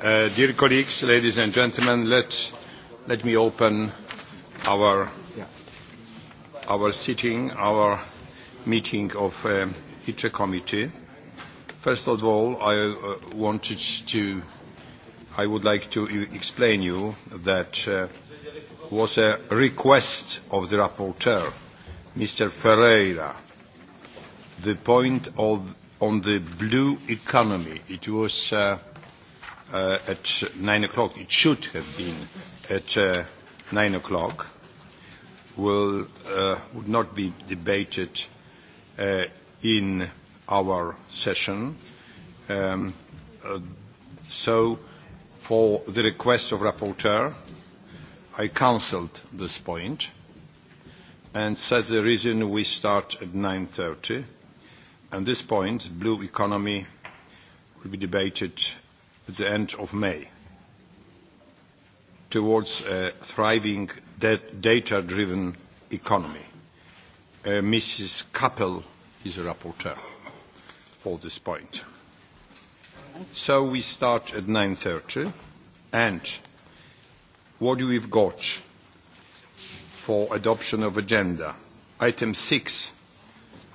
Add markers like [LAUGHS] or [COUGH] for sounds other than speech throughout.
Uh, dear colleagues ladies and gentlemen let me open our sitting our meeting of the uh, itre committee. first of all i uh, wanted to i would like to e, explain to you that uh, was a request of the rapporteur mr ferreira the point of, on the blue economy it was uh, Uh, at nine o'clock it should have been at uh, nine o'clock will uh, would not be debated uh, in our session um, uh, so for the request of rapporteur I cancelled this point and says the reason we start at 9.30 and this point blue economy will be debated the end of May towards a thriving data-driven economy. Uh, Mrs. Kappel is a rapporteur for this point. So we start at 9.30 and what do we've got for adoption of agenda? Item 6,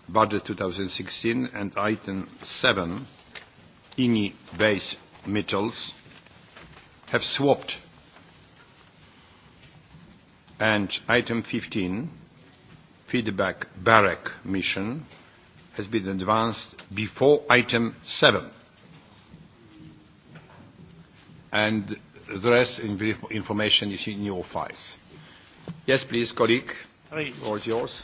budget 2016 and item 7, INI base 2016. Mitchells have swapped and item 15 feedback barrack mission has been advanced before item 7 and the rest information is in your files yes please colleague or yours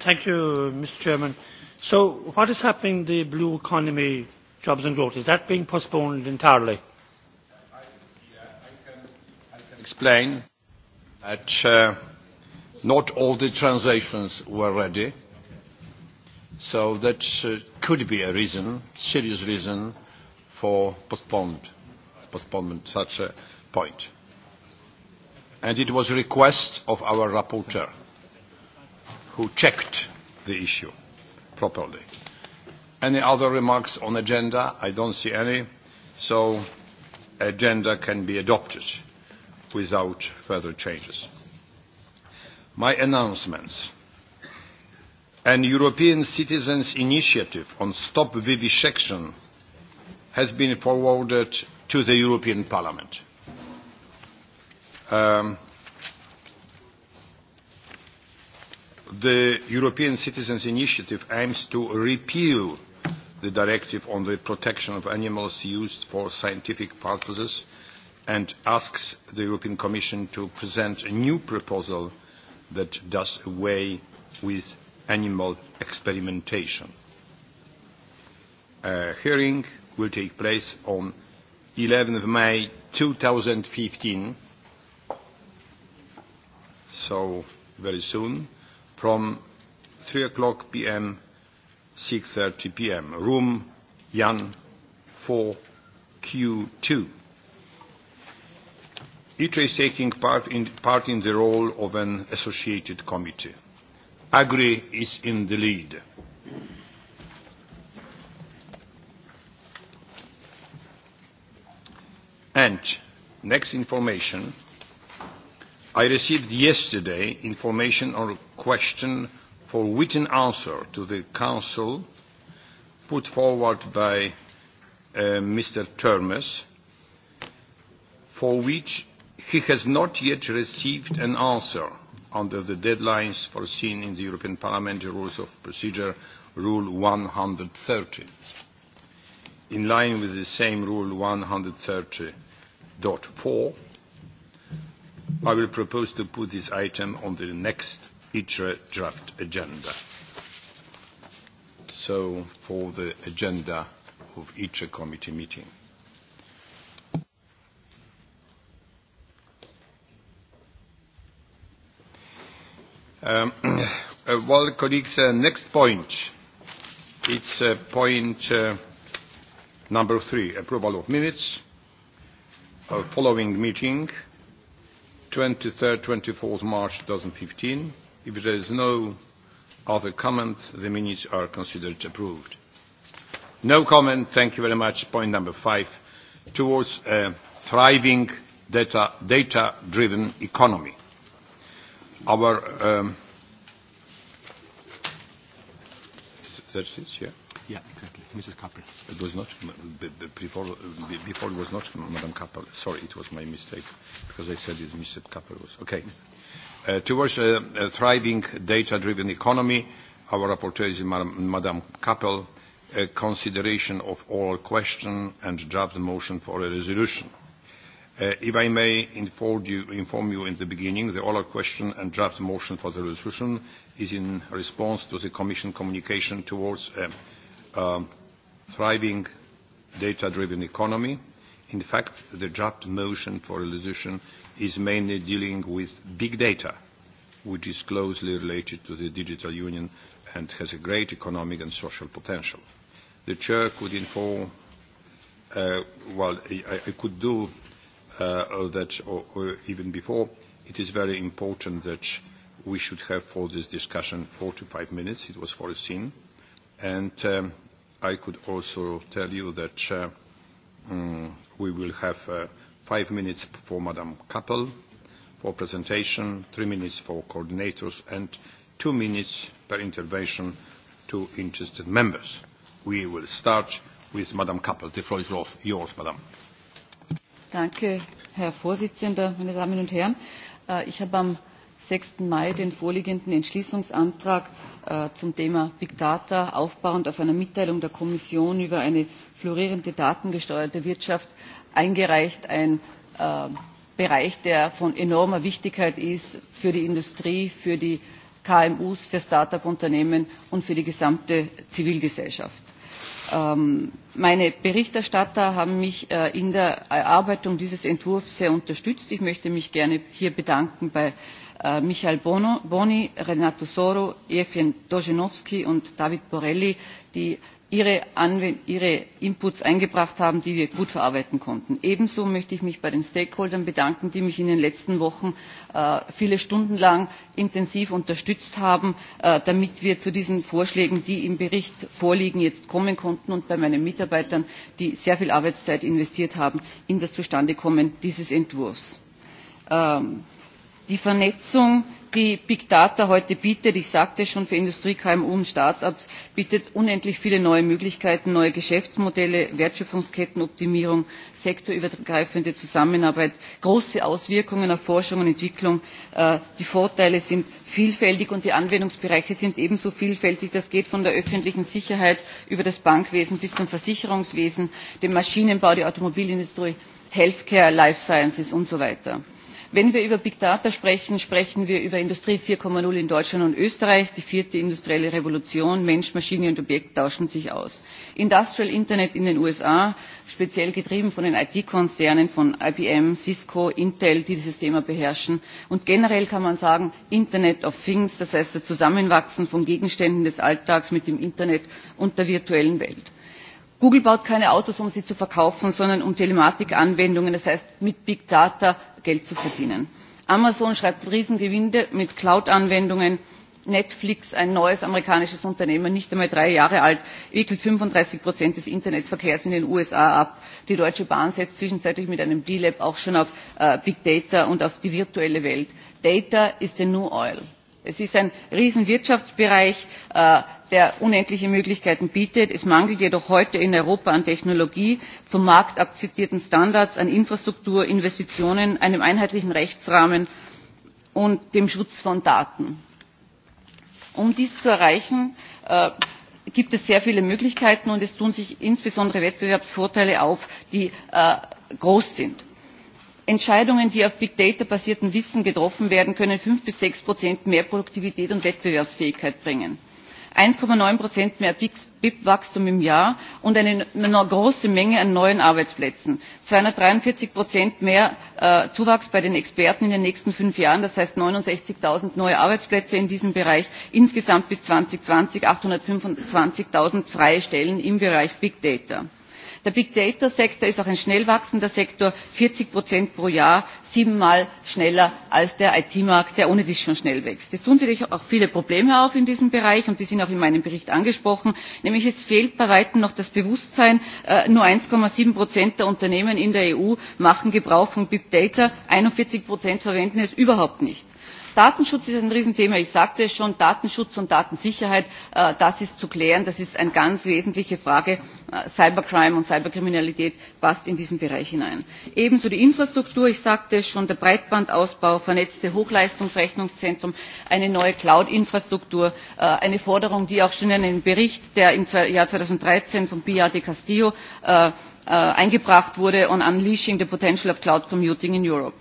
thank you mr chairman so what is happening in the blue economy jobs and growth. Is that being postponed entirely? explain that uh, not all the translations were ready so that uh, could be a reason serious reason for postponed postponement such a point and it was a request of our rapporteur who checked the issue properly any other remarks on agenda? I don't see any. So agenda can be adopted without further changes. My announcements. An European Citizens Initiative on Stop Vivisection has been forwarded to the European Parliament. Um, the European Citizens Initiative aims to repeal the directive on the protection of animals used for scientific purposes and asks the European Commission to present a new proposal that does away with animal experimentation. A hearing will take place on 11th of May 2015, so very soon, from 3 o'clock p.m. 6.30 p.m. Room Yan 4Q2. ITRE is taking part in, part in the role of an associated committee. AGRI is in the lead. And next information. I received yesterday information on question for written answer to the Council put forward by uh, Mr. Termes, for which he has not yet received an answer under the deadlines foreseen in the European Parliamentary Rules of Procedure, Rule 130, in line with the same Rule 130.4. I will propose to put this item on the next ITRA draft agenda. So, for the agenda of ITRA committee meeting. Um, [CLEARS THROAT] uh, well, colleagues, uh, next point. It's uh, point uh, number three, approval of minutes. Uh, following meeting, 23rd, 24th March 2015. If there is no other comment, the minutes are considered approved. No comment, thank you very much. Point number five, towards a thriving data-driven data economy. Our, um, that's it, yeah? Yeah, exactly. Mrs. Kappel. It was not, before, before it was not Madam Kappel. Sorry, it was my mistake, because I said it's Mr. Kappel. Was, okay. Mr. Uh, towards a, a thriving data-driven economy, our rapporteur is Madame Kappel, a consideration of all question and draft motion for a resolution. Uh, if I may inform you, inform you in the beginning, the oral question and draft motion for the resolution is in response to the Commission communication towards a, a thriving data-driven economy. In fact, the draft motion for a resolution is mainly dealing with big data, which is closely related to the digital union and has a great economic and social potential. The chair could inform, uh, well, I, I could do uh, that or, or even before. It is very important that we should have for this discussion four to five minutes. It was foreseen. And um, I could also tell you that uh, um, we will have uh, five minutes for Madam Kappel for presentation, three minutes for coordinators, and two minutes per intervention to interested members. We will start with Madam Kappel. The floor is yours, Madam. Danke, Herr Vorsitzender, meine Damen und Herren. Äh, ich habe am 6. Mai den vorliegenden Entschließungsantrag äh, zum Thema Big Data aufbauend auf einer Mitteilung der Kommission über eine florierende datengesteuerte Wirtschaft eingereicht, ein äh, Bereich, der von enormer Wichtigkeit ist für die Industrie, für die KMUs, für Start-up-Unternehmen und für die gesamte Zivilgesellschaft. Ähm, meine Berichterstatter haben mich äh, in der Erarbeitung dieses Entwurfs sehr unterstützt. Ich möchte mich gerne hier bedanken bei äh, Michael Bono, Boni, Renato Soro, Efien Dojenowski und David Borelli, die ihre inputs eingebracht haben die wir gut verarbeiten konnten. ebenso möchte ich mich bei den stakeholdern bedanken die mich in den letzten wochen äh, viele stunden lang intensiv unterstützt haben äh, damit wir zu diesen vorschlägen die im bericht vorliegen jetzt kommen konnten und bei meinen mitarbeitern die sehr viel arbeitszeit investiert haben in das zustandekommen dieses entwurfs. Ähm, die vernetzung industrie big data heute bietet ich sagte schon für industrie kmu und start ups bietet unendlich viele neue möglichkeiten neue geschäftsmodelle wertschöpfungskettenoptimierung sektorübergreifende zusammenarbeit große auswirkungen auf forschung und entwicklung. Äh, die vorteile sind vielfältig und die anwendungsbereiche sind ebenso vielfältig das geht von der öffentlichen sicherheit über das bankwesen bis zum versicherungswesen den maschinenbau die automobilindustrie health care life sciences und so weiter wenn wir über big data sprechen sprechen wir über industrie vier null in deutschland und österreich die vierte industrielle revolution mensch maschine und objekt tauschen sich aus industrial internet in den usa speziell getrieben von den it konzernen von ibm cisco intel die dieses thema beherrschen und generell kann man sagen internet of things das heißt das zusammenwachsen von gegenständen des alltags mit dem internet und der virtuellen welt. google baut keine autos um sie zu verkaufen sondern um telematikanwendungen das heißt mit big data geld zu verdienen. amazon schreibt riesengewinne mit cloud anwendungen netflix ein neues amerikanisches unternehmen nicht einmal drei jahre alt wickelt fünfunddreißig des internetverkehrs in den usa ab die deutsche bahn setzt zwischenzeitlich mit einem d lab auch schon auf äh, big data und auf die virtuelle welt. data is the new oil es ist ein riesenwirtschaftsbereich äh, der unendliche möglichkeiten bietet. es mangelt jedoch heute in europa an technologie vom markt akzeptierten standards an infrastruktur investitionen einem einheitlichen rechtsrahmen und dem schutz von daten. um dies zu erreichen äh, gibt es sehr viele möglichkeiten und es tun sich insbesondere wettbewerbsvorteile auf die äh, groß sind entscheidungen die auf big data basiertem wissen getroffen werden können fünf bis sechs mehr produktivität und wettbewerbsfähigkeit bringen eins neun mehr bip wachstum im jahr und eine große menge an neuen arbeitsplätzen zweihundertdreiundvierzig mehr äh, zuwachs bei den experten in den nächsten fünf jahren das heißt neunundsechzig null neue arbeitsplätze in diesem bereich insgesamt bis zweitausendzwanzig achthundertfünfundzwanzig null freie stellen im bereich big data der big data sektor ist auch ein schnell wachsender sektor vierzig pro jahr siebenmal schneller als der it markt der ohnedies schon schnell wächst. es tun sich auch viele probleme auf in diesem bereich und die sind auch in meinem bericht angesprochen nämlich es fehlt bei weitem noch das bewusstsein äh, nur eins sieben der unternehmen in der eu machen gebrauch von big data einundvierzig verwenden es überhaupt nicht datenschutz ist ein riesenthema ich sagte es schon datenschutz und datensicherheit äh, das ist zu klären das ist eine ganz wesentliche frage äh, cybercrime und cyberkriminalität passt in diesen bereich hinein ebenso die infrastruktur ich sagte es schon der breitbandausbau vernetzte hochleistungsrechnungszentren eine neue cloud infrastruktur äh, eine forderung die auch schon in einem bericht der im jahr zweitausenddreizehn von pilar del castillo eingebracht wurde on unleashing the potential of cloud computing in europe.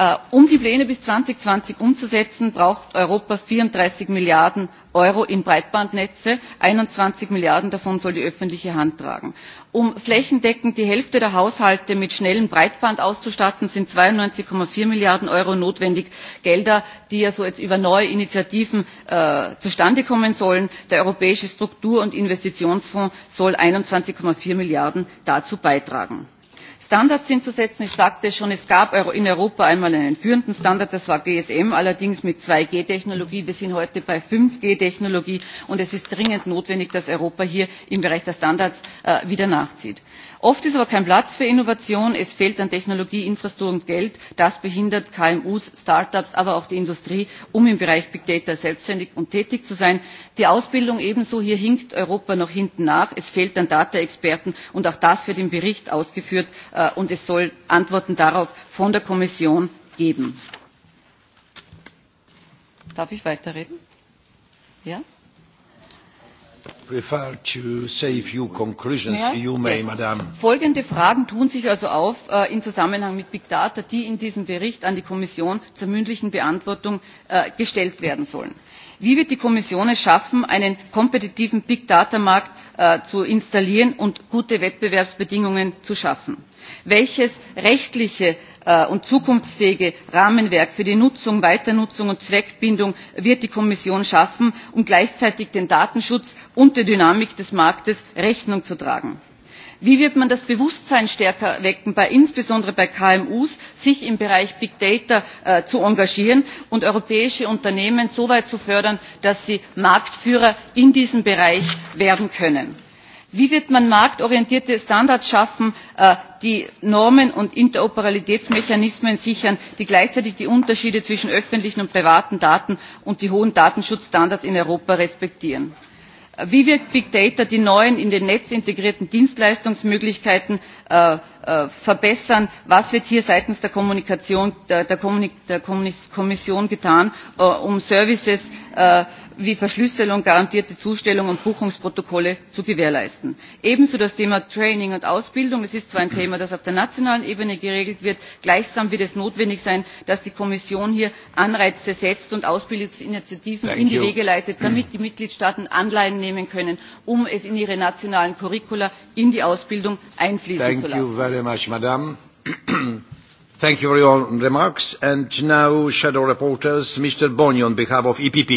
Äh, um die pläne bis zweitausendzwanzig umzusetzen braucht europa vierunddreißig milliarden euro in breitbandnetze einundzwanzig milliarden davon soll die öffentliche hand tragen. um flächendeckend die hälfte der haushalte mit schnellem breitband auszustatten sind zweiundneunzig vier milliarden euro notwendig gelder die ja so jetzt über neue initiativen äh, zustande kommen sollen. der europäische struktur und investitionsfonds soll einundzwanzig vier milliarden dazu beitragen standards hinzusetzen. ich sagte schon es gab in europa einmal einen führenden standard das war gsm allerdings mit zwei g technologie. wir sind heute bei fünf g technologie und es ist dringend notwendig dass europa hier im bereich der standards äh, wieder nachzieht oft ist aber kein platz für innovation es fehlt an technologieinfrastruktur und geld das behindert kmu start ups aber auch die industrie um im bereich big data selbständig und tätig zu sein die ausbildung ebenso hier hinkt europa noch hinten nach es fehlt an data experten und auch das wird im bericht ausgeführt äh, und es soll antworten darauf von der kommission geben. darf ich weiterreden? ja? Ja, ja. folgende fragen tun sich also auf äh, im zusammenhang mit big data die in diesem bericht an die kommission zur mündlichen beantwortung äh, gestellt werden sollen wie wird die kommission es schaffen einen kompetitiven big data markt äh, zu installieren und gute wettbewerbsbedingungen zu schaffen? welches rechtliche äh, und zukunftsfähige rahmenwerk für die nutzung weiternutzung und zweckbindung wird die kommission schaffen um gleichzeitig dem datenschutz und der dynamik des marktes rechnung zu tragen? wie wird man das bewusstsein stärker wecken insbesondere bei kmu sich im bereich big data äh, zu engagieren und europäische unternehmen so weit zu fördern dass sie marktführer in diesem bereich werden können? wie wird man marktorientierte standards schaffen äh, die normen und interoperabilitätsmechanismen sichern die gleichzeitig die unterschiede zwischen öffentlichen und privaten daten und die hohen datenschutzstandards in europa respektieren? wie wirkt big data die neuen in den netzintegrierten dienstleistungsmöglichkeiten Äh, äh, verbessern was wird hier seitens der kommission getan äh, um services wie verschlüsselung garantierte zustellung und buchungsprotokolle zu gewährleisten? ebenso das thema training und ausbildung es ist zwar ein thema das auf der nationalen ebene geregelt wird gleichsam wird es notwendig sein dass die kommission hier anreize setzt und ausbildungsinitiativen in die wege leitet damit die mitgliedstaaten anleihen nehmen können um es in ihre nationalen curricula in die ausbildung einfließen zu lassen thank you very much madam. [CLEARS THROAT] thank you for your remarks and now shadow rapporteurs mr boni on behalf of epp.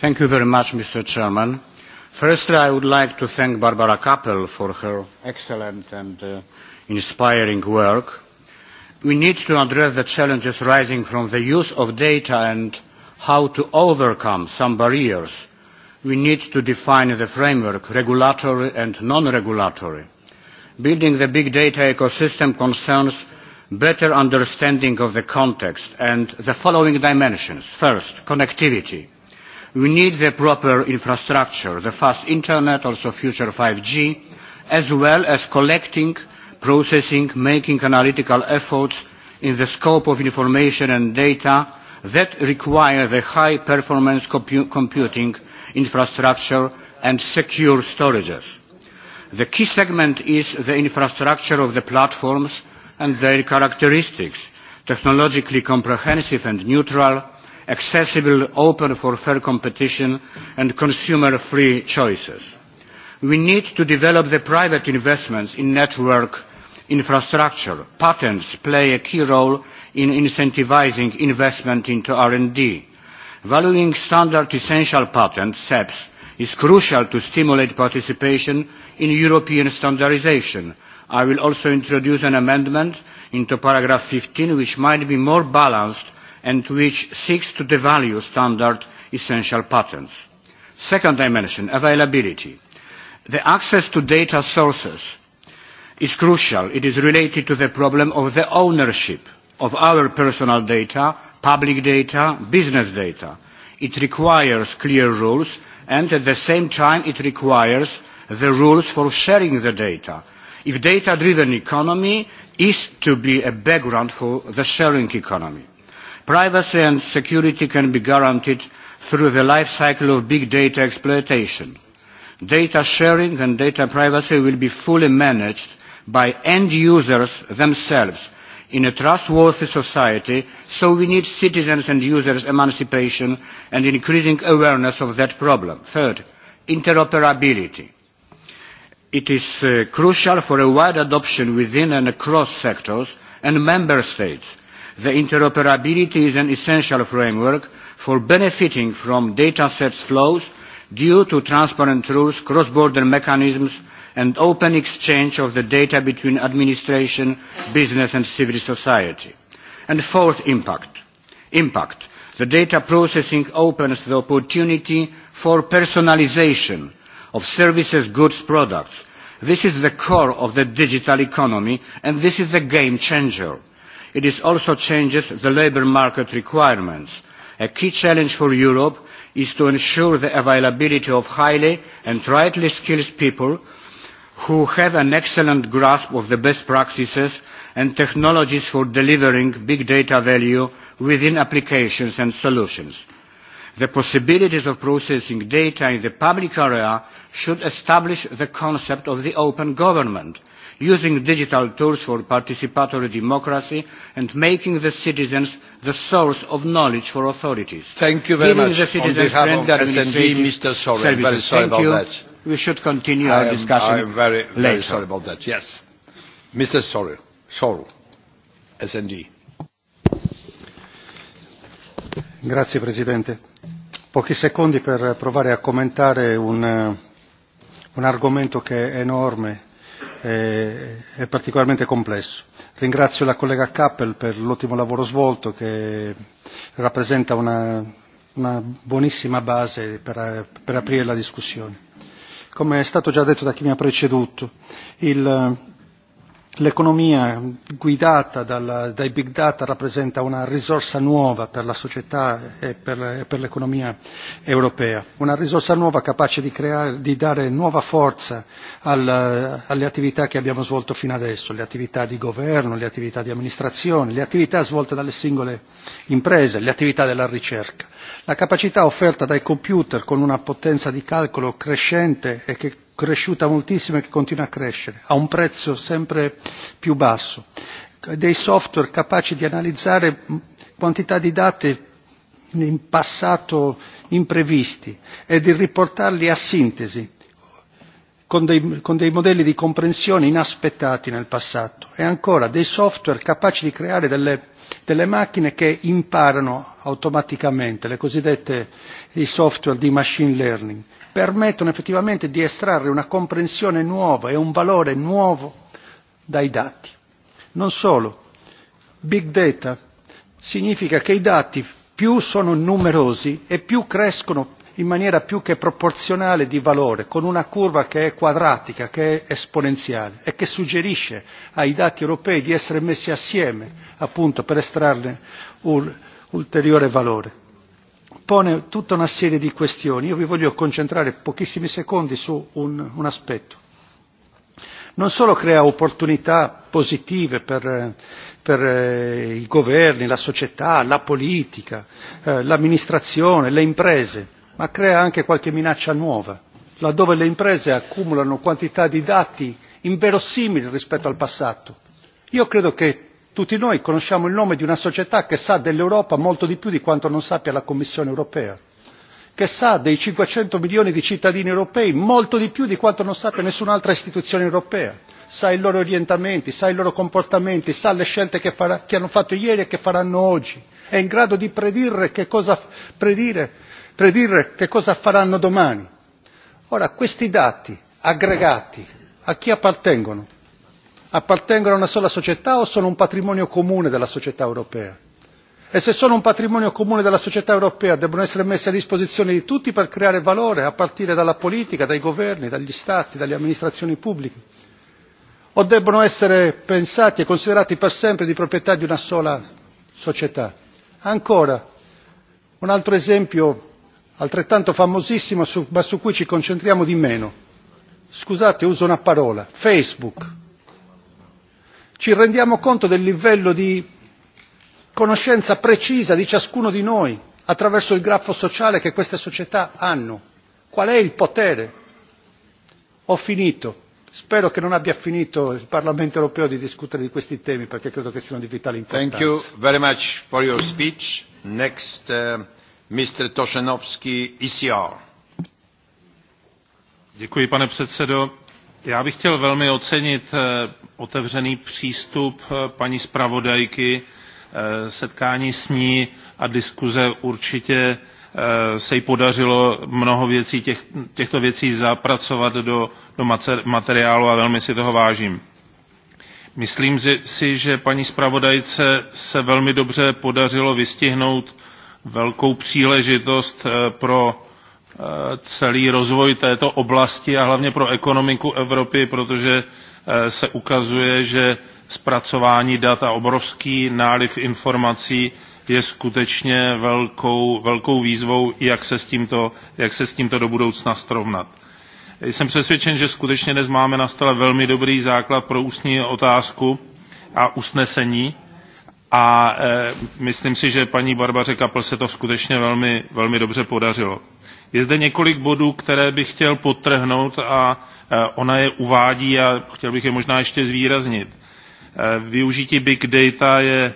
thank you very much mr president. firstly i would like to thank barbara kappel for her excellent and uh, inspiring work. we need to address the challenges arising from the use of data and how to overcome some barriers we need to define the framework regulatory and non regulatory. building the big data ecosystem concerns better understanding of the context and the following dimensions first connectivity we need the proper infrastructure the fast internet also future 5g as well as collecting processing making analytical efforts in the scope of information and data that require the high performance compu computing infrastructure and secure storages. The key segment is the infrastructure of the platforms and their characteristics, technologically comprehensive and neutral, accessible, open for fair competition and consumer-free choices. We need to develop the private investments in network infrastructure. Patents play a key role in incentivizing investment into R&D valuing standard essential patent seps is crucial to stimulate participation in european standardisation. i will also introduce an amendment into paragraph fifteen which might be more balanced and which seeks to devalue standard essential patents. second dimension availability the access to data sources is crucial. it is related to the problem of the ownership of our personal data public data, business data. It requires clear rules and at the same time it requires the rules for sharing the data. If data-driven economy is to be a background for the sharing economy. Privacy and security can be guaranteed through the life cycle of big data exploitation. Data sharing and data privacy will be fully managed by end users themselves in a trustworthy society so we need citizens' and users' emancipation and increasing awareness of that problem. third interoperability. it is uh, crucial for a wide adoption within and across sectors and member states. the interoperability is an essential framework for benefiting from data sets flows due to transparent rules, cross-border mechanisms and open exchange of the data between administration, business and civil society. And fourth impact. Impact. The data processing opens the opportunity for personalization of services, goods, products. This is the core of the digital economy and this is the game changer. It is also changes the labor market requirements. A key challenge for Europe is to ensure the availability of highly and rightly skilled people who have an excellent grasp of the best practices and technologies for delivering big data value within applications and solutions. The possibilities of processing data in the public area should establish the concept of the open government, using digital tools for participatory democracy and making the citizens the source of knowledge for authorities. Thank you very much. The On behalf of SNV, Mr. Sorin, very sorry Thank about you. that we should continue I our am, discussion I'm very, very later. sorry about that, yes. Mr. Sorrell, Sorrell SND. Grazie Presidente. Pochi secondi per provare a commentare un, eh, un argomento che è enorme e è e particolarmente complesso. Ringrazio la collega Kappel per l'ottimo lavoro svolto che rappresenta una, una buonissima base per, per aprire la discussione come è stato già detto da chi mi ha preceduto l'economia guidata dai big data rappresenta una risorsa nuova per la società e per e l'economia europea una risorsa nuova capace di, creare, di dare nuova forza alle attività che abbiamo svolto fino adesso le attività di governo le attività di amministrazione le attività svolte dalle singole imprese le attività della ricerca la capacità offerta dai computer con una potenza di calcolo crescente e che è cresciuta moltissimo e che continua a crescere a un prezzo sempre più basso, dei software capaci di analizzare quantità di dati in passato imprevisti e di riportarli a sintesi con dei, con dei modelli di comprensione inaspettati nel passato e ancora dei software capaci di creare delle delle macchine che imparano automaticamente, le cosiddette i software di machine learning, permettono effettivamente di estrarre una comprensione nuova e un valore nuovo dai dati. Non solo, big data significa che i dati più sono numerosi e più crescono in maniera più che proporzionale di valore, con una curva che è quadratica, che è esponenziale e che suggerisce ai dati europei di essere messi assieme appunto per estrarne un ulteriore valore. Pone tutta una serie di questioni, io vi voglio concentrare pochissimi secondi su un, un aspetto. Non solo crea opportunità positive per, per eh, i governi, la società, la politica, eh, l'amministrazione, le imprese, ma crea anche qualche minaccia nuova, laddove le imprese accumulano quantità di dati inverosimili rispetto al passato. Io credo che tutti noi conosciamo il nome di una società che sa dell'Europa molto di più di quanto non sappia la Commissione europea, che sa dei 500 milioni di cittadini europei molto di più di quanto non sappia nessun'altra istituzione europea, sa i loro orientamenti, sa i loro comportamenti, sa le scelte che, farà, che hanno fatto ieri e che faranno oggi, è in grado di predire che cosa predire predire che cosa faranno domani. Ora, questi dati aggregati a chi appartengono? Appartengono a una sola società o sono un patrimonio comune della società europea? E se sono un patrimonio comune della società europea, devono essere messi a disposizione di tutti per creare valore, a partire dalla politica, dai governi, dagli stati, dalle amministrazioni pubbliche? O debbono essere pensati e considerati per sempre di proprietà di una sola società? Ancora, un altro esempio altrettanto famosissimo ma su cui ci concentriamo di meno scusate uso una parola facebook ci rendiamo conto del livello di conoscenza precisa di ciascuno di noi attraverso il grafo sociale che queste società hanno qual è il potere ho finito spero che non abbia finito il parlamento europeo di discutere di questi temi perché credo che siano di vitale importanza thank you very much for your speech next uh pane předsedající já bych chtěl velmi ocenit eh, otevřený přístup eh, paní zpravodajky eh, setkání s ní a diskuze určitě se jí podařilo mnoho těchto věcí zapracovat do materiálu a velmi si toho vážím. myslím si že paní zpravodajce se velmi dobře podařilo vystihnout velkou příležitost eh, pro eh, celý rozvoj této oblasti a hlavně pro ekonomiku Evropy, protože eh, se ukazuje, že zpracování dat a obrovský náliv informací je skutečně velkou, velkou výzvou, jak se, s tímto, jak se s tímto do budoucna strovnat. Jsem přesvědčen, že skutečně dnes máme na stole velmi dobrý základ pro ústní otázku a usnesení a e, myslím si že paní barbaře kaplové se to skutečně velmi dobře podařilo. je zde několik bodů které bych chtěl podtrhnout a e, ona je uvádí a chtěl bych je možná ještě zvýraznit. E, využití big data je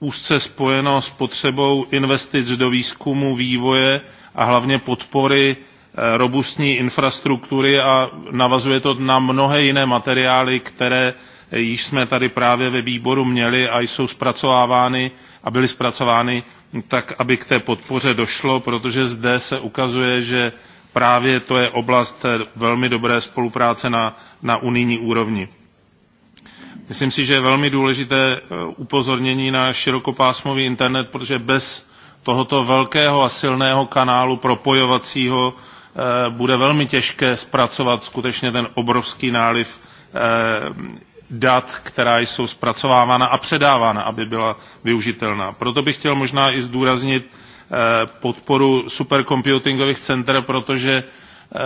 úzce spojeno s potřebou investic do výzkumu vývoje a hlavně podpory robustní infrastruktury a navazuje to na mnohé jiné materiály které již jsme tady právě ve výboru měli a jsou zpracovávány a byly zpracovány tak, aby k té podpoře došlo, protože zde se ukazuje, že právě to je oblast velmi dobré spolupráce na, na unijní úrovni. Myslím si, že je velmi důležité eh, upozornění na širokopásmový internet, protože bez tohoto velkého a silného kanálu propojovacího eh, bude velmi těžké zpracovat skutečně ten obrovský náliv eh, dat, která jsou zpracovávána a předávána, aby byla využitelná. Proto bych chtěl možná i zdůraznit eh, podporu superkomputingových center, protože eh,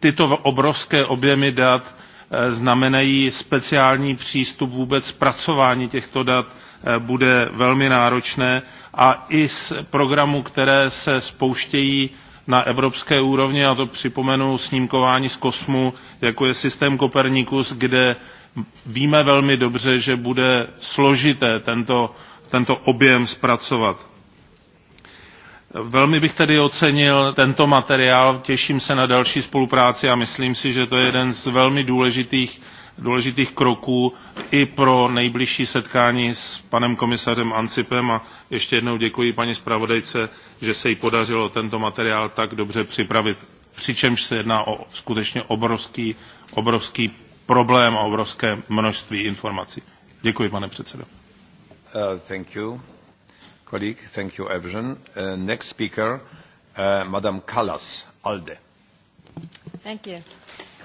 tyto obrovské objemy dat eh, znamenají speciální přístup vůbec zpracování těchto dat bude velmi náročné a i z programů, které se spouštějí na evropské úrovni a to připomenu snímkování z kosmu jako je systém copernicus kde víme velmi dobře že bude složité tento, tento objem zpracovat. Velmi bych tedy ocenil tento materiál, těším se na další spolupráci a myslím si, že to je jeden z velmi důležitých důležitých kroků i pro nejbližší setkání s panem komisařem Ancipem a ještě jednou děkuji paní zpravodajce, že se jí podařilo tento materiál tak dobře připravit, přičemž se jedná o skutečně obrovský, obrovský problém a obrovské množství informací. Děkuji, pane předsedo. Uh, thank you. Colleague, thank you, Evgen. Uh, next speaker, uh, Madame Callas, ALDE. Thank you.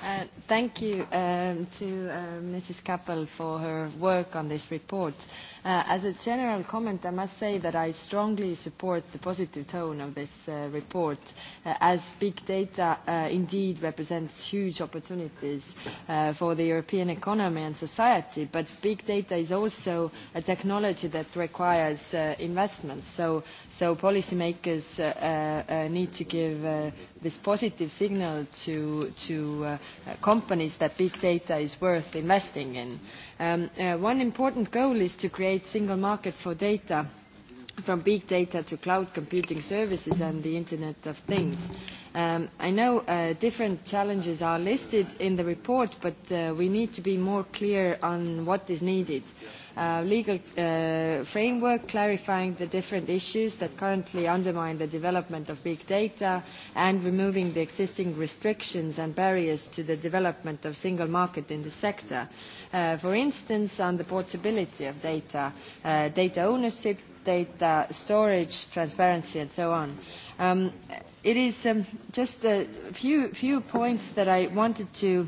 Uh, thank you um, to uh, mrs kappel for her work on this report. Uh, as a general comment, I must say that I strongly support the positive tone of this uh, report, uh, as big data uh, indeed represents huge opportunities uh, for the European economy and society, but big data is also a technology that requires uh, investment, so, so policymakers uh, uh, need to give uh, this positive signal to, to uh, companies that big data is worth investing in. Uh, Um, uh, one important goal is to create single market for data, from big data to cloud computing services and the Internet of Things. Um, I know uh, different challenges are listed in the report, but uh, we need to be more clear on what is needed. Yeah. Uh, legal uh, framework, clarifying the different issues that currently undermine the development of big data and removing the existing restrictions and barriers to the development of single market in the sector. Uh, for instance, on the portability of data, uh, data ownership, data storage, transparency and so on. Um, it is um, just a few, few points that I wanted to uh,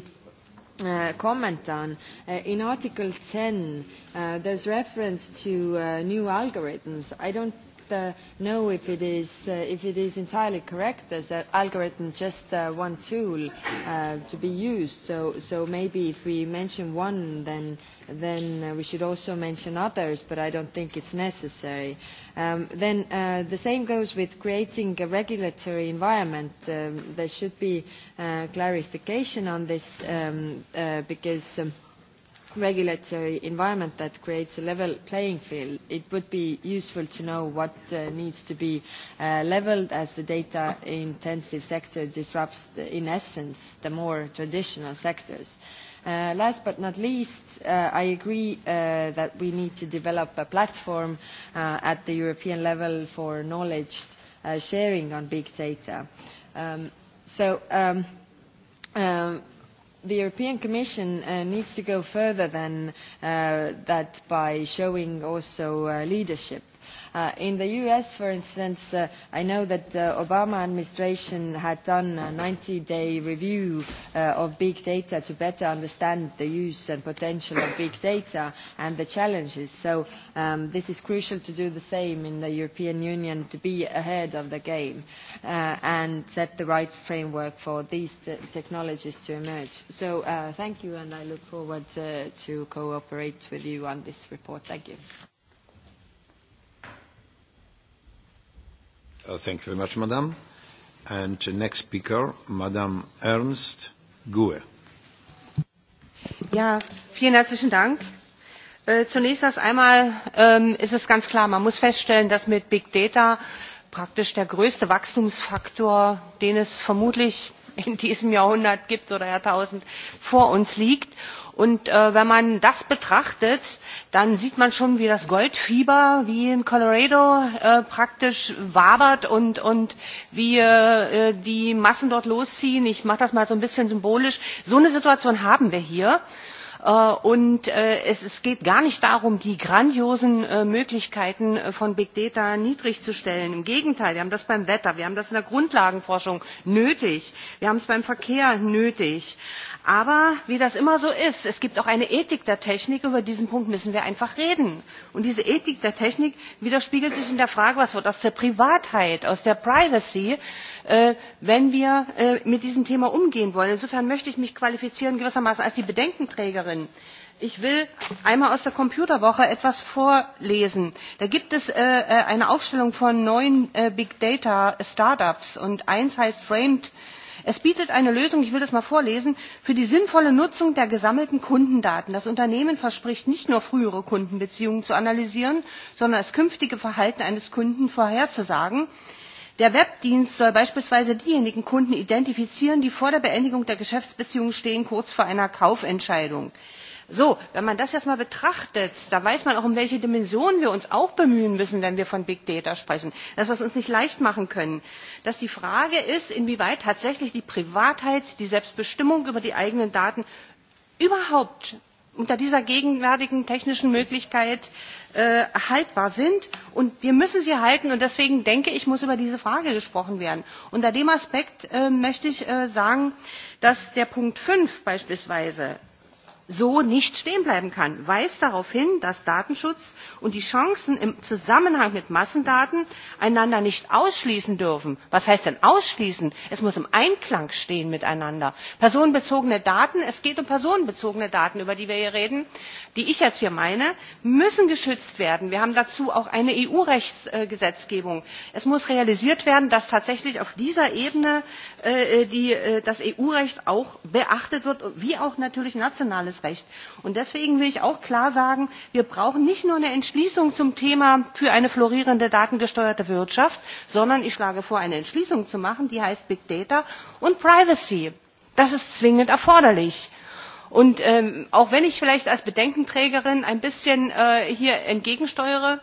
Uh, comment on. Uh, in Article 10, uh, there's reference to uh, new algorithms. I don't uh, know if it, is, uh, if it is entirely correct as an algorithm just uh, one tool uh, to be used. So, so maybe if we mention one, then uh, then uh, we should also mention others, but I don't think it's necessary. Um, then uh, the same goes with creating a regulatory environment. Um, there should be uh, clarification on this um, uh, because um, regulatory environment that creates a level playing field, it would be useful to know what uh, needs to be uh, leveled as the data intensive sector disrupts, the, in essence, the more traditional sectors. Uh, Uh, last but not least, uh, I agree uh, that we need to develop a platform uh, at the European level for knowledge uh, sharing on big data. Um, so, um, uh, the European Commission uh, needs to go further than uh, that by showing also uh, leadership. Uh, in the us for instance uh, i know that the uh, obama administration had done a ninety day review of big data to better understand the use and potential of big data and the challenges so um, this is crucial to do the same in the european union to be ahead of the game and set the right framework for these technologies to emerge so thank you and i look forward to cooperating with you on this report thank you Uh, thank you very much, madam. And the next speaker, Madame Ernst Gue. Ja, vielen herzlichen Dank. Äh, zunächst erst einmal ähm, ist es ganz klar, man muss feststellen, dass mit Big Data praktisch der größte Wachstumsfaktor, den es vermutlich in diesem Jahrhundert gibt oder Jahrtausend, vor uns liegt. Und äh, wenn man das betrachtet, dann sieht man schon, wie das Goldfieber wie in Colorado äh, praktisch wabert und, und wie äh, die Massen dort losziehen. Ich mache das mal so ein bisschen symbolisch. So eine Situation haben wir hier. Äh, und äh, es geht gar nicht darum die grandiosen äh, möglichkeiten von big data niedrigzustellen im gegenteil wir haben das beim wetter wir haben das in der grundlagenforschung nötig wir haben es beim verkehr nötig aber wie das immer so ist es gibt auch eine ethik der technik über diesen punkt müssen wir einfach reden und diese ethik der technik widerspiegelt sich in der frage was wird aus der privatheit aus der privacy Äh, wenn wir äh, mit diesem thema umgehen wollen. insofern möchte ich mich gewissermaßen als die bedenkenträgerin qualifizieren. ich will einmal aus der computerwoche etwas vorlesen da gibt es äh, eine aufstellung von neun big data start ups und eines heißt framed es bietet eine lösung ich will das mal vorlesen für die sinnvolle nutzung der gesammelten kundendaten. das unternehmen verspricht nicht nur frühere kundenbeziehungen zu analysieren sondern das künftige verhalten eines kunden vorherzusagen der webdienst soll beispielsweise diejenigen kunden identifizieren die vor der beendigung der geschäftsbeziehung stehen kurz vor einer kaufentscheidung. So, wenn man das jetzt mal betrachtet, da weiß man auch, um welche Dimensionen wir uns auch bemühen müssen, wenn wir von Big Data sprechen. Dass wir es uns nicht leicht machen können. Dass die Frage ist, inwieweit tatsächlich die Privatheit, die Selbstbestimmung über die eigenen Daten überhaupt unter dieser gegenwärtigen technischen Möglichkeit äh, haltbar sind. Und wir müssen sie halten. Und deswegen denke ich, muss über diese Frage gesprochen werden. Unter dem Aspekt äh, möchte ich äh, sagen, dass der Punkt 5 beispielsweise so nicht stehen bleiben kann weist darauf hin dass datenschutz und die chancen im zusammenhang mit massendaten einander nicht ausschließen dürfen. was heißt denn ausschließen? es muss im einklang stehen miteinander. personenbezogene daten es geht um personenbezogene daten über die wir hier reden die ich jetzt hier meine müssen geschützt werden. wir haben dazu auch eine eu rechtsgesetzgebung. es muss realisiert werden dass tatsächlich auf dieser ebene äh, äh, das eu recht auch beachtet wird wie auch natürlich nationale internationales Recht. Und deswegen will ich auch klar sagen, wir brauchen nicht nur eine Entschließung zum Thema für eine florierende datengesteuerte Wirtschaft, sondern ich schlage vor, eine Entschließung zu machen, die heißt Big Data und Privacy. Das ist zwingend erforderlich. Und ähm, auch wenn ich vielleicht als Bedenkenträgerin ein bisschen äh, hier entgegensteuere,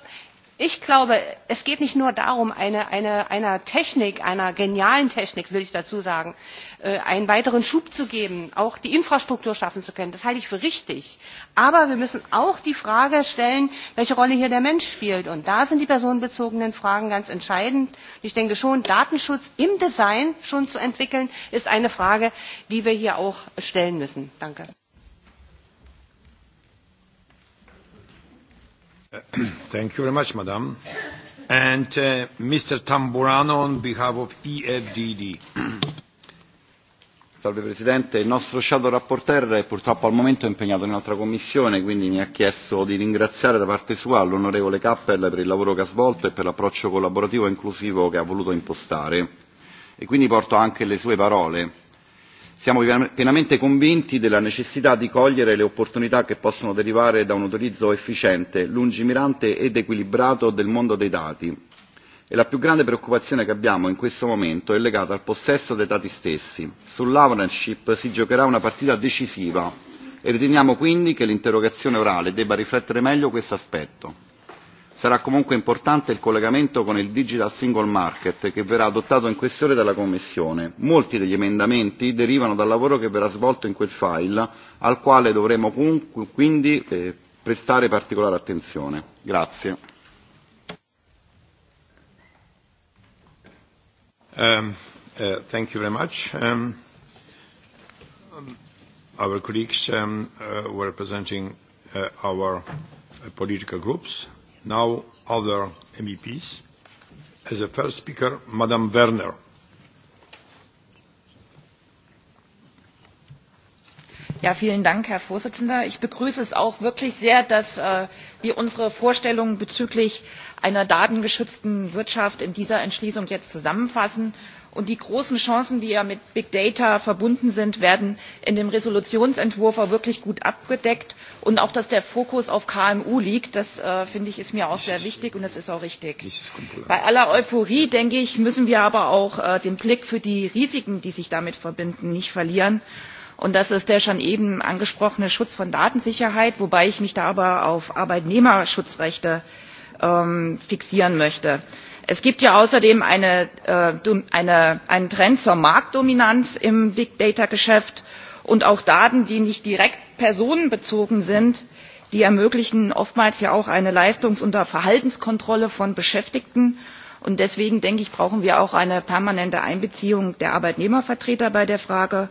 ich glaube es geht nicht nur darum eine, eine, einer technik einer genialen technik würde ich dazu sagen äh, einen weiteren schub zu geben auch die infrastruktur schaffen zu können das halte ich für richtig aber wir müssen auch die frage stellen welche rolle hier der mensch spielt und da sind die personenbezogenen fragen ganz entscheidend. ich denke schon datenschutz im design schon zu entwickeln ist eine frage die wir hier auch stellen müssen. danke. [CLEARS THROAT] thank you very much, madam. and uh, mr. tamburano on behalf of efdd. [CLEARS THROAT] Salve Presidente, il nostro Shadow Rapporteur è purtroppo al momento impegnato in un'altra commissione, quindi mi ha chiesto di ringraziare da parte sua l'onorevole Kappel per il lavoro che ha svolto e per l'approccio collaborativo e inclusivo che ha voluto impostare. E quindi porto anche le sue parole siamo pienamente convinti della necessità di cogliere le opportunità che possono derivare da un utilizzo efficiente lungimirante ed equilibrato del mondo dei dati e la più grande preoccupazione che abbiamo in questo momento è legata al possesso dei dati stessi. sull'ownership si giocherà una partita decisiva e riteniamo quindi che l'interrogazione orale debba riflettere meglio questo aspetto sarà comunque importante il collegamento con il digital single market che verrà adottato in queste ore dalla commissione. molti degli emendamenti derivano dal lavoro che verrà svolto in quel file al quale dovremo comunque, quindi eh, prestare particolare attenzione. grazie. Um, uh, thank you very much. Um, um our colleagues um, uh, were presenting uh, our uh, political groups now other MEPs. As a first speaker, Madame Werner. Ja, vielen Dank, Herr Vorsitzender. Ich begrüße es auch wirklich sehr, dass äh, wir unsere Vorstellungen bezüglich einer datengeschützten Wirtschaft in dieser Entschließung jetzt zusammenfassen und die großen chancen die ja mit big data verbunden sind werden in dem entschließungsentwurf auch wirklich gut abgedeckt und auch dass der fokus auf kmu liegt das äh, finde ich ist mir auch sehr wichtig und das ist auch richtig. bei aller euphorie denke ich müssen wir aber auch äh, den blick für die risiken die sich damit verbinden nicht verlieren und das ist der schon eben angesprochene schutz von datensicherheit wobei ich mich da aber auf arbeitnehmerschutzrechte ähm, fixieren möchte es gibt ja außerdem äh, einen trend zur marktdominanz im big data geschäft und auch daten die nicht direkt personenbezogen sind die ermöglichen oftmals ja auch eine leistungs oder verhaltenskontrolle von beschäftigten und deswegen denke ich brauchen wir auch eine permanente einbeziehung der arbeitnehmervertreter bei der frage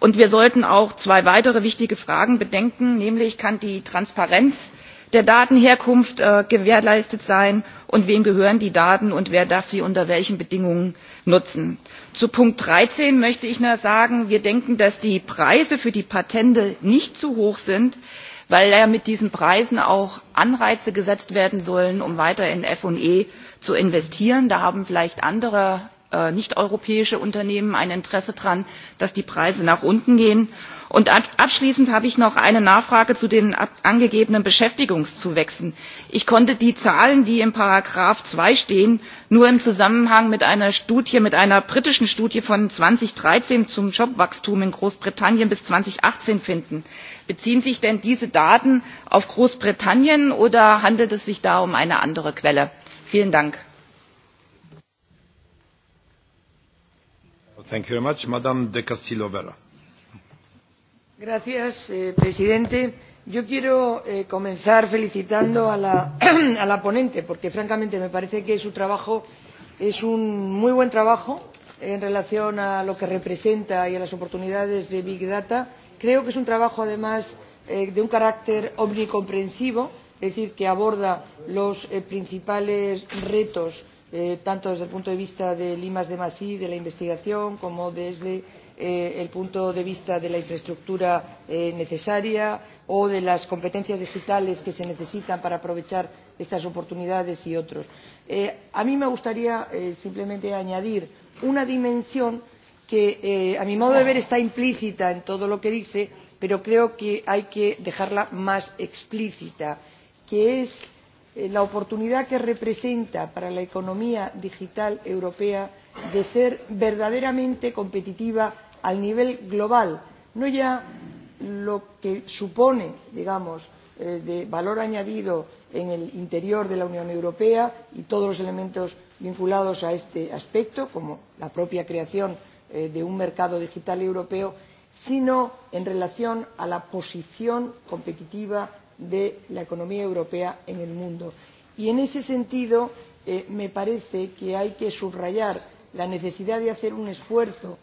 und wir sollten auch zwei weitere wichtige fragen bedenken nämlich kann die transparenz der datenherkunft äh, gewährleistet sein und wem gehören die daten und wer darf sie unter welchen bedingungen nutzen? zu punkt dreizehn möchte ich nur sagen wir denken dass die preise für die patente nicht zu hoch sind weil ja mit diesen preisen auch anreize gesetzt werden sollen um weiter in fe zu investieren. da haben vielleicht andere Äh, nichteuropäische unternehmen ein interesse daran dass die preise nach unten gehen. abschließend habe ich noch eine nachfrage zu den angegebenen beschäftigungszuwächsen ich konnte die zahlen die in ziffer zwei stehen nur im zusammenhang mit einer studie mit einer britischen studie von zweitausenddreizehn zum jobwachstum in großbritannien bis zweitausendachtzehn finden. beziehen sich denn diese daten auf großbritannien oder handelt es sich da um eine andere quelle? vielen dank. señor eh, presidente yo quiero eh, comenzar felicitando [CLEARS THROAT] a la ponente porque francamente me parece que su trabajo es un muy buen trabajo en relación con lo que representa y las oportunidades de los datos abiertos. creo que es un trabajo además eh, de un carácter omnicomprensivo es decir que aborda los principales retos Eh, tanto desde el punto de vista del I+.D+I, de la investigación, como desde eh, el punto de vista de la infraestructura eh, necesaria o de las competencias digitales que se necesitan para aprovechar estas oportunidades y otros. Eh, a mí me gustaría eh, simplemente añadir una dimensión que, eh, a mi modo de ver, está implícita en todo lo que dice, pero creo que hay que dejarla más explícita, que es Eh, la oportunidad que representa para la economía digital europea de ser verdaderamente competitiva a nivel global no ya lo que supone digamos eh, de valor añadido en el interior de la Unión Europea y todos los elementos vinculados a este aspecto como la propia creación eh, de un mercado digital europeo sino en relación con la posición competitiva de la economía europea en el mundo. Y en ese sentido, eh, me parece que hay que subrayar la necesidad de hacer un esfuerzo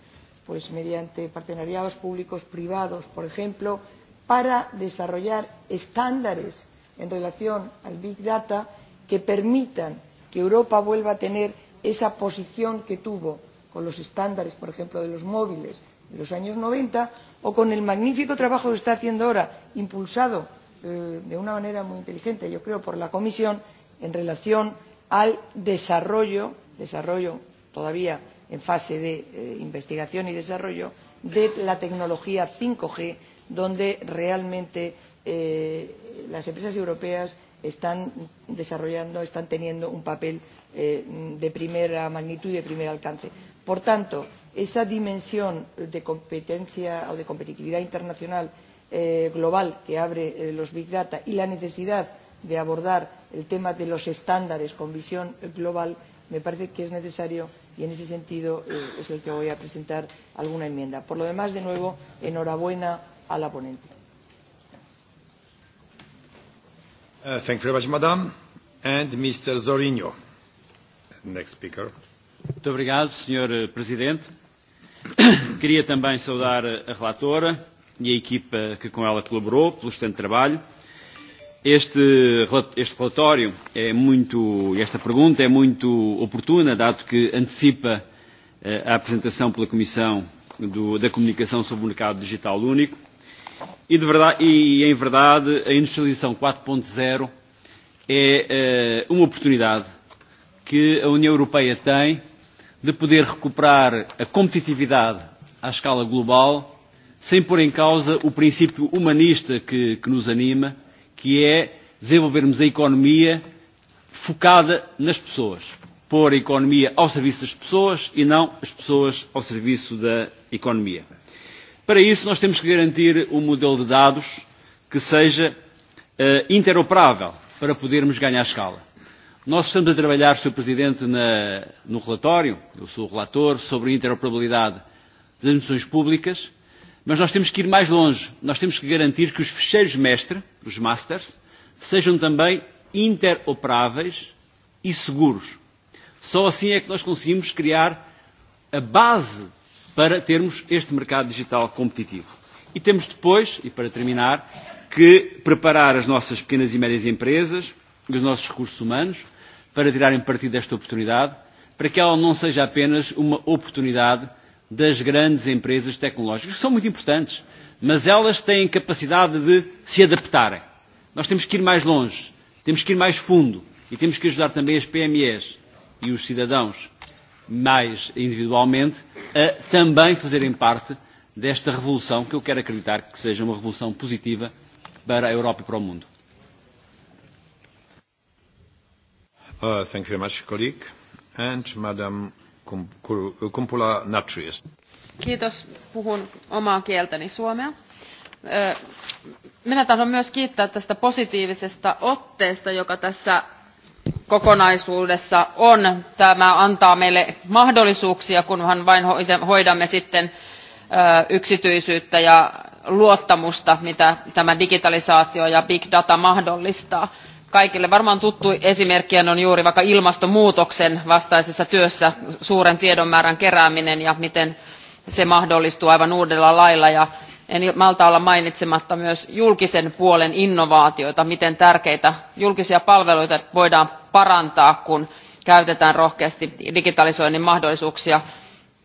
pues mediante partenariados públicos privados, por ejemplo, para desarrollar estándares en relación al Big Data que permitan que Europa vuelva a tener esa posición que tuvo con los estándares, por ejemplo, de los móviles en los años 90 o con el magnífico trabajo que está haciendo ahora, impulsado Eh, de una manera muy inteligente yo creo por la comisión en relación al desarrollo desarrollo todavía en fase de eh, investigación y desarrollo de la tecnología 5G donde realmente eh, las empresas europeas están desarrollando están teniendo un papel eh, de primera magnitud y de primer alcance por tanto esa dimensión de competencia o de competitividad internacional eh, global que abre eh, los Big Data y la necesidad de abordar el tema de los estándares con visión global, me parece que es necesario y en ese sentido eh, es el que voy a presentar alguna enmienda. Por lo demás, de nuevo, enhorabuena a la ponente. Uh, thank you very much, madam. And Mr. Zorinho, next speaker. Muito obrigado, Sr. Eh, presidente. [COUGHS] Queria também saudar eh, a relatora e a equipa que com ela colaborou, pelo excelente trabalho. Este, este relatório é muito, esta pergunta é muito oportuna, dado que antecipa eh, a apresentação pela Comissão do, da Comunicação sobre o Mercado Digital Único. E, de verdade, e em verdade, a industrialização 4.0 é uh, uma oportunidade que a União Europeia tem de poder recuperar a competitividade à escala global sem pôr em causa o princípio humanista que, que nos anima, que é desenvolvermos a economia focada nas pessoas. Pôr a economia ao serviço das pessoas e não as pessoas ao serviço da economia. Para isso, nós temos que garantir um modelo de dados que seja uh, interoperável para podermos ganhar escala. Nós estamos a trabalhar, Sr. Presidente, na, no relatório, eu sou o relator, sobre a interoperabilidade das missões públicas. Mas nós temos que ir mais longe. Nós temos que garantir que os fecheiros mestre, os masters, sejam também interoperáveis e seguros. Só assim é que nós conseguimos criar a base para termos este mercado digital competitivo. E temos depois, e para terminar, que preparar as nossas pequenas e médias empresas e os nossos recursos humanos para tirarem partido desta oportunidade, para que ela não seja apenas uma oportunidade das grandes empresas tecnológicas, que são muito importantes, mas elas têm capacidade de se adaptarem. Nós temos que ir mais longe, temos que ir mais fundo e temos que ajudar também as PMEs e os cidadãos, mais individualmente, a também fazerem parte desta revolução que eu quero acreditar que seja uma revolução positiva para a Europa e para o mundo. Uh, thank you very much, colleague. And Madame kumpula natrius. Kiitos. Puhun omaa kieltäni suomea. Minä tahdon myös kiittää tästä positiivisesta otteesta, joka tässä kokonaisuudessa on. Tämä antaa meille mahdollisuuksia, kunhan vain hoidamme sitten yksityisyyttä ja luottamusta, mitä tämä digitalisaatio ja big data mahdollistaa kaikille varmaan tuttu esimerkki on juuri vaikka ilmastonmuutoksen vastaisessa työssä suuren tiedonmäärän kerääminen ja miten se mahdollistuu aivan uudella lailla. Ja en malta olla mainitsematta myös julkisen puolen innovaatioita, miten tärkeitä julkisia palveluita voidaan parantaa, kun käytetään rohkeasti digitalisoinnin mahdollisuuksia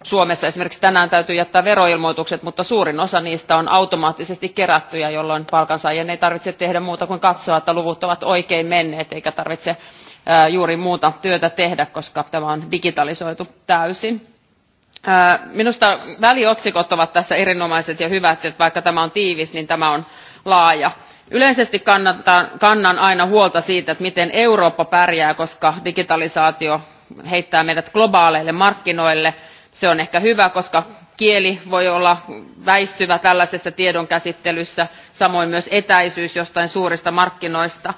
suomessa esimerkiksi tänään täytyy jättää veroilmoitukset mutta suurin osa niistä on automaattisesti kerättyjä jolloin palkansaajien ei tarvitse tehdä muuta kuin katsoa että luvut ovat oikein menneet eikä tarvitse juuri muuta työtä tehdä koska tämä on digitalisoitu täysin. Minusta väliotsikot ovat tässä erinomaiset ja hyvät, että vaikka tämä on tiivis, niin tämä on laaja. Yleisesti kannan aina huolta siitä, että miten Eurooppa pärjää, koska digitalisaatio heittää meidät globaaleille markkinoille se on ehkä hyvä, koska kieli voi olla väistyvä tällaisessa tiedonkäsittelyssä, samoin myös etäisyys jostain suurista markkinoista.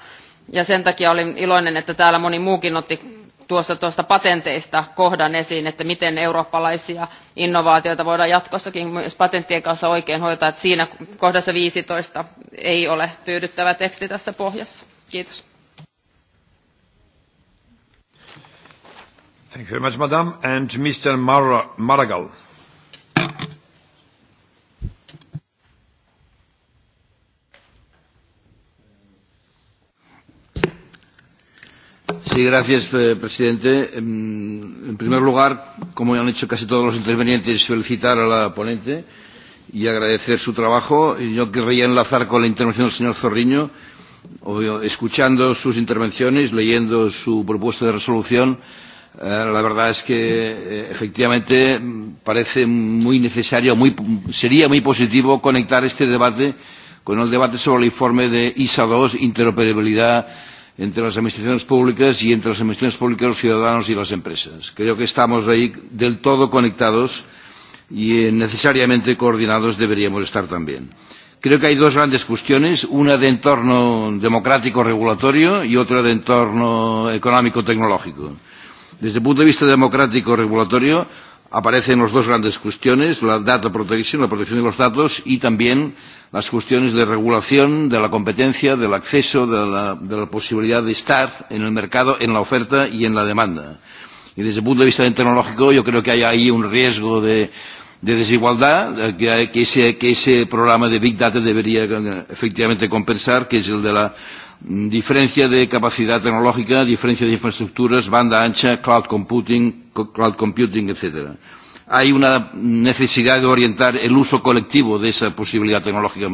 Ja sen takia olin iloinen, että täällä moni muukin otti tuossa tuosta patenteista kohdan esiin, että miten eurooppalaisia innovaatioita voidaan jatkossakin myös patenttien kanssa oikein hoitaa, että siinä kohdassa 15 ei ole tyydyttävä teksti tässä pohjassa. Kiitos. Thank you very much, madam. And Mr. Mar Maragall. Sí, gracias, eh, presidente. Mm, en primer lugar, como ya han hecho casi todos los intervinientes, felicitar a la ponente y agradecer su trabajo. Yo querría enlazar con la intervención del señor Zorriño, escuchando sus intervenciones, leyendo su propuesta de resolución. Eh, la verdad es que eh, efectivamente parece muy necesario, muy, sería muy positivo conectar este debate con el debate sobre el informe de ISA 2, interoperabilidad entre las administraciones públicas y entre las administraciones públicas, los ciudadanos y las empresas. Creo que estamos ahí del todo conectados y eh, necesariamente coordinados deberíamos estar también. Creo que hay dos grandes cuestiones, una de entorno democrático regulatorio y otra de entorno económico tecnológico. Desde el punto de vista democrático regulatorio, aparecen las dos grandes cuestiones, la data protection, la protección de los datos, y también las cuestiones de regulación, de la competencia, del acceso, de la, de la posibilidad de estar en el mercado, en la oferta y en la demanda. Y desde el punto de vista de tecnológico, yo creo que hay ahí un riesgo de, de desigualdad eh, que, que, ese, que ese programa de Big Data debería eh, efectivamente compensar, que es el de la diferencia de capacidad tecnológica, diferencia de infraestructuras, banda ancha, cloud computing, cloud computing, etc. Hay una necesidad de orientar el uso colectivo de esa posibilidad tecnológica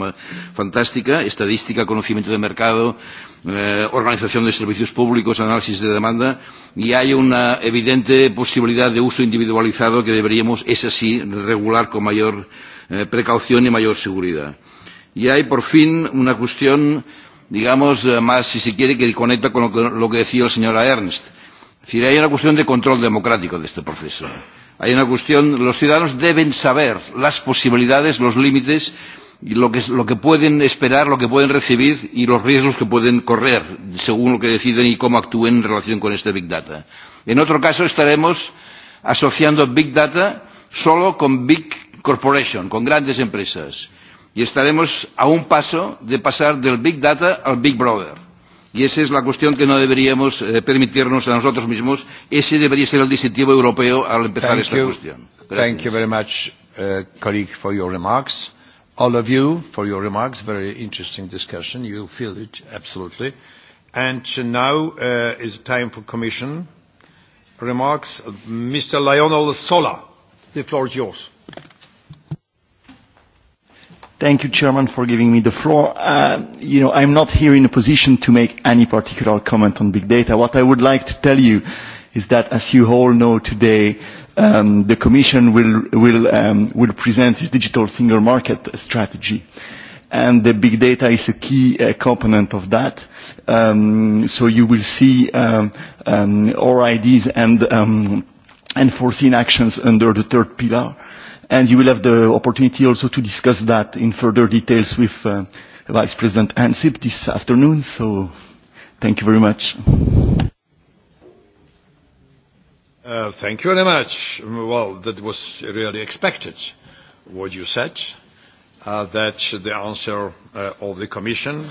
fantástica, estadística, conocimiento de mercado, eh, organización de servicios públicos, análisis de demanda, y hay una evidente posibilidad de uso individualizado que deberíamos, es así, regular con mayor eh, precaución y mayor seguridad. Y hay, por fin, una cuestión eh, digamos, eh, más, si se quiere, que conecta con lo que, lo que decía el señor Ernst. Es decir, hay una cuestión de control democrático de este proceso. Hay una cuestión, los ciudadanos deben saber las posibilidades, los límites, y lo, que, lo que pueden esperar, lo que pueden recibir y los riesgos que pueden correr según lo que deciden y cómo actúen en relación con este Big Data. En otro caso, estaremos asociando Big Data solo con Big Corporation, con grandes empresas y estaremos a un paso de pasar del Big Data al Big Brother. Y esa es la cuestión que no deberíamos eh, permitirnos a nosotros mismos. Ese debería ser el distintivo europeo al empezar Thank esta you. cuestión. Gracias. Thank you very much, uh, colleague, for your remarks. All of you, for your remarks. Very interesting discussion. You feel it, absolutely. And now uh, is time for commission remarks. Mr. Lionel Sola, the floor is yours. Thank you, Chairman, for giving me the floor. Uh, you know, I'm not here in a position to make any particular comment on big data. What I would like to tell you is that, as you all know today, um, the Commission will, will, um, will present its digital single market strategy. And the big data is a key uh, component of that. Um, so you will see um, um, our ideas and um, and foreseen actions under the third pillar and you will have the opportunity also to discuss that in further details with uh, Vice President Ansip this afternoon. So, thank you very much. Uh, thank you very much. Well, that was really expected, what you said, uh, that the answer uh, of the Commission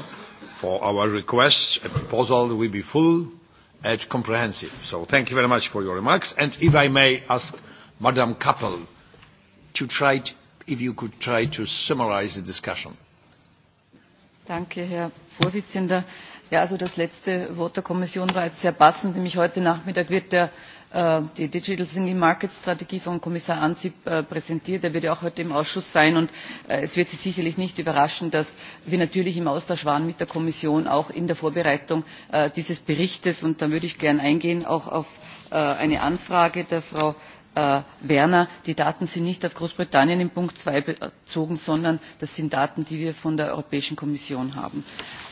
for our request, a proposal, will be full and comprehensive. So thank you very much for your remarks. And if I may ask Madame Kappel to try to, if you could try to summarize the discussion. Danke, Herr Vorsitzender. Ja, also das letzte Wort der Kommission war jetzt sehr passend, nämlich heute Nachmittag wird der, äh, die Digital Single Market Strategie von Kommissar Ansip äh, präsentiert. Er wird ja auch heute im Ausschuss sein und äh, es wird Sie sicherlich nicht überraschen, dass wir natürlich im Austausch waren mit der Kommission, auch in der Vorbereitung äh, dieses Berichtes. Und da würde ich gerne eingehen, auch auf äh, eine Anfrage der Frau äh, Äh, werner die daten sind nicht auf großbritannien in punkt zwei bezogen sondern das sind daten die wir von der europäischen kommission haben.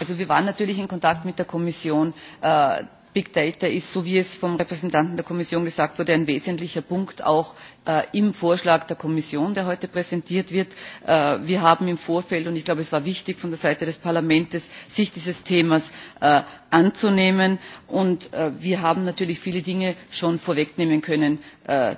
wir waren natürlich in kontakt mit der kommission. Äh, big data ist so wie es vom repräsentanten der kommission gesagt wurde ein wesentlicher punkt auch Äh, im vorschlag der kommission der heute präsentiert wird. Äh, wir haben im vorfeld und ich glaube es war wichtig von der seite des parlaments sich dieses themas äh, anzunehmen und wir haben natürlich viele dinge schon vorwegnehmen können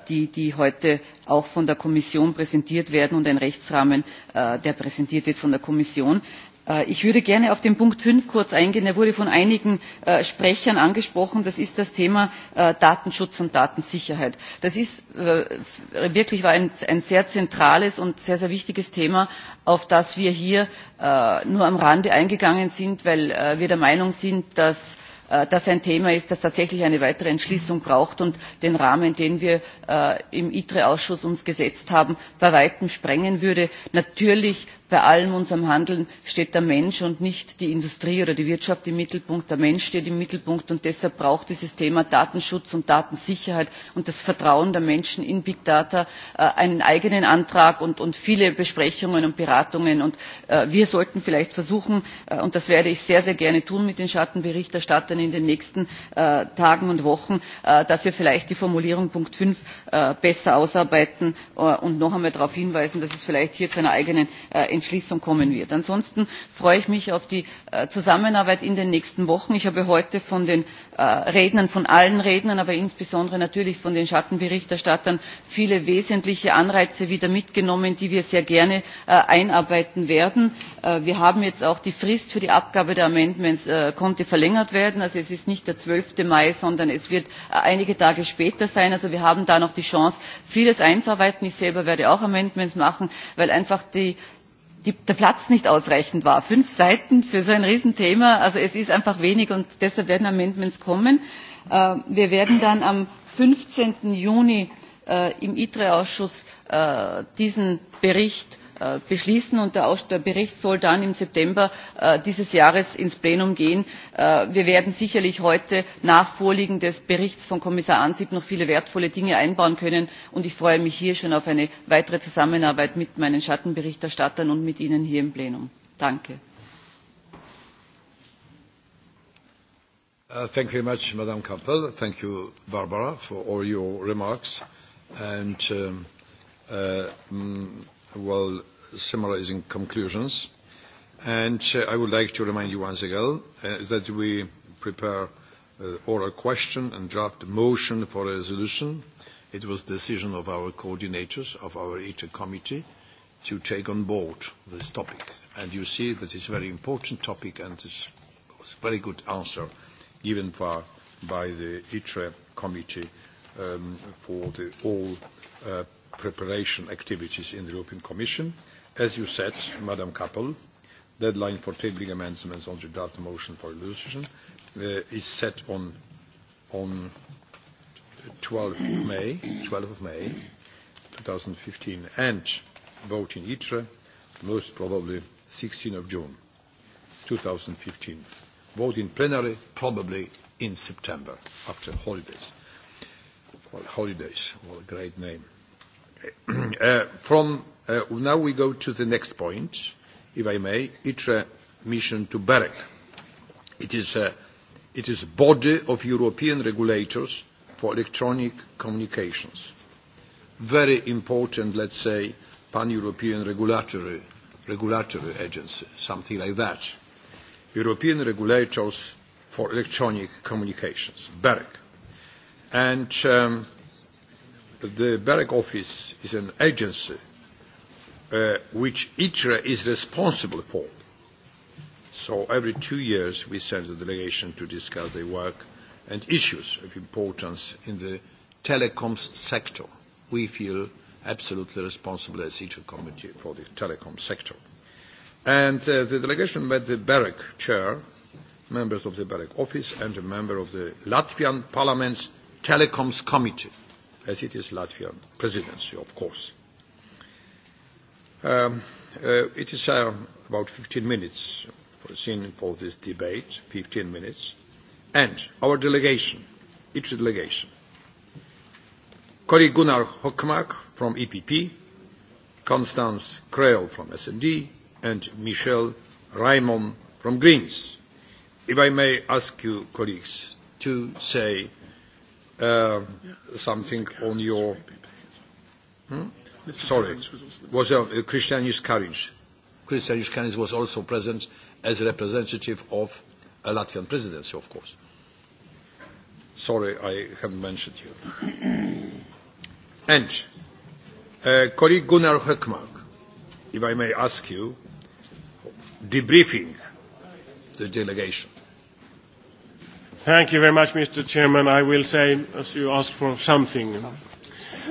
die heute auch von der kommission präsentiert werden und ein rechtsrahmen der präsentiert wird von der kommission. Äh, ich würde gerne auf den punkt fünf kurz eingehen der wurde von einigen äh, sprechern angesprochen das ist das thema äh, datenschutz und datensicherheit. das ist wirklich ein sehr zentrales und sehr sehr wichtiges thema auf das wir hier nur am rande eingegangen sind weil wir der meinung sind dass das ein thema ist das tatsächlich eine weitere entschließung braucht und den rahmen den wir uns im itre ausschuss gesetzt haben bei weitem sprengen würde. natürlich bei allem unserem handeln steht der mensch und nicht die industrie oder die wirtschaft im mittelpunkt der mensch steht im mittelpunkt und deshalb braucht dieses thema datenschutz und datensicherheit und das vertrauen der menschen in big data äh, einen eigenen antrag und viele besprechungen und beratungen. Äh, wir sollten vielleicht versuchen äh, und das werde ich sehr sehr gerne tun mit den schattenberichterstattern in den nächsten tagen und wochen dass wir vielleicht die formulierung ziffer fünf besser ausarbeiten und noch einmal darauf hinweisen dass es vielleicht hier zu einer eigenen entschließung kommen wird. ansonsten freue ich mich auf die äh, zusammenarbeit in den nächsten wochen. ich habe heute von den äh, rednern von allen rednern aber insbesondere natürlich von den schattenberichterstattern viele wesentliche anreize wieder mitgenommen die wir sehr gerne äh, einarbeiten werden. wir haben jetzt auch die frist für die abgabe der amendments konnte verlängert werden. also es ist nicht der. zwölf mai sondern es wird einige tage später sein. also wir haben da noch die chance vieles einzuarbeiten. ich selber werde auch änderungsanträge machen weil einfach die der Platz nicht ausreichend war. Fünf Seiten für so ein Riesenthema, also es ist einfach wenig und deshalb werden Amendments kommen. Äh, wir werden dann am 15. Juni äh, im ITRE-Ausschuss äh, diesen Bericht Äh, beschließen und der bericht soll dann im september äh, dieses jahres ins plenum gehen. Äh, wir werden sicherlich heute nach vorliegen des berichts von kommissar ansip noch viele wertvolle dinge einbauen können und ich freue mich hier schon auf eine weitere zusammenarbeit mit meinen schattenberichterstattern und mit ihnen hier im plenum. danke! Uh, thank you very much madam campbell thank you barbara for all your remarks and um, uh, mm, while summarizing conclusions. Uh, I would like to remind you once again uh, that we prepare uh, oral question and draft motion for a resolution. It was decision of our coordinators, of our HR committee, to take on board this topic. You see that it's a very important topic, and it's very good answer given by the HR committee um, for the all preparation activities in the European Commission. As you said, Madam Kappel, deadline for tabling amendments on the draft motion for resolution uh, is set on on 12th May, 12th of May, 2015, and vote in ITRE most probably 16th of June, 2015. Vote in plenary probably in September after holidays. Well, holidays, well, great name. Uh, from uh, now we go to the next point, if I may, ITRE mission to BEREC. It is a, it is a body of European regulators for electronic communications. Very important, let's say, pan-European regulatory, regulatory agency, something like that. European regulators for electronic communications, BEREC. And um, the Barak office is an agency uh, which ITRA is responsible for. So every two years we send a delegation to discuss the work and issues of importance in the telecoms sector. We feel absolutely responsible as ITRA committee for the telecom sector. And uh, the delegation met the Barak chair, members of the Barak office, and a member of the Latvian parliament's telecoms committee as it is Latvian presidency, of course. Um, uh, it is uh, about 15 minutes foreseen for this debate, 15 minutes, and our delegation, each delegation, colleague Gunnar Hockmark from EPP, Constance Krell from SD, and Michel Raimond from Greens. If I may ask you, colleagues, to say uh, something on your. Hmm? Sorry, was uh, Christian Karinj. Christian Karinj was also present as a representative of a Latvian presidency, of course. Sorry, I haven't mentioned you. And uh, colleague Gunnar Hökmark, if I may ask you, debriefing the delegation. Thank you very much, Mr. Chairman. I will say, as you asked for something, uh,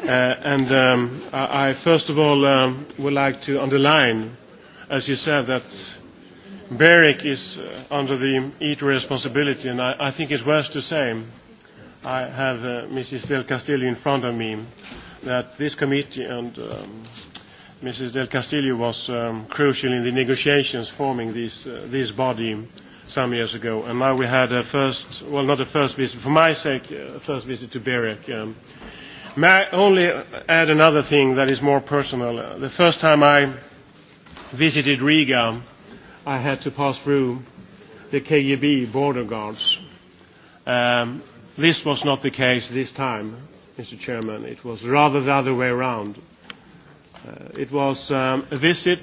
and um, I, I first of all um, would like to underline, as you said, that BEREC is uh, under the ITRE responsibility, and I, I think it's worth to say, I have uh, Mrs. Del Castillo in front of me, that this committee and um, Mrs. Del Castillo was um, crucial in the negotiations forming this, uh, this body some years ago. And now we had a first, well, not a first visit, for my sake, a first visit to Berek. Um, may I only add another thing that is more personal? The first time I visited Riga, I had to pass through the KGB border guards. Um, this was not the case this time, Mr. Chairman. It was rather the other way around. Uh, it was um, a visit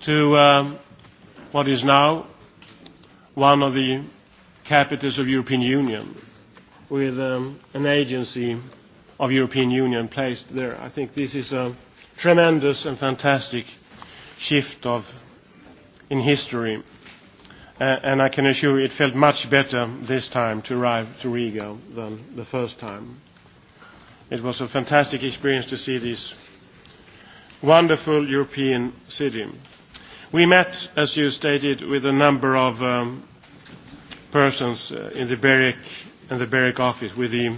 to um, what is now one of the capitals of European Union, with um, an agency of European Union placed there. I think this is a tremendous and fantastic shift of, in history. Uh, and I can assure you it felt much better this time to arrive to Riga than the first time. It was a fantastic experience to see this wonderful European city we met as you stated with a number of um, persons uh, in the BEREC and the BEREC office with the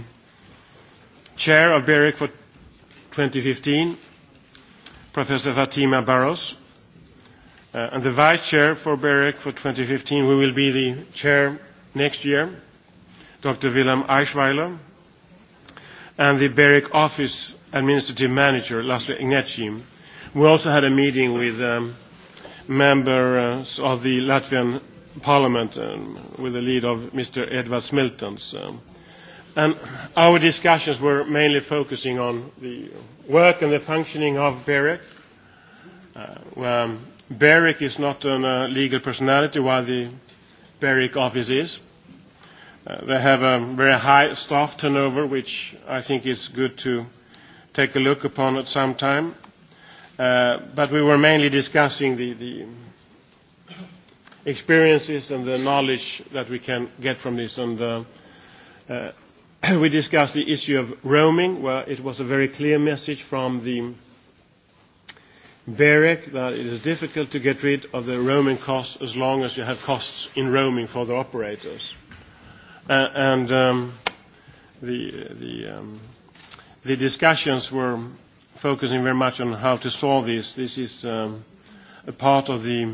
chair of BEREC for 2015 Professor Fatima Barros uh, and the vice chair for BEREC for 2015 who will be the chair next year Dr. Willem Eichweiler and the BEREC office administrative manager Laszlo Ignacim we also had a meeting with um, members of the latvian parliament um, with the lead of mr edvards miltons. Um. our discussions were mainly focusing on the work and the functioning of berec. Uh, um, berec is not a uh, legal personality while the berec office is. Uh, they have a very high staff turnover which i think is good to take a look upon at some time. Uh, but we were mainly discussing the, the experiences and the knowledge that we can get from this. And uh, uh, [CLEARS THROAT] we discussed the issue of roaming, where it was a very clear message from the BEREC that it is difficult to get rid of the roaming costs as long as you have costs in roaming for the operators. Uh, and um, the, the, um, the discussions were focusing very much on how to solve this. This is um, a part of the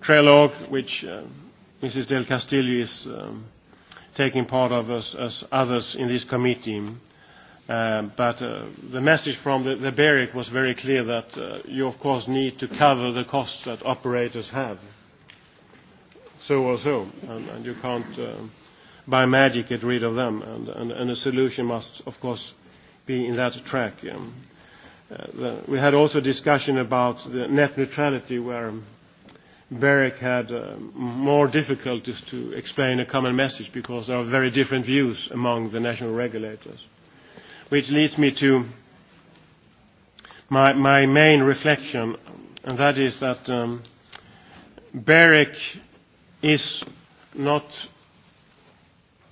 trilogue which uh, Mrs. Del Castillo is um, taking part of as, as others in this committee. Uh, but uh, the message from the, the BEREC was very clear that uh, you, of course, need to cover the costs that operators have, so or so, and, and you can't, uh, by magic, get rid of them, and, and, and a solution must, of course, be in that track. Um, Uh, we had also a discussion about the net neutrality where um, Beric had uh, more difficulties to explain a common message because there are very different views among the national regulators. Which leads me to my, my main reflection, and that is that um, Beric is not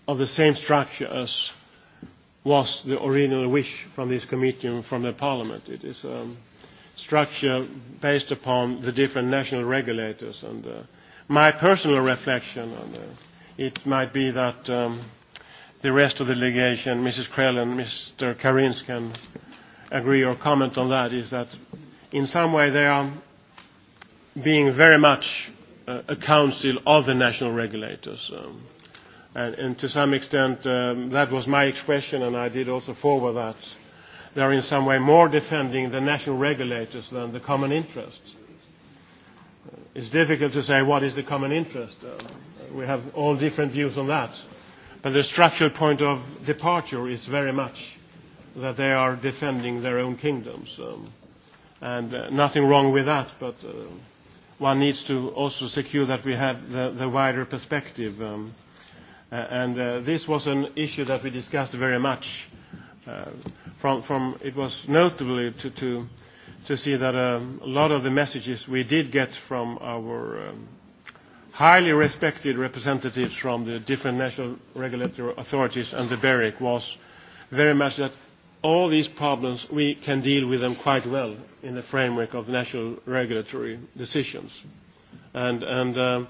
of the same structure as was the original wish from this committee and from the parliament. It is a um, structure based upon the different national regulators. And uh, my personal reflection, and, uh, it might be that um, the rest of the delegation, Mrs. Krell and Mr. Karins, can agree or comment on that, is that in some way they are being very much uh, a council of the national regulators. Um, and, and to some extent um, that was my expression and I did also forward that they are in some way more defending the national regulators than the common interest. Uh, it's difficult to say what is the common interest. Um, we have all different views on that. But the structural point of departure is very much that they are defending their own kingdoms. Um, and uh, nothing wrong with that, but uh, one needs to also secure that we have the, the wider perspective. Um, Uh, and uh, this was an issue that we discussed very much. Uh, from, from it was notably to, to, to see that um, a lot of the messages we did get from our um, highly respected representatives from the different national regulatory authorities and the BEREC was very much that all these problems, we can deal with them quite well in the framework of national regulatory decisions. And, and uh,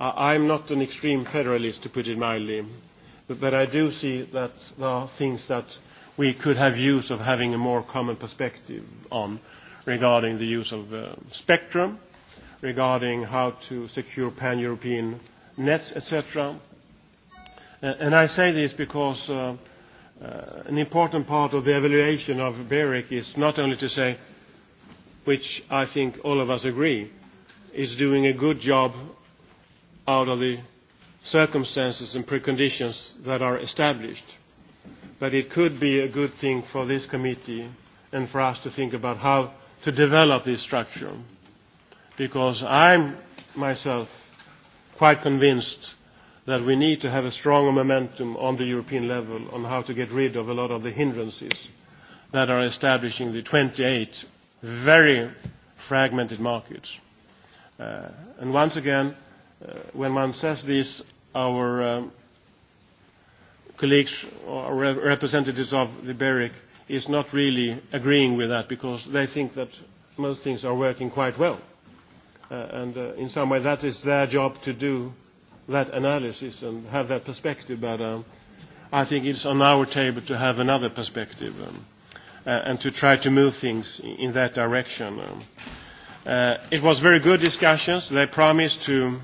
I am not an extreme federalist, to put it mildly, but, but I do see that there are things that we could have use of having a more common perspective on regarding the use of uh, spectrum, regarding how to secure pan-European nets, etc. And I say this because uh, uh, an important part of the evaluation of BEREC is not only to say, which I think all of us agree, is doing a good job out of the circumstances and preconditions that are established. But it could be a good thing for this committee and for us to think about how to develop this structure. Because I'm myself quite convinced that we need to have a stronger momentum on the European level on how to get rid of a lot of the hindrances that are establishing the 28 very fragmented markets. Uh, and once again, uh, when one says this, our um, colleagues or representatives of the BERIC is not really agreeing with that because they think that most things are working quite well. Uh, and uh, in some way that is their job to do that analysis and have that perspective. But um, I think it's on our table to have another perspective um, uh, and to try to move things in that direction. Um, uh, it was very good discussions. They promised to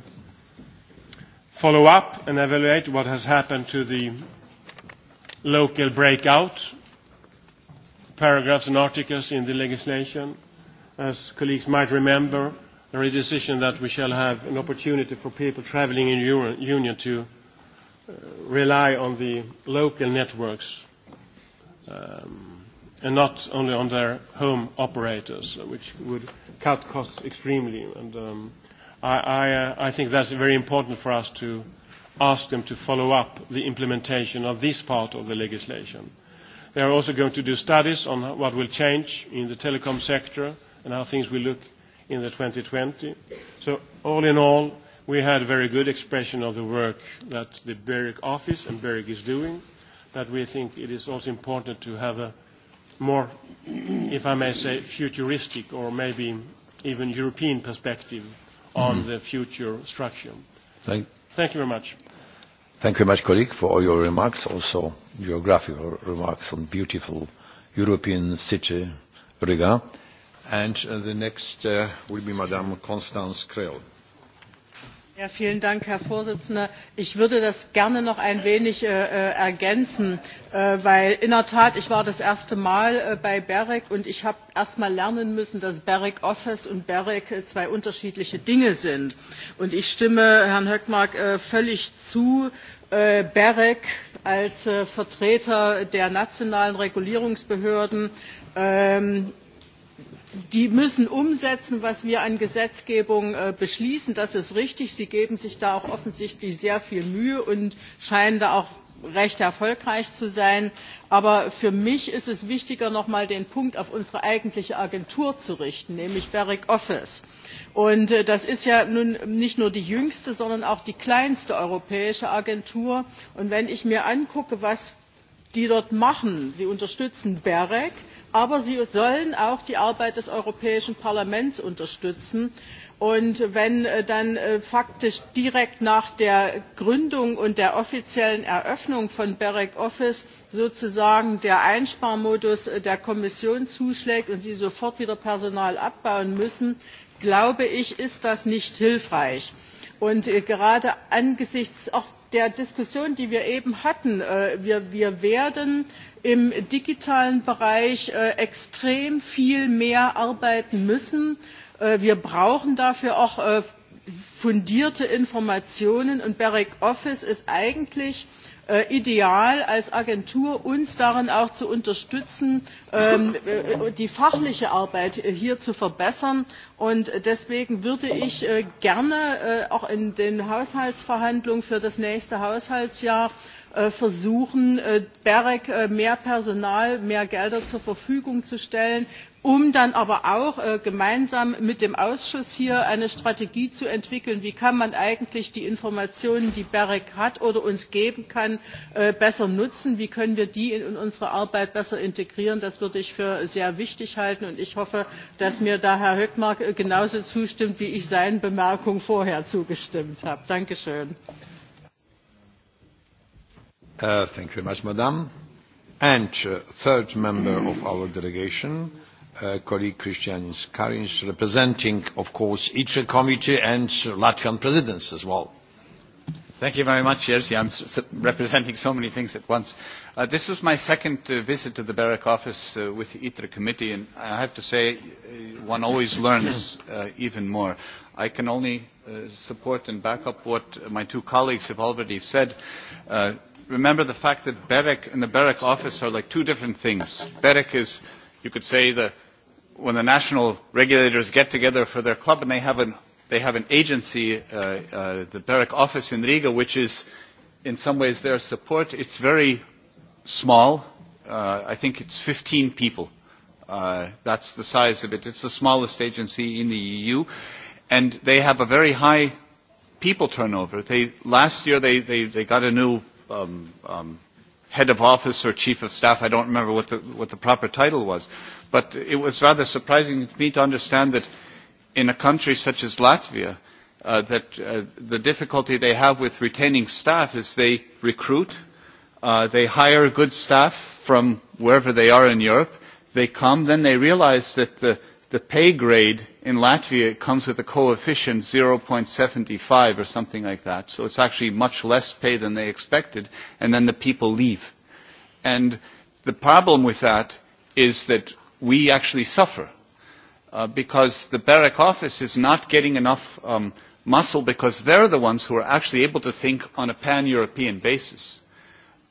follow up and evaluate what has happened to the local breakout paragraphs and articles in the legislation. As colleagues might remember, there is a decision that we shall have an opportunity for people travelling in Euro Union to uh, rely on the local networks um, and not only on their home operators, which would cut costs extremely. And, um, I, I, uh, I think that's very important for us to ask them to follow up the implementation of this part of the legislation. They are also going to do studies on what will change in the telecom sector and how things will look in the 2020. So all in all, we had a very good expression of the work that the BEREC office and BEREC is doing, that we think it is also important to have a more, if I may say, futuristic or maybe even European perspective on mm. the future structure. Thank, thank you very much. Thank you very much, colleague, for all your remarks, also geographical remarks on beautiful European city, Riga. And uh, the next uh, will be Madame Constance Creel. Ja, herr präsident! ich würde das gerne noch ein wenig äh, äh, ergänzen äh, weil ich in der tat das erste mal bei gerek war und ich habe erst mal lernen müssen dass gerek office und gerek zwei unterschiedliche dinge sind. ich stimme herrn hökmark völlig zu gerek als vertreter der nationalen regulierungsbehörden ähm, die müssen umsetzen was wir an gesetzgebung äh, beschließen das ist richtig sie geben sich da auch offensichtlich sehr viel mühe und scheinen da auch recht erfolgreich zu sein aber für mich ist es wichtiger noch einmal den punkt auf unsere eigentliche agentur zu richten nämlich das office berec. Äh, das ist ja nun nicht nur die jüngste sondern auch die kleinste europäische agentur und wenn ich mir angucke was die dort machen sie unterstützen das berec aber sie sollen auch die arbeit des europäischen parlaments unterstützen und wenn äh, dann äh, faktisch direkt nach der gründung und der offiziellen eröffnung von berec office sozusagen der einsparmodus äh, der kommission zuschlägt und sie sofort wieder personal abbauen müssen glaube ich ist das nicht hilfreich. gerade angesichts der diskussion die wir eben hatten äh, wir werden im digitalen bereich äh, extrem viel mehr arbeiten müssen äh, wir brauchen dafür auch fundierte informationen und das bericht berec office ist eigentlich Äh, ideal als agentur uns darin auch zu unterstützen ähm, äh, die fachliche arbeit äh, hier zu verbessern und deswegen würde ich gerne auch in den haushaltsverhandlungen für das nächste haushaltsjahr Äh, versuchen äh, berec äh, mehr personal mehr gelder zur verfügung zu stellen um dann aber auch gemeinsam mit dem ausschuss hier eine strategie zu entwickeln wie man eigentlich die informationen die berec hat oder uns geben kann besser nutzen kann wie können wir die in unsere arbeit besser integrieren das würde ich für sehr wichtig halten und ich hoffe dass mir da herr hökmark genauso zustimmt wie ich seinen bemerkungen vorher zugestimmt habe. danke schön! Uh, thank you very much madam and uh, third member of our delegation uh, colleague krijnis kariņš representing of course itre committee and latvian presidency as well. thank you very much jerzy i am representing so many things at once. this is my second visit to the berec office with the itre committee and i have to say one always learns even more. i can only support and back up what my two colleagues have already said remember the fact that berec and the berec office are like two different things. berec is you could say when the national regulators get together for their club and they have an, they have an agency uh, uh, the berec office in riga which is in some ways their support it's very small uh, i think it's 15 people uh, that's the size of it. It's the smallest agency in the EU, and they have a very high people turnover. They, last year, they, they, they got a new um, um, head of office or chief of staff. I don't remember what the, what the proper title was. But it was rather surprising to me to understand that in a country such as Latvia, uh, that uh, the difficulty they have with retaining staff is they recruit, uh, they hire good staff from wherever they are in Europe, they come, then they realize that the the pay grade in latvia comes with a coefficient of. zero seventy five so it is actually much less pay than they expected and then the people leave. the problem with that is that we actually suffer uh, because the berec office is not getting enough um, muscle because they are the ones who are actually able to think on a pan european basis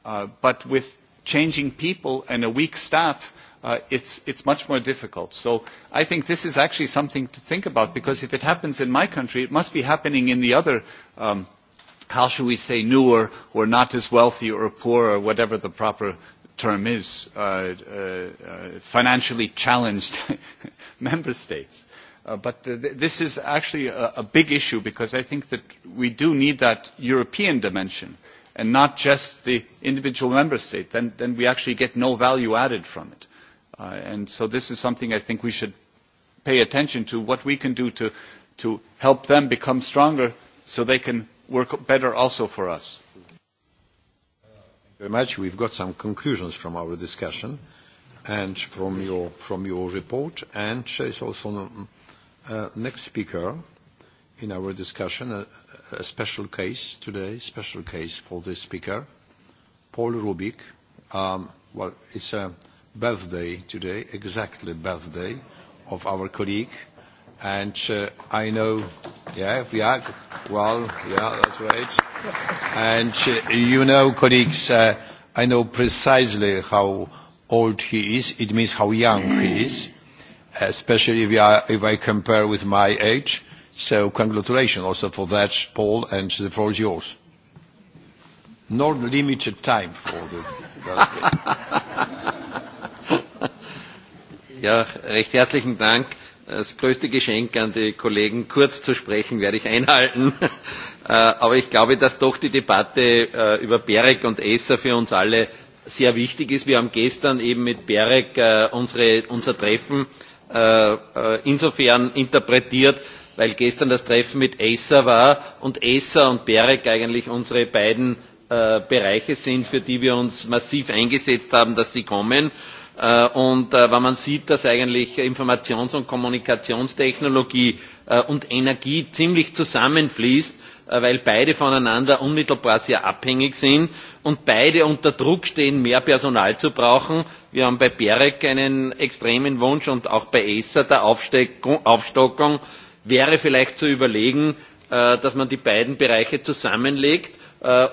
uh, but with changing people and a weak staff Uh, it is much more difficult. so i think this is actually something to think about because if it happens in my country it must be happening in the other um, how shall we say newer or not as wealthy or poor or whatever the proper term is uh, uh, financially challenged [LAUGHS] member states. but this is actually a big issue because i think that we do need that european dimension and not just the individual member state then we actually get no value added from it. Uh, and so this is something i think we should pay attention to what we can do to help them become stronger so they can work better also for us. thank you very much. we've got some conclusions from our discussion and from your, from your report. and it's also the uh, next speaker in our discussion, a, a special case today, special case for this speaker, paul rubik. Um, well, it's a. Uh, birthday today, exactly birthday of our colleague. And uh, I know, yeah, we are, well, yeah, that's right. And uh, you know, colleagues, uh, I know precisely how old he is. It means how young he is, especially if, are, if I compare with my age. So congratulations also for that, Paul, and the floor is yours. No limited time for the [LAUGHS] birthday. Ja, recht herzlichen Dank. Das größte Geschenk an die Kollegen, kurz zu sprechen, werde ich einhalten. [LAUGHS] Äh, aber ich glaube, dass doch die Debatte äh, über Berek und Acer für uns alle sehr wichtig ist. Wir haben gestern eben mit Berek äh, unsere, unser Treffen insofern interpretiert, weil gestern das Treffen mit Acer war und Acer und Berek eigentlich unsere beiden Bereiche sind, für die wir uns massiv eingesetzt haben, dass sie kommen. Äh, und äh, wenn man sieht dass eigentlich informations und kommunikationstechnologie äh, und energie ziemlich zusammenfließen weil beide voneinander unmittelbar sehr abhängig sind und beide unter druck stehen mehr personal zu brauchen wir haben bei berec einen extremen wunsch und auch bei acer der aufstockung wäre vielleicht zu überlegen dass man die beiden bereiche zusammenlegt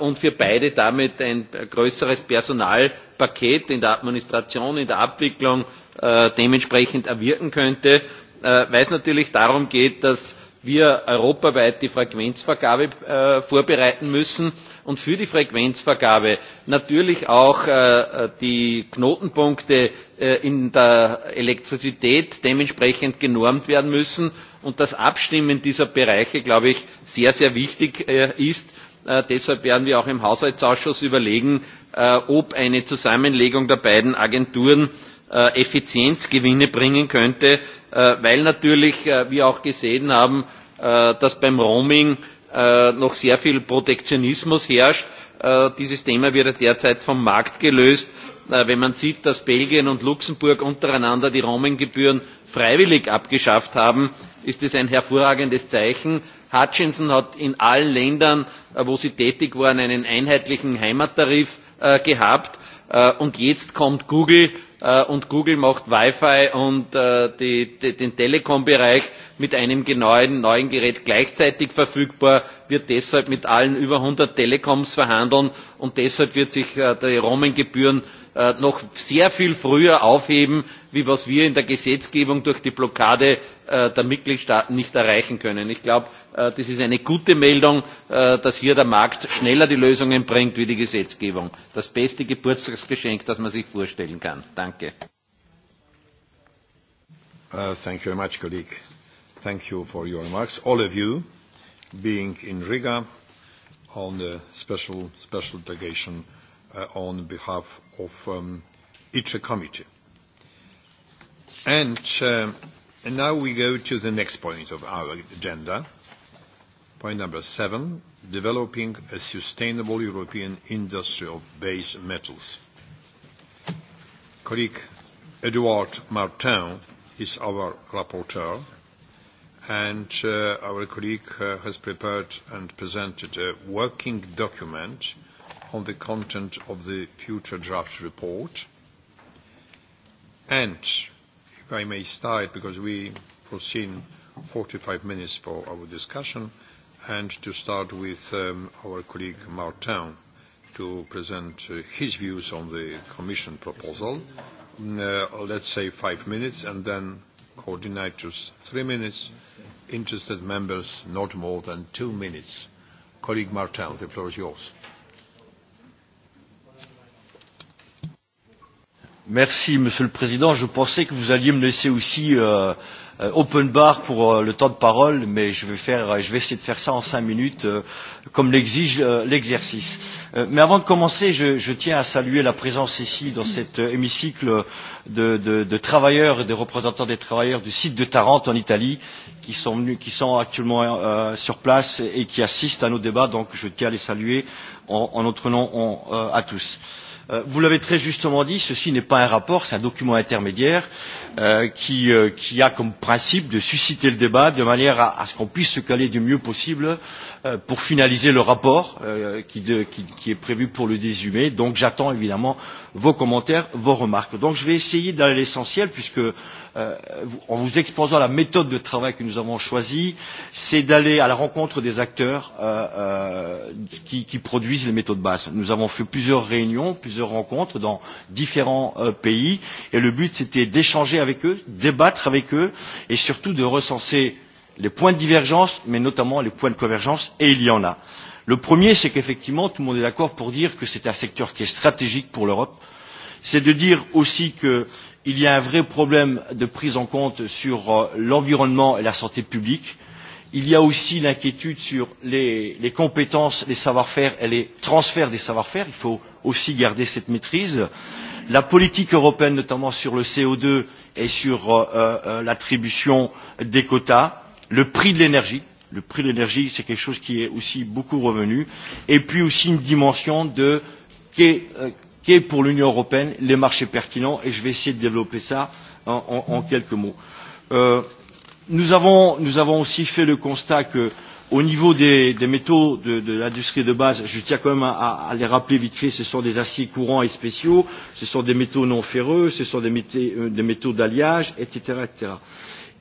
und für beide damit ein größeres personal paket in der administration in der abwicklung äh, dementsprechend erwirken könnte äh, weil es natürlich darum geht dass wir europaweit die frequenzvergabe äh, vorbereiten müssen und für die frequenzvergabe natürlich auch die knotenpunkte in der elektrizität dementsprechend genormt werden müssen und das abstimmen dieser bereiche glaube ich sehr sehr wichtig ist. deshalb werden wir auch im haushaltsausschuss überlegen Äh, ob eine Zusammenlegung der beiden Agenturen äh, Effizienzgewinne bringen könnte, äh, weil natürlich, wie auch gesehen haben, dass beim Roaming noch sehr viel Protektionismus herrscht. Dieses Thema wird ja derzeit vom Markt gelöst. Wenn man sieht, dass Belgien und Luxemburg untereinander die Roaminggebühren freiwillig abgeschafft haben, ist das ein hervorragendes Zeichen. Hutchinson hat in allen Ländern, wo sie tätig waren, einen einheitlichen Heimattarif äh, Äh, gehabt äh, und jetzt kommt Google äh, und Google macht Wi-Fi und die, die, den Telekom-Bereich mit einem genauen neuen Gerät gleichzeitig verfügbar, wird deshalb mit allen über 100 Telekoms verhandeln und deshalb wird sich die Roaming-Gebühren Äh, noch sehr viel früher aufheben als wir es in der gesetzgebung durch die blockade äh, der mitgliedstaaten erreichen können. ich glaube äh, das ist eine gute meldung dass hier der markt schneller die lösungen bringt als die gesetzgebung das beste geburtstagsgeschenk das man sich vorstellen kann. danke! Uh, uh, on behalf of um, each committee. And, uh, and now we go to the next point of our agenda. Point number seven, developing a sustainable European industry of base metals. Colleague Edouard Martin is our rapporteur, and uh, our colleague uh, has prepared and presented a working document uh, on the content of the future draft report. And if I may start, because we foreseen 45 minutes for our discussion, and to start with um, our colleague Martin to present uh, his views on the Commission proposal. Mm, uh, let's say five minutes, and then coordinators three minutes, interested members not more than two minutes. Colleague Martin, the floor is yours. Uh, monsieur le président je pensais que vous alliez me laisser aussi euh, euh, open bar pour euh, le temps de parole mais je vais essayer de faire cela en cinq minutes comme l'exige l'exercice. mais avant de commencer je tiens à saluer la présence ici dans cet hémicycle de travailleurs et de représentants des travailleurs du site de tarente en italie qui sont actuellement sur place et qui assistent à nos débats donc je tiens à les saluer en notre nom à tous. Euh, vous l'avez très justement dit ceci n'est pas un rapport c'est un document intermédiaire euh, euh, qui a comme principe de susciter le débat de manière à ce qu'on puisse se caler du mieux possible pour finaliser le rapport qui est prévu pour le 18 mai. donc j'attends évidemment vos commentaires vos remarques. donc je vais essayer d'aller à l'essentiel puisque euh, Euh, en vous exposant la méthode de travail que nous avons choisie, c'est d'aller à la rencontre des acteurs euh, euh, qui, qui produisent les méthodes basses. Nous avons fait plusieurs réunions, plusieurs rencontres dans différents euh, pays, et le but c'était d'échanger avec eux, débattre avec eux, et surtout de recenser les points de divergence, mais notamment les points de convergence, et il y en a. Le premier, c'est qu'effectivement, tout le monde est d'accord pour dire que c'est un secteur qui est stratégique pour l'Europe. C'est de dire aussi que euh, il y a un vrai problème de prise en compte sur euh, l'environnement et la santé publique. Il y a aussi l'inquiétude sur les, les compétences, les savoir-faire et les transferts des savoir-faire. Il faut aussi garder cette maîtrise. La politique européenne, notamment sur le CO2 et sur euh, euh, euh, l'attribution des quotas, le prix de l'énergie. Le prix de l'énergie, c'est quelque chose qui est aussi beaucoup revenu. Et puis aussi une dimension de qu'est pour l'Union européenne les marchés pertinents et je vais essayer de développer ça en, en, en quelques mots. Euh, nous, avons, nous avons aussi fait le constat que au niveau des, des métaux de, de l'industrie de base, je tiens quand même à, à les rappeler vite fait, ce sont des aciers courants et spéciaux, ce sont des métaux non ferreux, ce sont des, mété, euh, des métaux d'alliage, etc. etc.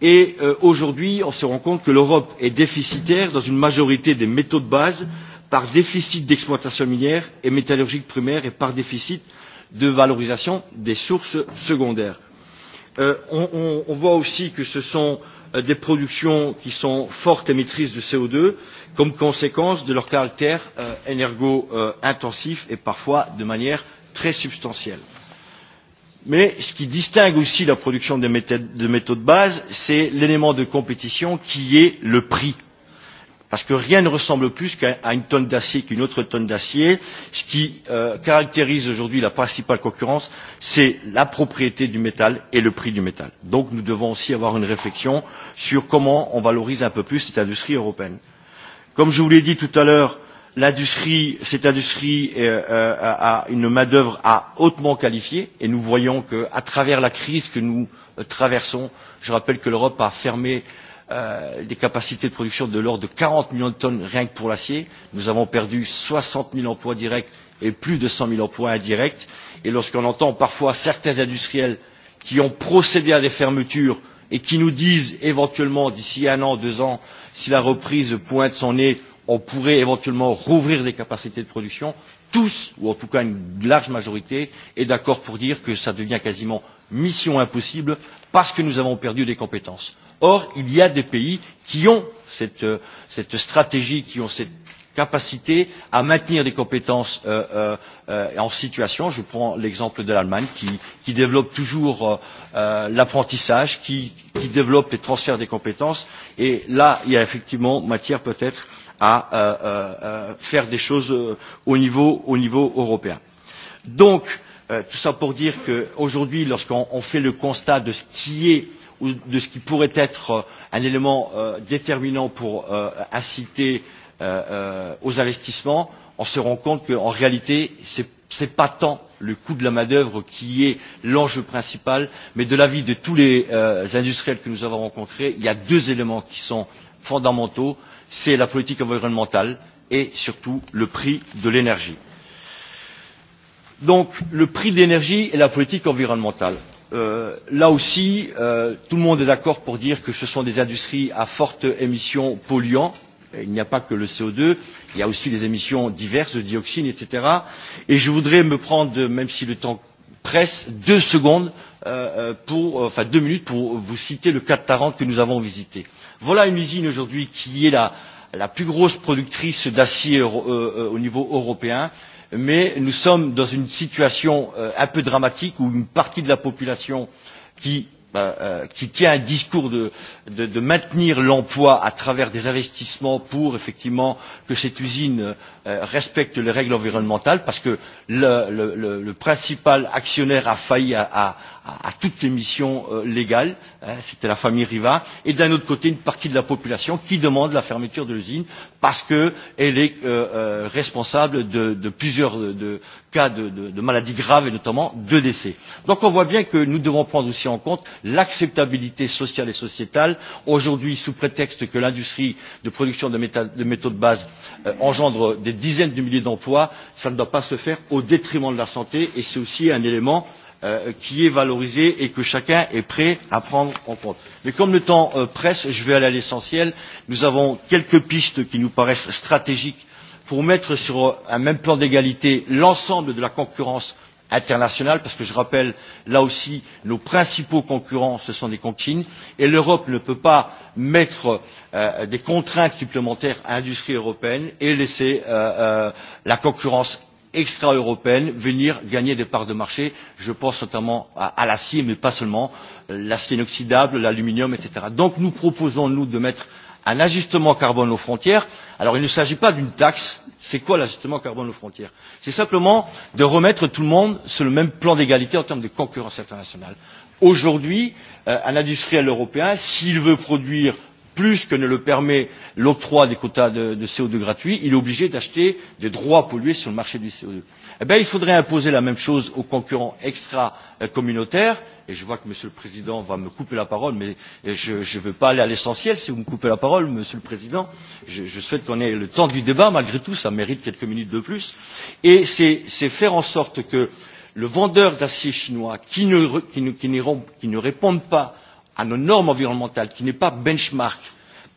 Et euh, aujourd'hui, on se rend compte que l'Europe est déficitaire dans une majorité des métaux de base, par déficit d'exploitation minière et métallurgique primaire et par déficit de valorisation des sources secondaires. Euh, on, on, on voit aussi que ce sont euh, des productions qui sont fortes émettrices de CO2 comme conséquence de leur caractère euh, énergo-intensif euh, et parfois de manière très substantielle. Mais ce qui distingue aussi la production de méthodes de base, c'est l'élément de compétition qui est le prix. Euh, parce que rien ne ressemble plus qu'à une tonne d'acier qu'une autre tonne d'acier. Ce qui euh, caractérise aujourd'hui la principale concurrence, c'est la propriété du métal et le prix du métal. Donc nous devons aussi avoir une réflexion sur comment on valorise un peu plus cette industrie européenne. Comme je vous l'ai dit tout à l'heure, L'industrie, cette industrie euh, euh a une main-d'œuvre hautement qualifiée et nous voyons qu'à travers la crise que nous euh, traversons, je rappelle que l'Europe a fermé euh, des euh, capacités de production de l'ordre de quarante millions de tonnes rien que pour l'acier. Nous avons perdu soixante zéro emplois directs et plus de cent zéro emplois indirects. Et lorsqu'on entend parfois certains industriels qui ont procédé à des fermetures et qui nous disent éventuellement d'ici un an, deux ans, si la reprise pointe son nez, on pourrait éventuellement rouvrir des capacités de production, tous ou en tout cas une large majorité est d'accord pour dire que cela devient quasiment mission impossible parce que nous avons perdu des compétences. or il y a des pays qui ont cette, euh, cette stratégie qui ont cette capacité à maintenir des compétences euh, euh, euh, en situation je prends l'exemple de l'allemagne qui, qui développe toujours euh, euh l'apprentissage qui, qui développe les transferts des compétences et là il y a effectivement matière peut être à euh, euh, faire des choses euh, au niveau, au niveau européen. Donc, tout ça pour dire qu'aujourd'hui, lorsqu'on fait le constat de ce qui est ou de ce qui pourrait être un élément déterminant pour inciter aux investissements, on se rend compte qu'en réalité, ce n'est pas tant le coût de la main-d'œuvre qui est l'enjeu principal, mais de l'avis de tous les industriels que nous avons rencontrés, il y a deux éléments qui sont fondamentaux c'est la politique environnementale et surtout le prix de l'énergie. donc le prix de l'énergie et la politique environnementale euh, là aussi euh, tout le monde est d'accord pour dire que ce sont des industries à fortes émissions polluantes il n'y a pas que le co deux il y a aussi des émissions diverses de dioxines etc. et je voudrais me prendre même si le temps presse deux secondes euh, pour enfin deux minutes pour vous citer le cap quarante que nous avons visité voilà une usine aujourd'hui qui est la, la plus grosse productrice d'acier euh, euh, au niveau européen. Mais nous sommes dans une situation euh, un peu dramatique où une partie de la population qui, bah, euh, qui tient un discours de, de, de maintenir l'emploi à travers des investissements pour effectivement que cette usine euh, respecte les règles environnementales parce que le, le, le, le principal actionnaire a failli à, à, à toutes les missions euh, légales c'était la famille Riva et d'un autre côté une partie de la population qui demande la fermeture de l'usine parce qu'elle est euh, euh, responsable de, de plusieurs de, de cas de, de, de maladies graves et notamment de décès. Donc on voit bien que nous devons prendre aussi en compte l'acceptabilité sociale et sociétale aujourd'hui sous prétexte que l'industrie de production de, méta, de métaux de base euh, engendre des dizaines de milliers d'emplois, ça ne doit pas se faire au détriment de la santé et c'est aussi un élément Euh, qui est valorisé et que chacun est prêt à prendre en compte. mais comme le temps euh, presse je vais aller à l'essentiel nous avons quelques pistes qui nous paraissent stratégiques pour mettre sur un même plan d'égalité l'ensemble de la concurrence internationale parce que je rappelle là aussi nos principaux concurrents ce sont des conchines et l'europe ne peut pas mettre euh, des contraintes supplémentaires à l'industrie européenne et laisser euh, euh, la concurrence extra européennes venir gagner des parts de marché je pense notamment à l'acier mais pas seulement l'acier inoxydable l'aluminium etc. donc nous proposons nous de mettre un ajustement carbone aux frontières. alors il ne s'agit pas d'une taxe c'est quoi l'ajustement carbone aux frontières? c'est simplement de remettre tout le monde sur le même plan d'égalité en termes de concurrence internationale. aujourd'hui euh, un industriel européen s'il veut produire plus que ne le permet l'octroi des quotas de co deux gratuits il est obligé d'acheter des droits à polluer sur le marché du co. deux eh il faudrait imposer la même chose aux concurrents extracommunautaires et je vois que monsieur le président va me couper la parole mais je ne veux pas aller à l'essentiel si vous me coupez la parole monsieur le président je souhaite qu'on ait le temps du débat malgré tout cela mérite quelques minutes de plus et c'est faire en sorte que le vendeur d'acier chinois qui ne, qui ne, qui ne répond pas à nos normes environnementales qui n'est pas benchmark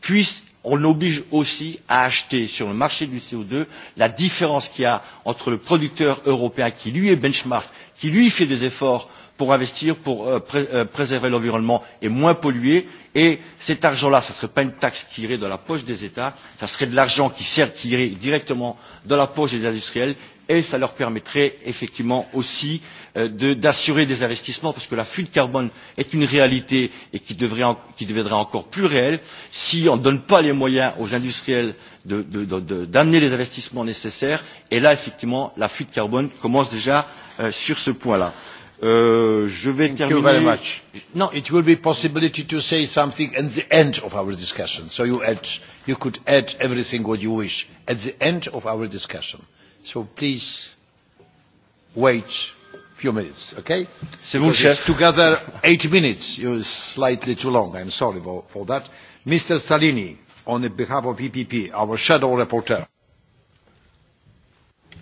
puisse on oblige aussi à acheter sur le marché du co deux la différence qu'il y a entre le producteur européen qui lui est benchmark qui lui fait des efforts pour investir pour euh, euh, préserver l'environnement et moins polluer et cet argent là ce ne serait pas une taxe qui irait dans la poche des états ce serait de l'argent qui irait directement dans la poche des industriels et cela leur permettrait effectivement aussi euh, d'assurer des investissements parce que la fuite carbone est une réalité et qui deviendrait encore plus réelle si on ne donne pas les moyens aux industriels d'amener les investissements nécessaires et là effectivement la fuite carbone commence déjà euh, sur ce point là. Euh, je vais Thank terminer. You much. No, it will be possibility to say something at the end of our discussion. So you add, you could add everything what you wish at the end of our discussion so please wait a few minutes, okay? C'est vous, chef. Together eight minutes, you're slightly too long. I'm sorry for, for that. Mr. Salini, on the behalf of EPP, our shadow reporter.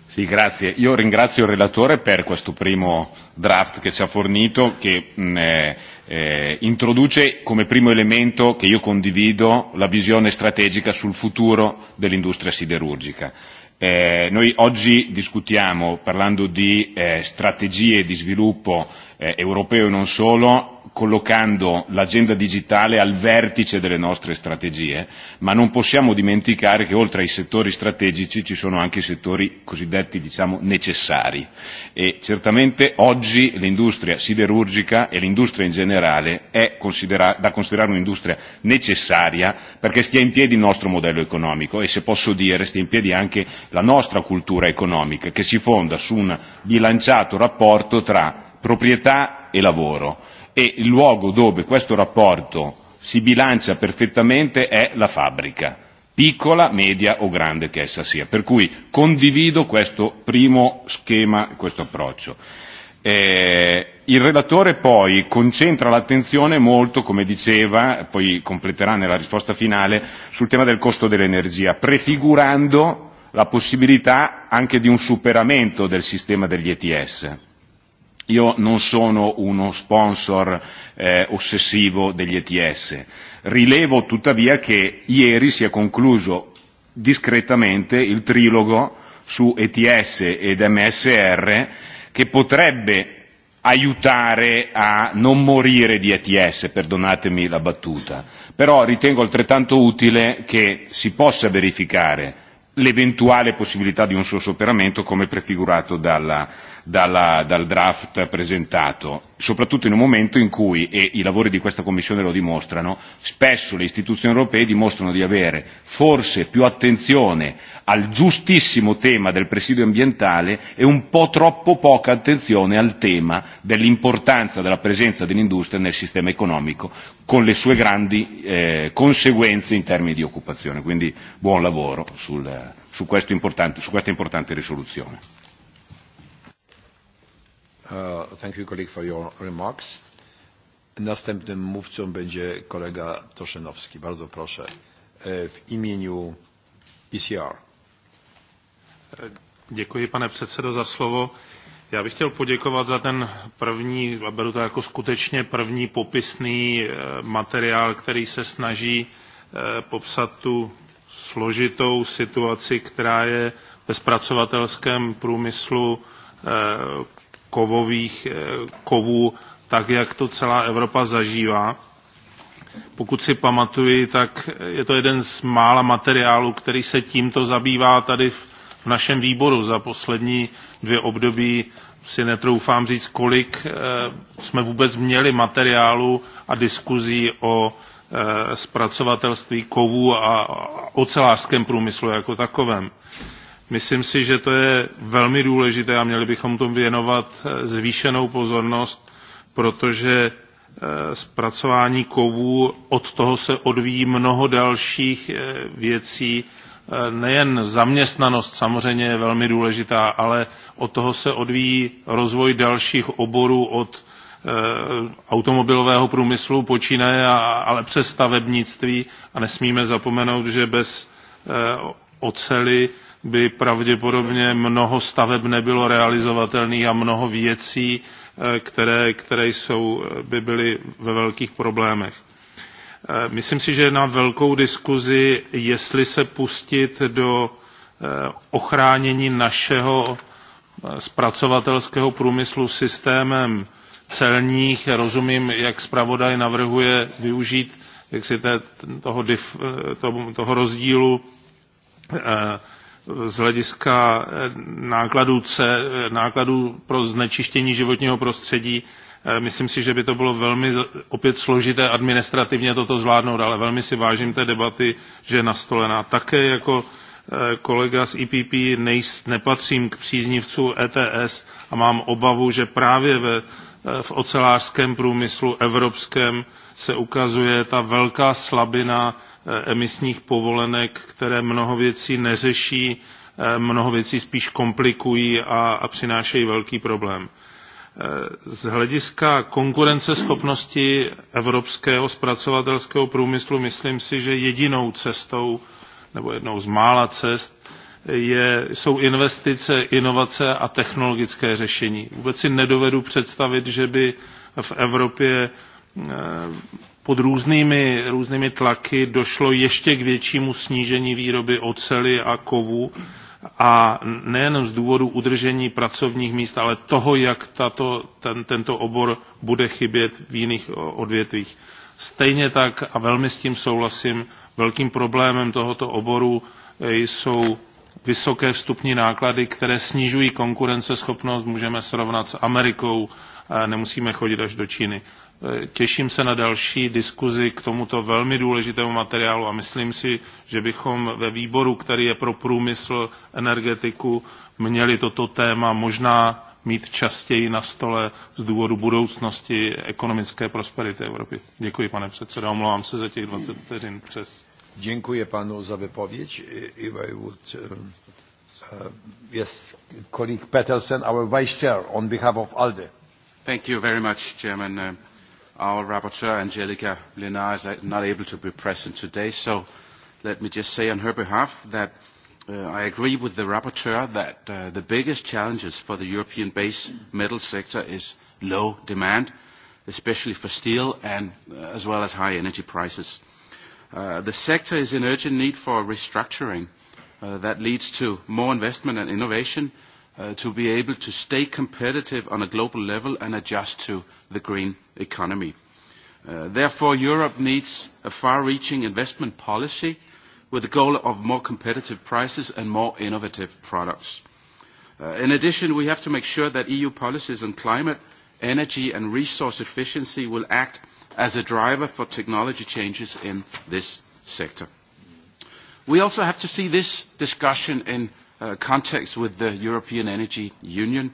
Sì, grazie. Io ringrazio il relatore per questo primo draft che ci ha fornito, che mh, mm, eh, eh, introduce come primo elemento che io condivido la visione strategica sul futuro dell'industria siderurgica. Eh, noi oggi discutiamo parlando di eh, strategie di sviluppo eh, europeo e non solo, collocando l'agenda digitale al vertice delle nostre strategie, ma non possiamo dimenticare che oltre ai settori strategici ci sono anche i settori cosiddetti diciamo, necessari e certamente oggi l'industria siderurgica e l'industria in generale è considera- da considerare un'industria necessaria perché stia in piedi il nostro modello economico e se posso dire stia in piedi anche la nostra cultura economica che si fonda su un bilanciato rapporto tra proprietà e lavoro e il luogo dove questo rapporto si bilancia perfettamente è la fabbrica piccola, media o grande che essa sia. Per cui condivido questo primo schema, questo approccio. Eh, il relatore poi concentra l'attenzione molto, come diceva, poi completerà nella risposta finale, sul tema del costo dell'energia, prefigurando la possibilità anche di un superamento del sistema degli ETS io non sono uno sponsor eh, ossessivo degli ETS. Rilevo tuttavia che ieri si è concluso discretamente il trilogo su ETS ed MSR che potrebbe aiutare a non morire di ETS, perdonatemi la battuta. Però ritengo altrettanto utile che si possa verificare l'eventuale possibilità di un suo superamento come prefigurato dalla, eh, dalla, dal draft presentato, soprattutto in un momento in cui, e i lavori di questa Commissione lo dimostrano, spesso le istituzioni europee dimostrano di avere forse più attenzione al giustissimo tema del presidio ambientale e un po' troppo poca attenzione al tema dell'importanza della presenza dell'industria nel sistema economico, con le sue grandi eh, conseguenze in termini di occupazione. Quindi buon lavoro sul, su, importante, su questa importante risoluzione. Uh, thank you, colleague, for your remarks. Następnym mówcą będzie kolega Toszynowski. Bardzo proszę. E, w imieniu ECR. E, Děkuji, pane předsedo, za slovo. Já bych chtěl poděkovat za ten první, a beru to jako skutečně první popisný e, materiál, který se snaží popsat tu složitou situaci, která je ve zpracovatelském průmyslu kovových eh, kovů tak jak to celá evropa zažívá. pokud si pamatuji tak je to jeden z mála materiálů který se tímto zabývá tady v našem výboru za poslední dvě období si netroufám říct kolik eh, jsme vůbec měli materiálu a diskuzí o eh, zpracovatelství kovů a ocelářském průmyslu jako takovém myslím si že to je velmi důležité a měli bychom tomu věnovat eh, zvýšenou pozornost protože eh, zpracování kovů od toho se odvíjí mnoho dalších eh, věcí nejen zaměstnanost samozřejmě je velmi důležitá ale od toho se odvíjí rozvoj dalších oborů od automobilového průmyslu počínaje ale přes stavebnictví a nesmíme zapomenout že bez oceli by pravděpodobně mnoho staveb nebylo realizovatelných a mnoho věcí eh, které jsou eh, by byly ve velkých problémech. Eh, myslím si že na velkou diskuzi jestli se pustit do ochránění našeho zpracovatelského průmyslu systémem celních rozumím jak zpravodaj navrhuje využít jaksi toho, toho rozdílu eh, z hlediska eh, nákladů, eh, nákladů pro znečištění životního prostředí. Eh, myslím si, že by to bylo velmi opět složité administrativně toto zvládnout, ale velmi si vážím té debaty, že je nastolená. Také jako kolega z IPP e nejs, nepatřím k příznivcům ETS a mám obavu, že právě ve, v ocelářském průmyslu evropském se ukazuje ta velká slabina Eh, emisních povolenek které mnoho věcí neřeší eh, mnoho věcí spíš komplikují a, a přinášejí velký problém. Eh, z hlediska konkurenceschopnosti evropského zpracovatelského průmyslu myslím si, že jedinou cestou nebo jednou z mála cest je, jsou investice, inovace a technologické řešení. Vůbec si nedovedu představit, že by v Evropě pod různými, různými tlaky došlo ještě k většímu snížení výroby ocely a kovu a nejen z důvodu udržení pracovních míst, ale toho, jak tato, ten, tento obor bude chybět v jiných odvětvích. Stejně tak, a velmi s tím souhlasím, velkým problémem tohoto oboru e, jsou vysoké vstupní náklady, které snižují konkurenceschopnost, můžeme srovnat s Amerikou, nemusíme chodit až do Číny těším se na další diskuzi k tomuto velmi důležitému materiálu a myslím si, že bychom ve výboru, který je pro průmysl energetiku, měli toto téma možná mít častěji na stole z důvodu budoucnosti ekonomické prosperity Evropy. Děkuji, pane předsedo, omlouvám se za těch 20 vteřin přes. Děkuji panu za vypověď. Eh, eh, yes, colleague Peterson, our vice chair on behalf of ALDE. Thank you very much, Chairman. Uh, our rapporteur, Angelica Lenar, is not able to be present today, so let me just say on her behalf that uh, I agree with the rapporteur that uh, the biggest challenges for the European base metal sector is low demand, especially for steel and uh, as well as high energy prices. Uh, the sector is in urgent need for restructuring uh, that leads to more investment and innovation, uh, Uh, to be able to stay competitive on a global level and adjust to the green economy. Uh, therefore, Europe needs a far-reaching investment policy with the goal of more competitive prices and more innovative products. Uh, in addition, we have to make sure that EU policies on climate, energy and resource efficiency will act as a driver for technology changes in this sector. We also have to see this discussion in Uh, context with the European Energy Union.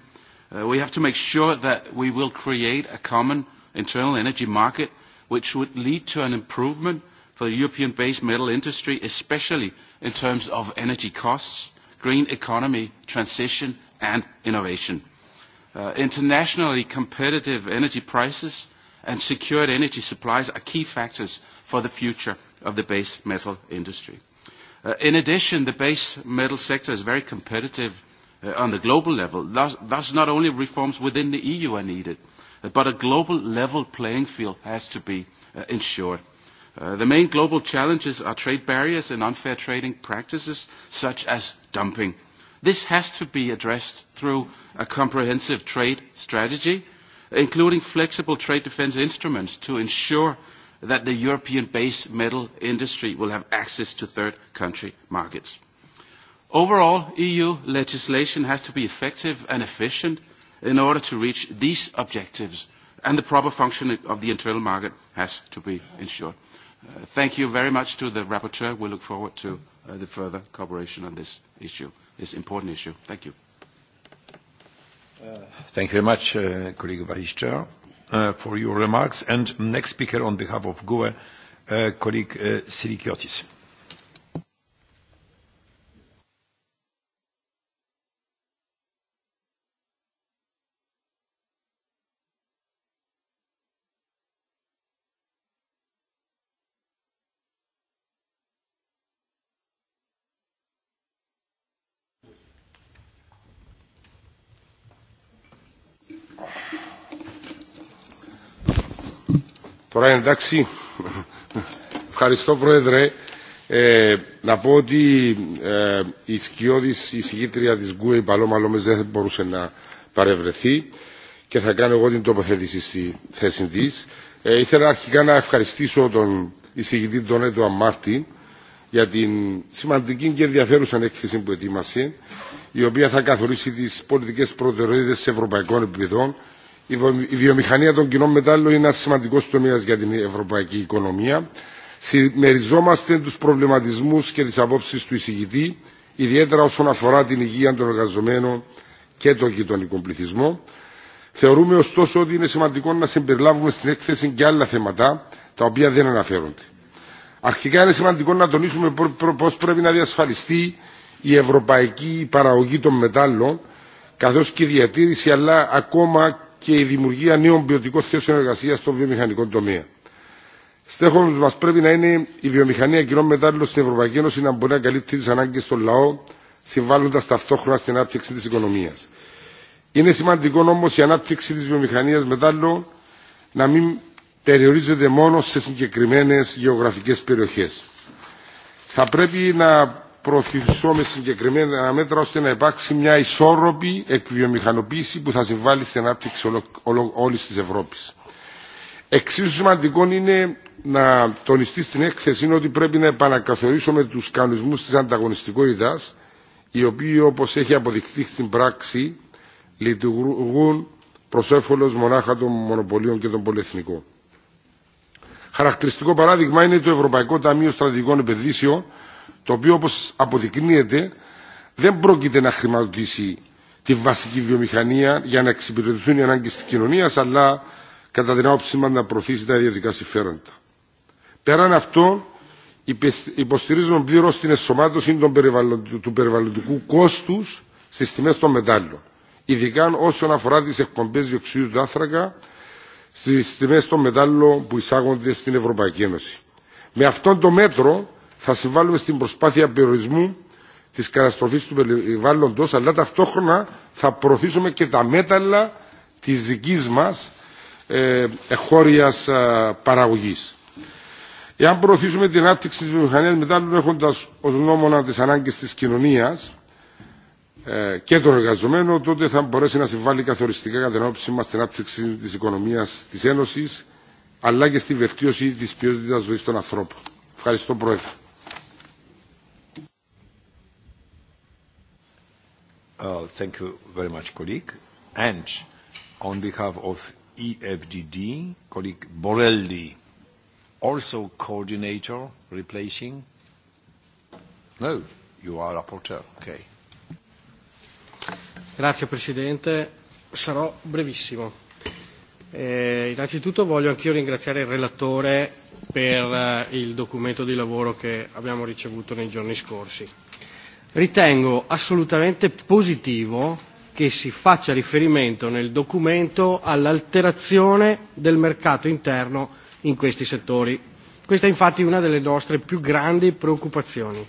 Uh, we have to make sure that we will create a common internal energy market which would lead to an improvement for the European-based metal industry, especially in terms of energy costs, green economy, transition and innovation. Uh, internationally competitive energy prices and secured energy supplies are key factors for the future of the base metal industry. Uh, in addition, the base metal sector is very competitive uh, on the global level. Thus, thus, not only reforms within the EU are needed, uh, but a global level playing field has to be uh, ensured. Uh, the main global challenges are trade barriers and unfair trading practices such as dumping. This has to be addressed through a comprehensive trade strategy, including flexible trade defense instruments to ensure that the European-based metal industry will have access to third-country markets. Overall, EU legislation has to be effective and efficient in order to reach these objectives, and the proper functioning of the internal market has to be ensured. Uh, thank you very much to the rapporteur. We look forward to uh, the further cooperation on this issue, this important issue. Thank you. Uh, thank you very much, colleague Bachister. Uh, for your remarks and next speaker on behalf of gue uh, colleague uh, sirikiotis. Brian Daxi, ευχαριστώ πρόεδρε. Ε, να πω ότι ε, η σκιώδης εισηγήτρια της ΓΚΟΕ, η Παλώμα Λόμες, δεν μπορούσε να παρευρεθεί και θα κάνω εγώ την τοποθέτηση στη θέση της. Ε, ήθελα αρχικά να ευχαριστήσω τον εισηγητή τον Έντο Αμάρτη για την σημαντική και ενδιαφέρουσα έκθεση που ετοίμασε η οποία θα καθορίσει τις πολιτικές προτεραιότητες σε ευρωπαϊκών επίπεδων Η βιομηχανία των κοινών μετάλλων είναι ένα σημαντικό τομέα για την ευρωπαϊκή οικονομία. Συμμεριζόμαστε του προβληματισμού και τι απόψει του εισηγητή, ιδιαίτερα όσον αφορά την υγεία των εργαζομένων και των γειτονικών πληθυσμών. Θεωρούμε ωστόσο ότι είναι σημαντικό να συμπεριλάβουμε στην έκθεση και άλλα θέματα τα οποία δεν αναφέρονται. Αρχικά είναι σημαντικό να τονίσουμε πώς πρέπει να διασφαλιστεί η ευρωπαϊκή παραγωγή των μετάλλων καθώς και η διατήρηση αλλά ακόμα και η δημιουργία νέων ποιοτικών θέσεων εργασία στον βιομηχανικό τομέα. Στέχο μα πρέπει να είναι η βιομηχανία κοινών μετάλλων στην Ευρωπαϊκή Ένωση να μπορεί να καλύπτει τι ανάγκε των λαών, συμβάλλοντα ταυτόχρονα στην ανάπτυξη τη οικονομία. Είναι σημαντικό όμω η ανάπτυξη τη βιομηχανία μετάλλων να μην περιορίζεται μόνο σε συγκεκριμένε γεωγραφικέ περιοχέ. Θα πρέπει να προωθήσουμε συγκεκριμένα μέτρα ώστε να υπάρξει μια ισόρροπη εκβιομηχανοποίηση που θα συμβάλλει στην ανάπτυξη όλη τη Ευρώπη. Εξίσου σημαντικό είναι να τονιστεί στην έκθεση ότι πρέπει να επανακαθορίσουμε του κανονισμού τη ανταγωνιστικότητα, οι οποίοι όπω έχει αποδειχθεί στην πράξη λειτουργούν προ όφελο μονάχα των μονοπωλίων και των πολυεθνικών. Χαρακτηριστικό παράδειγμα είναι το Ευρωπαϊκό Ταμείο Στρατηγικών Επενδύσεων, το οποίο όπως αποδεικνύεται δεν πρόκειται να χρηματοδοτήσει τη βασική βιομηχανία για να εξυπηρετηθούν οι ανάγκες της κοινωνίας αλλά κατά την άποψή μας να προωθήσει τα ιδιωτικά συμφέροντα. Πέραν αυτών υποστηρίζουμε πλήρως την εσωμάτωση των περιβαλλον, του περιβαλλοντικού κόστους στις τιμές των μετάλλων, ειδικά όσον αφορά τις εκπομπές διοξιδίου του άνθρακα στις τιμές των μετάλλων που εισάγονται στην Ευρωπαϊκή Ένωση. Με αυτόν τον μέτρο θα συμβάλλουμε στην προσπάθεια περιορισμού τη καταστροφή του περιβάλλοντο, αλλά ταυτόχρονα θα προωθήσουμε και τα μέταλλα τη δική μα εχώρια ε, ε, παραγωγή. Εάν προωθήσουμε την άπτυξη τη βιομηχανία μετάλλων έχοντα ω γνώμονα τι ανάγκε τη κοινωνία ε, και των εργαζομένων, τότε θα μπορέσει να συμβάλλει καθοριστικά κατά την όψη μα στην άπτυξη τη οικονομία τη Ένωση, αλλά και στη βελτίωση τη ποιότητα ζωή των ανθρώπων. Ευχαριστώ, Πρόεδρε. Uh, thank you very much, colleague. And on behalf of EFDD, colleague Borelli, also coordinator replacing. No, you are rapporteur. Okay. Grazie Presidente, sarò brevissimo. Eh, innanzitutto voglio anch'io ringraziare il relatore per eh, il documento di lavoro che abbiamo ricevuto nei giorni scorsi. Eh, ritengo assolutamente positivo che si faccia riferimento nel documento all'alterazione del mercato interno in questi settori. Questa è infatti una delle nostre più grandi preoccupazioni.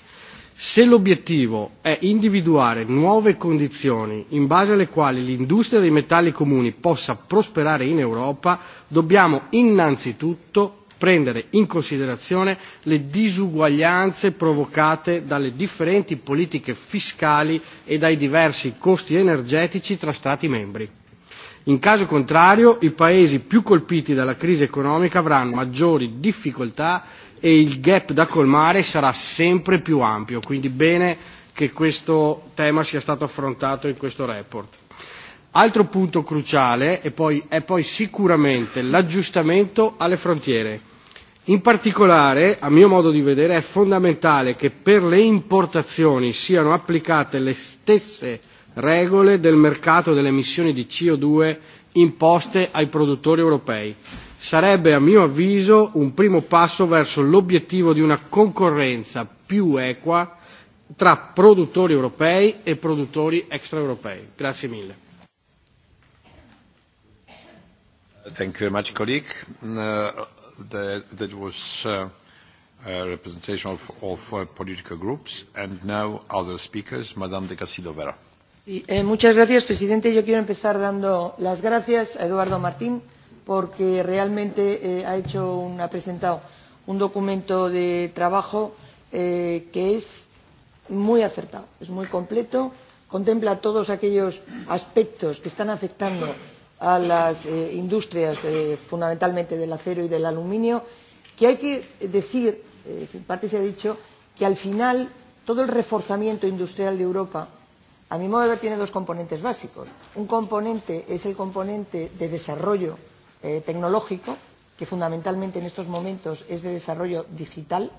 Se l'obiettivo è individuare nuove condizioni in base alle quali l'industria dei metalli comuni possa prosperare in Europa, dobbiamo innanzitutto prendere in considerazione le disuguaglianze provocate dalle differenti politiche fiscali e dai diversi costi energetici tra Stati membri. In caso contrario, i paesi più colpiti dalla crisi economica avranno maggiori difficoltà e il gap da colmare sarà sempre più ampio. Quindi bene che questo tema sia stato affrontato in questo report. Altro punto cruciale è e poi, è poi sicuramente l'aggiustamento alle frontiere. In particolare, a mio modo di vedere, è fondamentale che per le importazioni siano applicate le stesse regole del mercato delle emissioni di CO2 imposte ai produttori europei. Sarebbe, a mio avviso, un primo passo verso l'obiettivo di una concorrenza più equa tra produttori europei e produttori extraeuropei. Grazie mille. Thank you very much, colleague. Uh, that it was uh, a representation of, of uh, political groups. And now, other speakers, Madame de Casido Vera. Sí, eh, muchas gracias, presidente. Yo quiero empezar dando las gracias a Eduardo Martín, porque realmente eh, ha hecho un, ha presentado un documento de trabajo eh, que es muy acertado, es muy completo, contempla todos aquellos aspectos que están afectando. Sí a las eh, industrias eh, fundamentalmente del acero y del aluminio, que hay que decir, eh, en parte se ha dicho, que al final todo el reforzamiento industrial de Europa, a mi modo de ver, tiene dos componentes básicos. Un componente es el componente de desarrollo eh, tecnológico, que fundamentalmente en estos momentos es de desarrollo digital,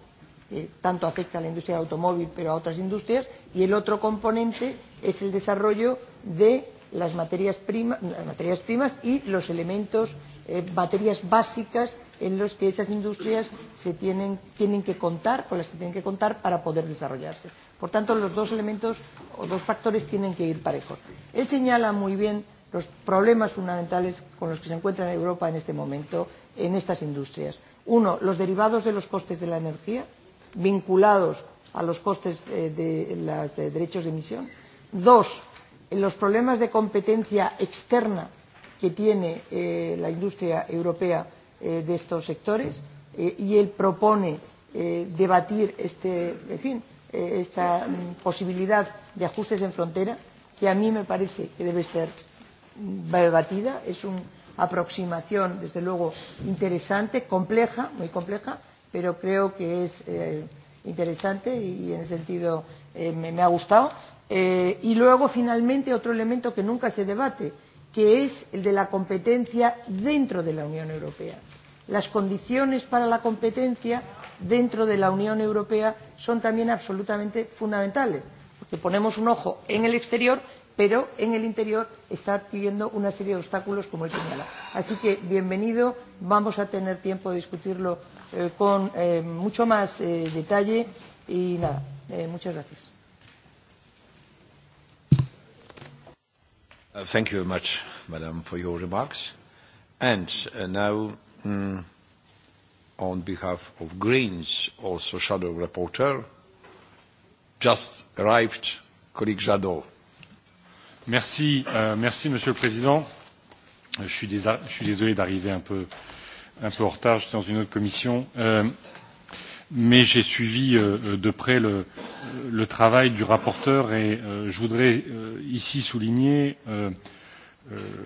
que eh, tanto afecta a la industria del automóvil, pero a otras industrias, y el otro componente es el desarrollo de las materias, prima, las materias primas y los elementos, eh, baterías básicas en los que esas industrias se tienen, tienen que contar, con las que tienen que contar para poder desarrollarse. Por tanto, los dos elementos o dos factores tienen que ir parejos. Él señala muy bien los problemas fundamentales con los que se encuentra en Europa en este momento en estas industrias. Uno, los derivados de los costes de la energía vinculados a los costes eh, de los de derechos de emisión. Dos, los problemas de competencia externa que tiene eh, la industria europea eh, de estos sectores eh, y él propone eh, debatir este, en fin, eh, esta mm, posibilidad de ajustes en frontera que a mí me parece que debe ser mm, debatida. Es una aproximación, desde luego, interesante, compleja, muy compleja, pero creo que es eh, interesante y, y en ese sentido eh, me, me ha gustado. Eh, y luego, finalmente, otro elemento que nunca se debate, que es el de la competencia dentro de la Unión Europea. Las condiciones para la competencia dentro de la Unión Europea son también absolutamente fundamentales, porque ponemos un ojo en el exterior, pero en el interior está teniendo una serie de obstáculos, como él señala. Así que, bienvenido, vamos a tener tiempo de discutirlo eh, con eh, mucho más eh, detalle y nada, eh, muchas gracias. Uh, thank you very much, madam, for your remarks. And uh, now, um, on behalf of Greens, also shadow reporter, just arrived, colleague Jadot. Merci, euh, merci, Monsieur le Président. Je suis, je suis désolé d'arriver un peu, un peu en retard. Je suis dans une autre commission. Euh, mais j'ai suivi euh, euh, de près le, le travail du rapporteur et euh, je voudrais ici souligner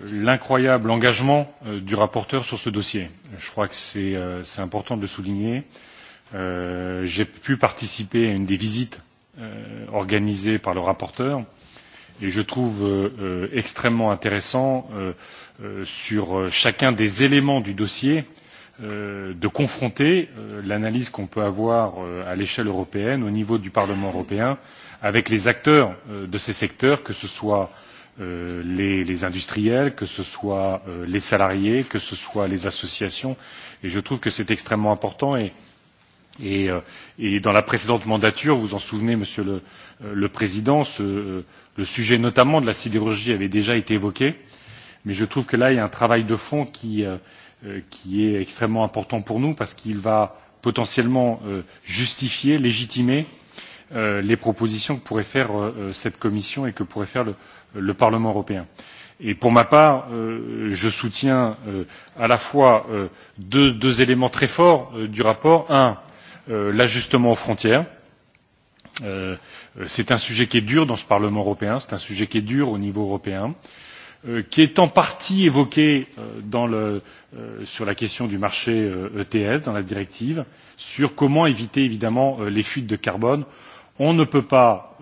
l'incroyable engagement du rapporteur sur ce dossier. Je crois que c'est important de le souligner. J'ai pu participer à une des visites organisées par le rapporteur et je trouve extrêmement intéressant sur chacun des éléments du dossier euh, Euh, de confronter euh, l'analyse qu'on peut avoir euh, à l'échelle européenne au niveau du parlement européen avec les acteurs de ces secteurs que ce soit les, les industriels que ce soit les salariés que ce soit les associations et je trouve que c'est extrêmement important et et, et dans la précédente mandature, vous en souvenez, Monsieur le, le Président, ce, le sujet notamment de la sidérurgie avait déjà été évoqué, mais je trouve que là, il y a un travail de fond qui, euh, Euh, qui est extrêmement important pour nous parce qu'il va potentiellement euh, justifier, légitimer euh, les propositions que pourrait faire cette Commission et que pourrait faire le, le Parlement européen. Et pour ma part, je soutiens à la fois deux, deux éléments très forts du rapport. Un, l'ajustement aux frontières. C'est un sujet qui est dur dans ce Parlement européen, c'est un sujet qui est dur au niveau européen. Euh, qui est en partie évoqué euh, euh, sur la question du marché ets e dans la directive sur comment éviter évidemment les fuites de carbone on ne peut pas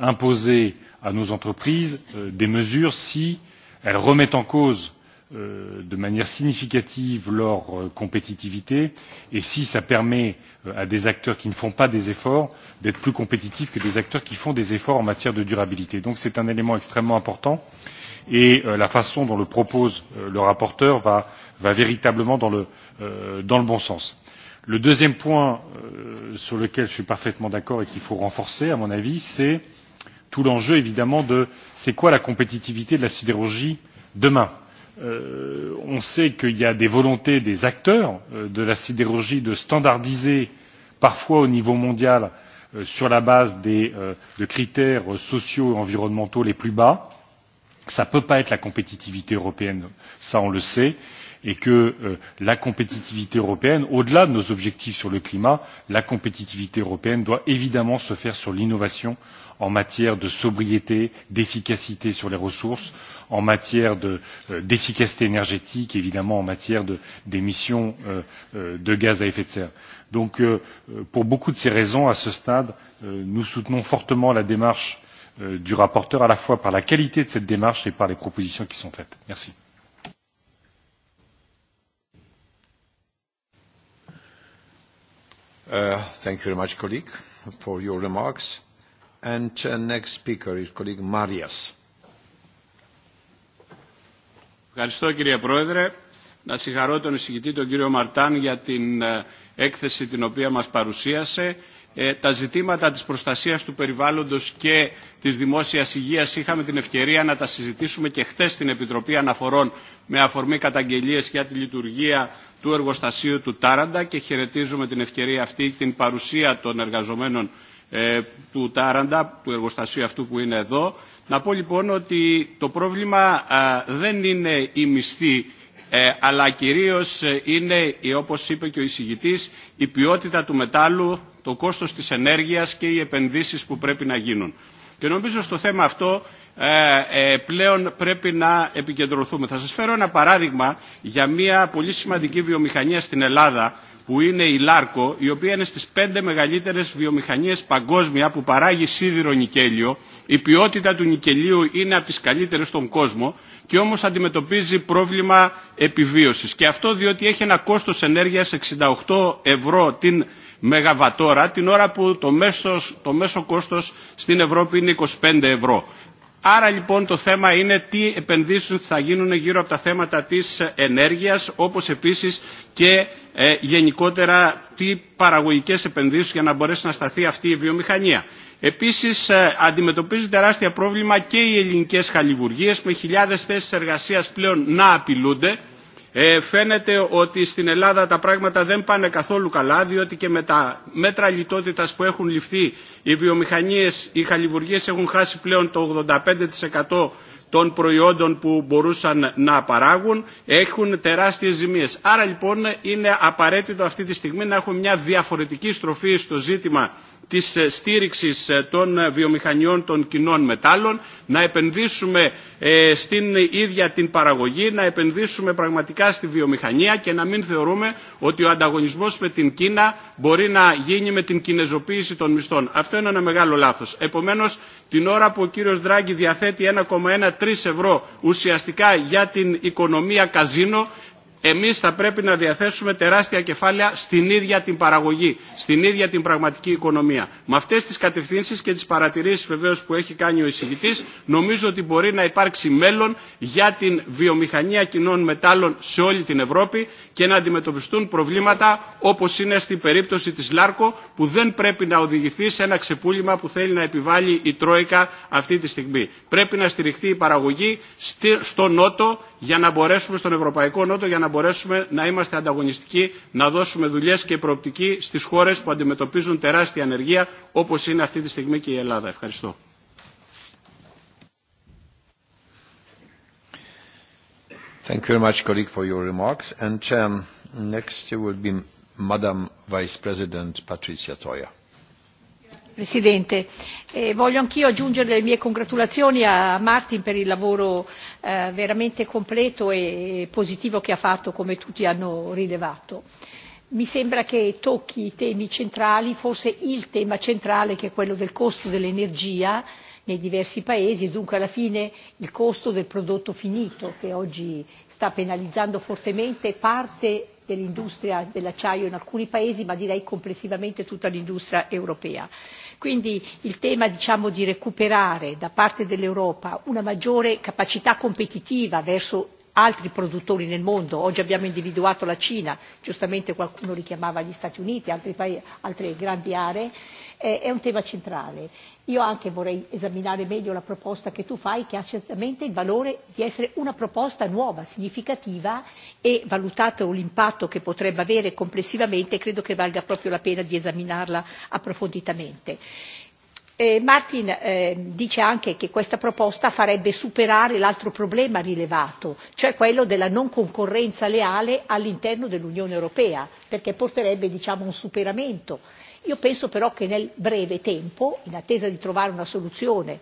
imposer à nos entreprises des mesures si elles remettent en cause de manière significative leur compétitivité et si cela permet à des acteurs qui ne font pas d'efforts d'être plus compétitifs que des acteurs qui font des efforts en matière de durabilité. c'est donc un élément extrêmement important qui et euh, la façon dont le propose euh, le rapporteur va véritablement euh, dans le bon sens. le deuxième point sur lequel je suis parfaitement d'accord et qu'il faut renforcer à mon avis c'est tout l'enjeu évidemment de ce qu'est la compétitivité de la sidérurgie demain. on sait qu'il y a des volontés des acteurs de la sidérurgie de standardiser parfois au niveau mondial sur la base de critères sociaux et environnementaux les plus bas cela ne peut pas être la compétitivité européenne cela on le sait et que euh, la compétitivité européenne au delà de nos objectifs sur le climat doit évidemment se faire sur l'innovation en matière de sobriété d'efficacité sur les ressources en matière euh, d'efficacité énergétique évidemment en matière d'émissions euh, de gaz à effet de serre. donc pour beaucoup de ces raisons à ce stade nous soutenons fortement la démarche Euh, du rapporteur à la fois par la qualité de cette démarche et par les propositions qui sont faites. Merci. Uh, thank you very much, colleague, for your remarks. And uh, next speaker is colleague Marias. Ευχαριστώ κύριε Πρόεδρε. Να συγχαρώ τον εισηγητή τον κύριο Μαρτάν για την uh, έκθεση την οποία μας παρουσίασε. Uh, τα ζητήματα της προστασίας του περιβάλλοντος και της δημόσιας υγείας είχαμε την ευκαιρία να τα συζητήσουμε και χθες στην Επιτροπή Αναφορών με αφορμή καταγγελίες για τη λειτουργία του εργοστασίου του Τάραντα και χαιρετίζουμε την ευκαιρία αυτή την παρουσία των εργαζομένων ε, του Τάραντα, του εργοστασίου αυτού που είναι εδώ. Να πω λοιπόν ότι το πρόβλημα α, δεν είναι η μισθή ε, αλλά κυρίως είναι, όπως είπε και ο εισηγητής, η ποιότητα του μετάλλου, το κόστος της ενέργειας και οι επενδύσεις που πρέπει να γίνουν. Και νομίζω στο θέμα αυτό ε, ε, πλέον πρέπει να επικεντρωθούμε. Θα σας φέρω ένα παράδειγμα για μια πολύ σημαντική βιομηχανία στην Ελλάδα, που είναι η Λάρκο, η οποία είναι στις πέντε μεγαλύτερες βιομηχανίες παγκόσμια που παράγει σίδηρο νικέλιο, Η ποιότητα του νικελίου είναι από τις καλύτερες στον κόσμο και όμως αντιμετωπίζει πρόβλημα επιβίωσης. Και αυτό διότι έχει ένα κόστος ενέργειας 68 ευρώ την μεγαβατόρα την ώρα που το, μέσος, το μέσο κόστος στην Ευρώπη είναι 25 ευρώ. Άρα λοιπόν το θέμα είναι τι επενδύσεις θα γίνουν γύρω από τα θέματα της ενέργειας όπως επίσης και ε, γενικότερα τι παραγωγικές επενδύσεις για να μπορέσει να σταθεί αυτή η βιομηχανία. Επίσης αντιμετωπίζουν τεράστια πρόβλημα και οι ελληνικές χαλιβουργίες με χιλιάδες θέσεις εργασίας πλέον να απειλούνται. Ε, φαίνεται ότι στην Ελλάδα τα πράγματα δεν πάνε καθόλου καλά διότι και με τα μέτρα λιτότητας που έχουν ληφθεί οι βιομηχανίες, οι χαλιβουργίες έχουν χάσει πλέον το 85% των προϊόντων που μπορούσαν να παράγουν έχουν τεράστιες ζημίες. Άρα λοιπόν είναι απαραίτητο αυτή τη στιγμή να έχουμε μια διαφορετική στροφή στο ζήτημα της στήριξης των βιομηχανιών των κοινών μετάλλων, να επενδύσουμε ε, στην ίδια την παραγωγή, να επενδύσουμε πραγματικά στη βιομηχανία και να μην θεωρούμε ότι ο ανταγωνισμός με την Κίνα μπορεί να γίνει με την κινεζοποίηση των μισθών. Αυτό είναι ένα μεγάλο λάθος. Επομένως, την ώρα που ο κύριος Δράγκη διαθέτει 1,13 ευρώ ουσιαστικά για την οικονομία καζίνο, εμείς θα πρέπει να διαθέσουμε τεράστια κεφάλαια στην ίδια την παραγωγή, στην ίδια την πραγματική οικονομία. Με αυτές τις κατευθύνσεις και τις παρατηρήσεις βεβαίως που έχει κάνει ο εισηγητή, νομίζω ότι μπορεί να υπάρξει μέλλον για την βιομηχανία κοινών μετάλλων σε όλη την Ευρώπη και να αντιμετωπιστούν προβλήματα όπως είναι στην περίπτωση της Λάρκο που δεν πρέπει να οδηγηθεί σε ένα ξεπούλημα που θέλει να επιβάλλει η Τρόικα αυτή τη στιγμή. Πρέπει να στηριχθεί η παραγωγή στο Νότο για να μπορέσουμε, στον Ευρωπαϊκό Νότο για να μπορέσουμε να είμαστε ανταγωνιστικοί, να δώσουμε δουλειές και προοπτική στις χώρες που αντιμετωπίζουν τεράστια ανεργία όπως είναι αυτή τη στιγμή και η Ελλάδα. Ευχαριστώ. thank you very much colleague for your remarks and next will be madam vice president patricia zoia. presidente eh, voglio anch'io aggiungere le mie congratulazioni a martin per il lavoro eh, veramente completo e positivo che ha fatto come tutti hanno rilevato. mi sembra che tocchi i temi centrali forse il tema centrale che è quello del costo dell'energia nei diversi paesi e dunque alla fine il costo del prodotto finito che oggi sta penalizzando fortemente parte dell'industria dell'acciaio in alcuni paesi ma direi complessivamente tutta l'industria europea. Quindi il tema diciamo, di recuperare da parte dell'Europa una maggiore capacità competitiva verso altri produttori nel mondo. Oggi abbiamo individuato la Cina, giustamente qualcuno richiamava gli Stati Uniti, altri paesi, altre grandi aree, eh, è un tema centrale. Io anche vorrei esaminare meglio la proposta che tu fai, che ha certamente il valore di essere una proposta nuova, significativa e valutato l'impatto che potrebbe avere complessivamente, credo che valga proprio la pena di esaminarla approfonditamente. E martin ehm, dice anche che questa proposta farebbe superare l'altro problema rilevato cioè quello della non concorrenza leale all'interno dell'unione europea perché porterebbe diciamo a un superamento io penso però che nel breve tempo in attesa di trovare una soluzione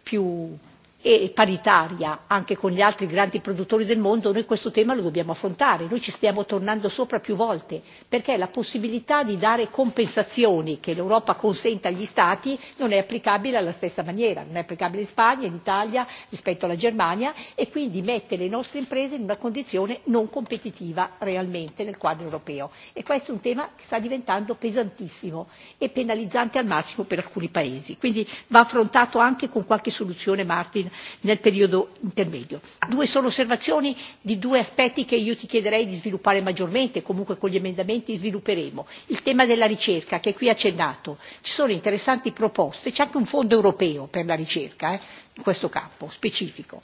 più e paritaria anche con gli altri grandi produttori del mondo, noi questo tema lo dobbiamo affrontare. Noi ci stiamo tornando sopra più volte perché la possibilità di dare compensazioni che l'Europa consente agli Stati non è applicabile alla stessa maniera, non è applicabile in Spagna, in Italia rispetto alla Germania e quindi mette le nostre imprese in una condizione non competitiva realmente nel quadro europeo. E questo è un tema che sta diventando pesantissimo e penalizzante al massimo per alcuni Paesi. Quindi va affrontato anche con qualche soluzione, Martin, nel periodo intermedio. due sole osservazioni di due aspetti che io ti chiederei di sviluppare maggiormente comunque con gli emendamenti svilupperemo il tema della ricerca che è qui accennato ci sono interessanti proposte c'è anche un fondo europeo per la ricerca eh, in questo campo specifico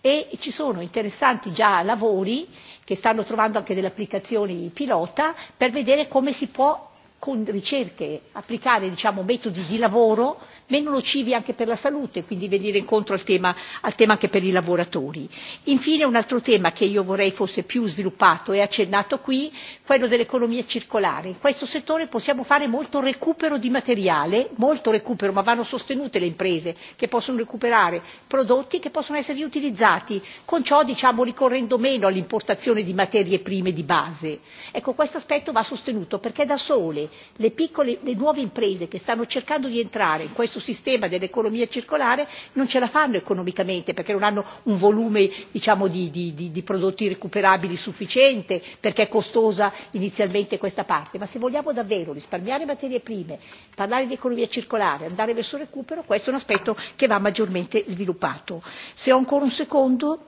e ci sono interessanti già lavori che stanno trovando anche delle applicazioni pilota per vedere come si può con ricerche applicare diciamo, metodi di lavoro meno nocivi anche per la salute, quindi venire incontro al tema, al tema anche per i lavoratori. Infine un altro tema che io vorrei fosse più sviluppato e accennato qui, quello dell'economia circolare. In questo settore possiamo fare molto recupero di materiale, molto recupero, ma vanno sostenute le imprese che possono recuperare prodotti che possono essere riutilizzati, con ciò diciamo ricorrendo meno all'importazione di materie prime di base. Ecco, questo aspetto va sostenuto perché da sole le, piccole, le nuove imprese che stanno cercando di entrare in questo questo sistema dell'economia circolare non ce la fanno economicamente perché non hanno un volume diciamo, di, di, di, di prodotti recuperabili sufficiente perché è costosa inizialmente questa parte. Ma se vogliamo davvero risparmiare materie prime, parlare di economia circolare, andare verso il recupero, questo è un aspetto che va maggiormente sviluppato. Se ho ancora un secondo.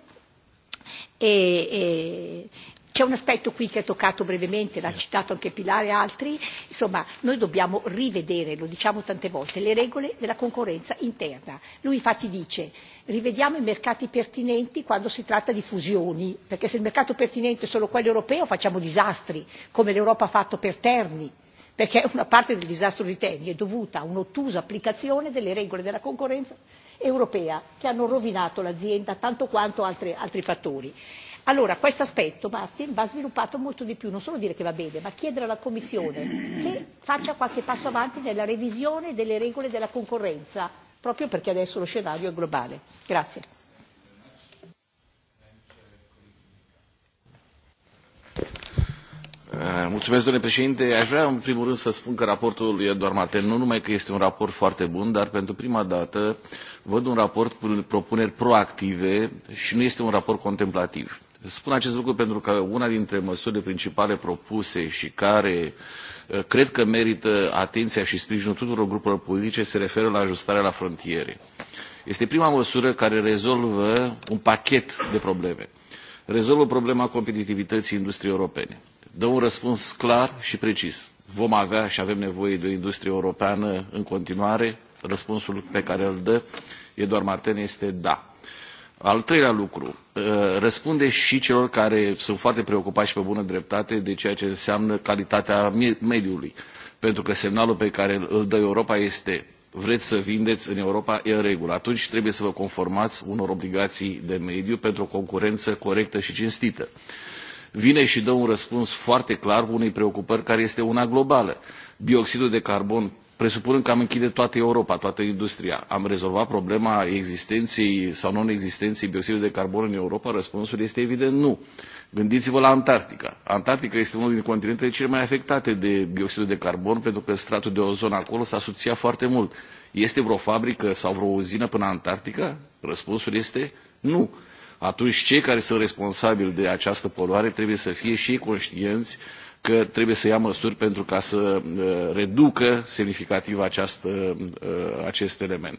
Eh, eh, c'è un aspetto qui che ha toccato brevemente, l'ha citato anche Pilare e altri, insomma noi dobbiamo rivedere, lo diciamo tante volte, le regole della concorrenza interna. Lui infatti dice rivediamo i mercati pertinenti quando si tratta di fusioni, perché se il mercato pertinente è solo quello europeo facciamo disastri, come l'Europa ha fatto per Terni, perché una parte del disastro di Terni è dovuta a un'ottusa applicazione delle regole della concorrenza europea che hanno rovinato l'azienda tanto quanto altri, altri fattori. Allora, questo aspetto, Martin, va sviluppato molto di più, non solo dire che va bene, ma chiedere alla Commissione che faccia qualche passo avanti nella revisione delle regole della concorrenza, proprio perché adesso lo scenario è globale. Grazie. Uh, mulțumesc, domnule președinte. Aș vrea în primul rând să spun că raportul lui Eduard Martel nu numai că este un raport foarte bun, dar pentru prima dată văd un raport cu propuneri proactive și nu este un raport contemplativ. Uh, Spun acest lucru pentru că una dintre măsurile principale propuse și care uh, cred că merită atenția și sprijinul tuturor grupurilor politice se referă la ajustarea la frontiere. Este prima măsură care rezolvă un pachet de probleme. Rezolvă problema competitivității industriei europene. Dă un răspuns clar și precis. Vom avea și avem nevoie de o industrie europeană în continuare? Răspunsul pe care îl dă Eduard Marten este da. Al treilea lucru, uh, răspunde și celor care sunt foarte preocupați și pe bună dreptate de ceea ce înseamnă calitatea mediului. Pentru că semnalul pe care îl dă Europa este vreți să vindeți în Europa, e în regulă. Atunci trebuie să vă conformați unor obligații de mediu pentru o concurență corectă și cinstită. Vine și dă un răspuns foarte clar unei preocupări care este una globală. Bioxidul de carbon presupunând că am închide toată europa toată industria am rezolvat problema existenței sau non existenței bioxidului de carbon în europa răspunsul este evident nu. gândiți vă la antarctica antarctica este unul din continentele cele mai afectate de bioxidul de carbon pentru că stratul de ozon acolo s a subțiat foarte mult este vreo fabrică sau vreo uzină până antarctica răspunsul este nu atunci cei care sunt responsabili de această poluare trebuie să fie și ei conștienți că trebuie să ia măsuri pentru ca să uh, reducă semnificativ uh, acest element.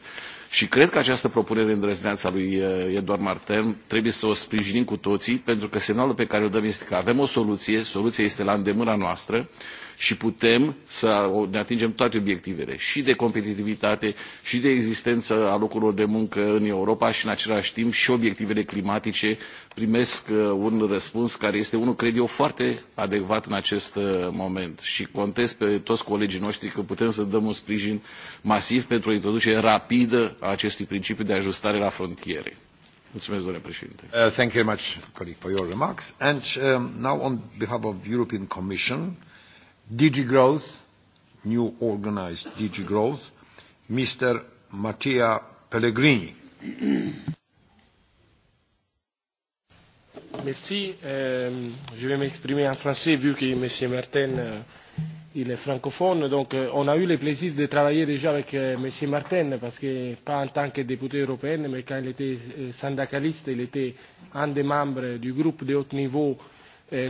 Și cred că această propunere în drăzneața lui e, Eduard Martin trebuie să o sprijinim cu toții, pentru că semnalul pe care îl dăm este că avem o soluție, soluția este la îndemâna noastră și putem să ne atingem toate obiectivele, și de competitivitate, și de existență a locurilor de muncă în Europa și în același timp și obiectivele climatice primesc e, un răspuns care este unul, cred eu, foarte adecvat în acest e, moment. Și contez pe toți colegii noștri că putem să dăm un sprijin masiv pentru o introducere rapidă a acestui principiu de ajustare la frontiere. Mulțumesc, domnule președinte. Uh, thank you very much, colleague, for your remarks. And um, now on behalf of European Commission, DG Growth, new organized DG Growth, Mr. Mattia Pellegrini. Euh, je vais m'exprimer en français vu que m. martin euh, est francophone. Euh, on a eu le plaisir de travailler déjà avec m. martin pas en tant que député européen mais quand il était syndicaliste il était un des membres du groupe de haut niveau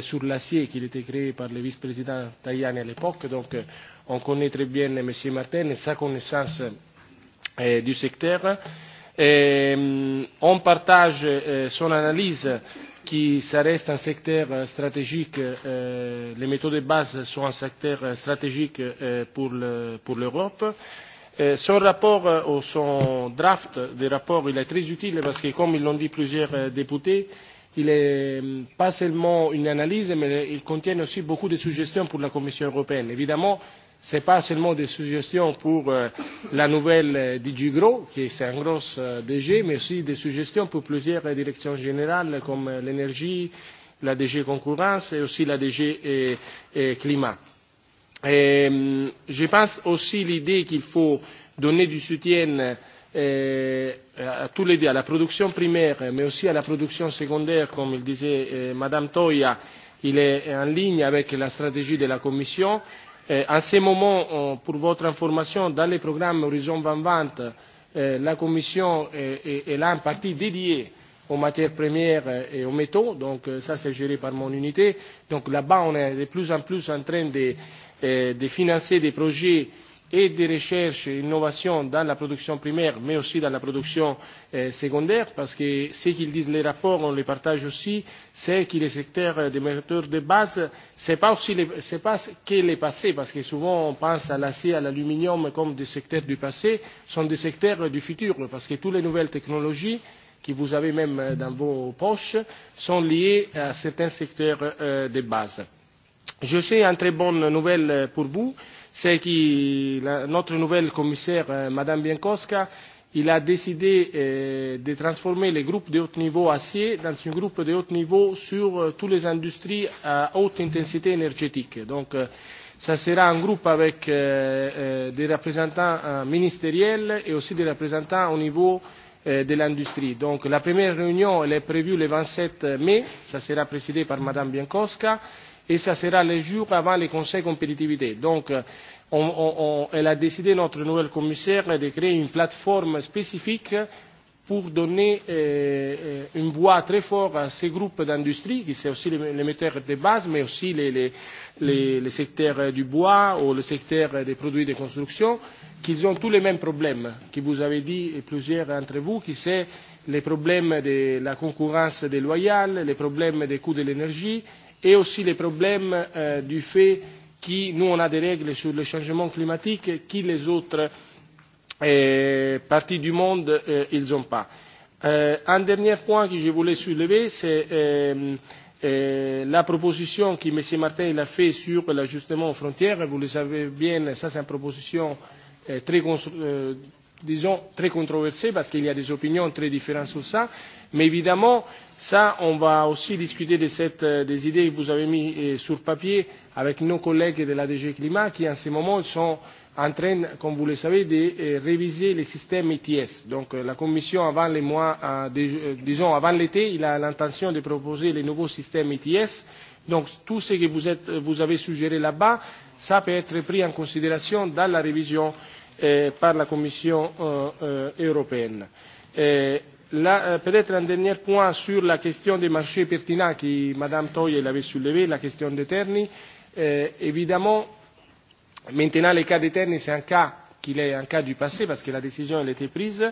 sur l'acier qui était créé par le vice président tajani à l'époque. donc on connaît très bien m. martin et sa connaissance du secteur. Et on partage son analyse qui ça reste un secteur euh, stratégique. Euh, les méthodes de base sont un secteur euh, stratégique pour l'Europe. Son rapport ou son draft de rapport, il est très utile parce que, comme l'ont dit plusieurs députés, il n'est pas seulement une analyse, mais il contient aussi beaucoup de suggestions pour la Commission européenne. Évidemment, ce n'est pas seulement des suggestions pour euh, la nouvelle euh, dg grow qui est un gros euh, dg mais aussi des suggestions pour plusieurs directions générales comme l'énergie la dg concurrence et aussi la dg et, et climat. Et, je pense aussi à l'idée qu'il faut donner du soutien à tous les deux, à la production primaire mais aussi à la production secondaire comme le disait mme Toya, il est en ligne avec la stratégie de la commission en eh, ce moment pour votre information dans le programme horizon deux mille vingt eh, la commission a une partie dédiée aux matières premières eh, et aux métaux donc cela euh, c'est géré par mon unité donc là bas on est de plus en plus en train de financer des projets et de recherche et d'innovation dans la production primaire, mais aussi dans la production euh, secondaire, parce que ce qu'ils disent les rapports, on les partage aussi, c'est que les secteurs euh, des moteurs de base, ce n'est pas, pas que le passé, parce que souvent on pense à l'acier, à l'aluminium comme des secteurs du passé, sont des secteurs du futur, parce que toutes les nouvelles technologies que vous avez même euh, dans vos poches sont liées à certains secteurs euh, de base. Je sais une très bonne nouvelle euh, pour vous c'est que la, notre nouvelle commissaire, euh, Madame Bienkowska, il a décidé euh, de transformer les groupes de haut niveau acier dans un groupe de haut niveau sur euh, toutes les industries à haute intensité énergétique. Donc, euh, ça sera un groupe avec euh, euh, des représentants euh, ministériels et aussi des représentants au niveau euh, de l'industrie. Donc, la première réunion elle est prévue le 27 mai. Ça sera présidé par Madame Bienkowska et ça sera les jours avant le conseil compétitivité. Donc, euh, on, on, on, elle a décidé, notre nouvelle commissaire, de créer une plateforme spécifique pour donner euh, euh une voix très forte à ces groupes d'industrie, qui sont aussi les, les metteurs de base, mais aussi les, les, les, les secteurs du bois ou le secteur des produits de construction, qui ont tous les mêmes problèmes, que vous avez dit plusieurs d'entre vous, qui sont les problèmes de la concurrence déloyale, les problèmes des coûts de l'énergie, et aussi les problèmes euh, du fait que nous on a des règles sur le changement climatique que les autres euh, parties du monde euh, ils n'ont pas. Euh, un dernier point que je voulais soulever c'est euh, euh, la proposition que M. Martin il a faite sur l'ajustement aux frontières. Vous le savez bien, ça c'est une proposition euh, très constructive. Euh, disons très controversé parce qu'il y a des opinions très différentes sur cela mais évidemment on va aussi discuter de cette euh, des idées que vous avez mises euh, sur papier avec nos collègues de la dg climat qui en ce moment sont en train comme vous le savez de euh, réviser les systèmes ets. donc la commission avant les mois disons avant l'été a l'intention de proposer les nouveaux systèmes ets donc tout ce que vous avez suggéré là bas ça peut être pris en considération dans la révision Eh, par la commission euh, euh, européenne. Eh, euh, peut être un dernier point sur la question des marchés pertinents que mme theurer avait soulevée la question de terni. Eh, évidemment maintenant le cas de terni est un cas qui est un cas du passé parce que la décision a été prise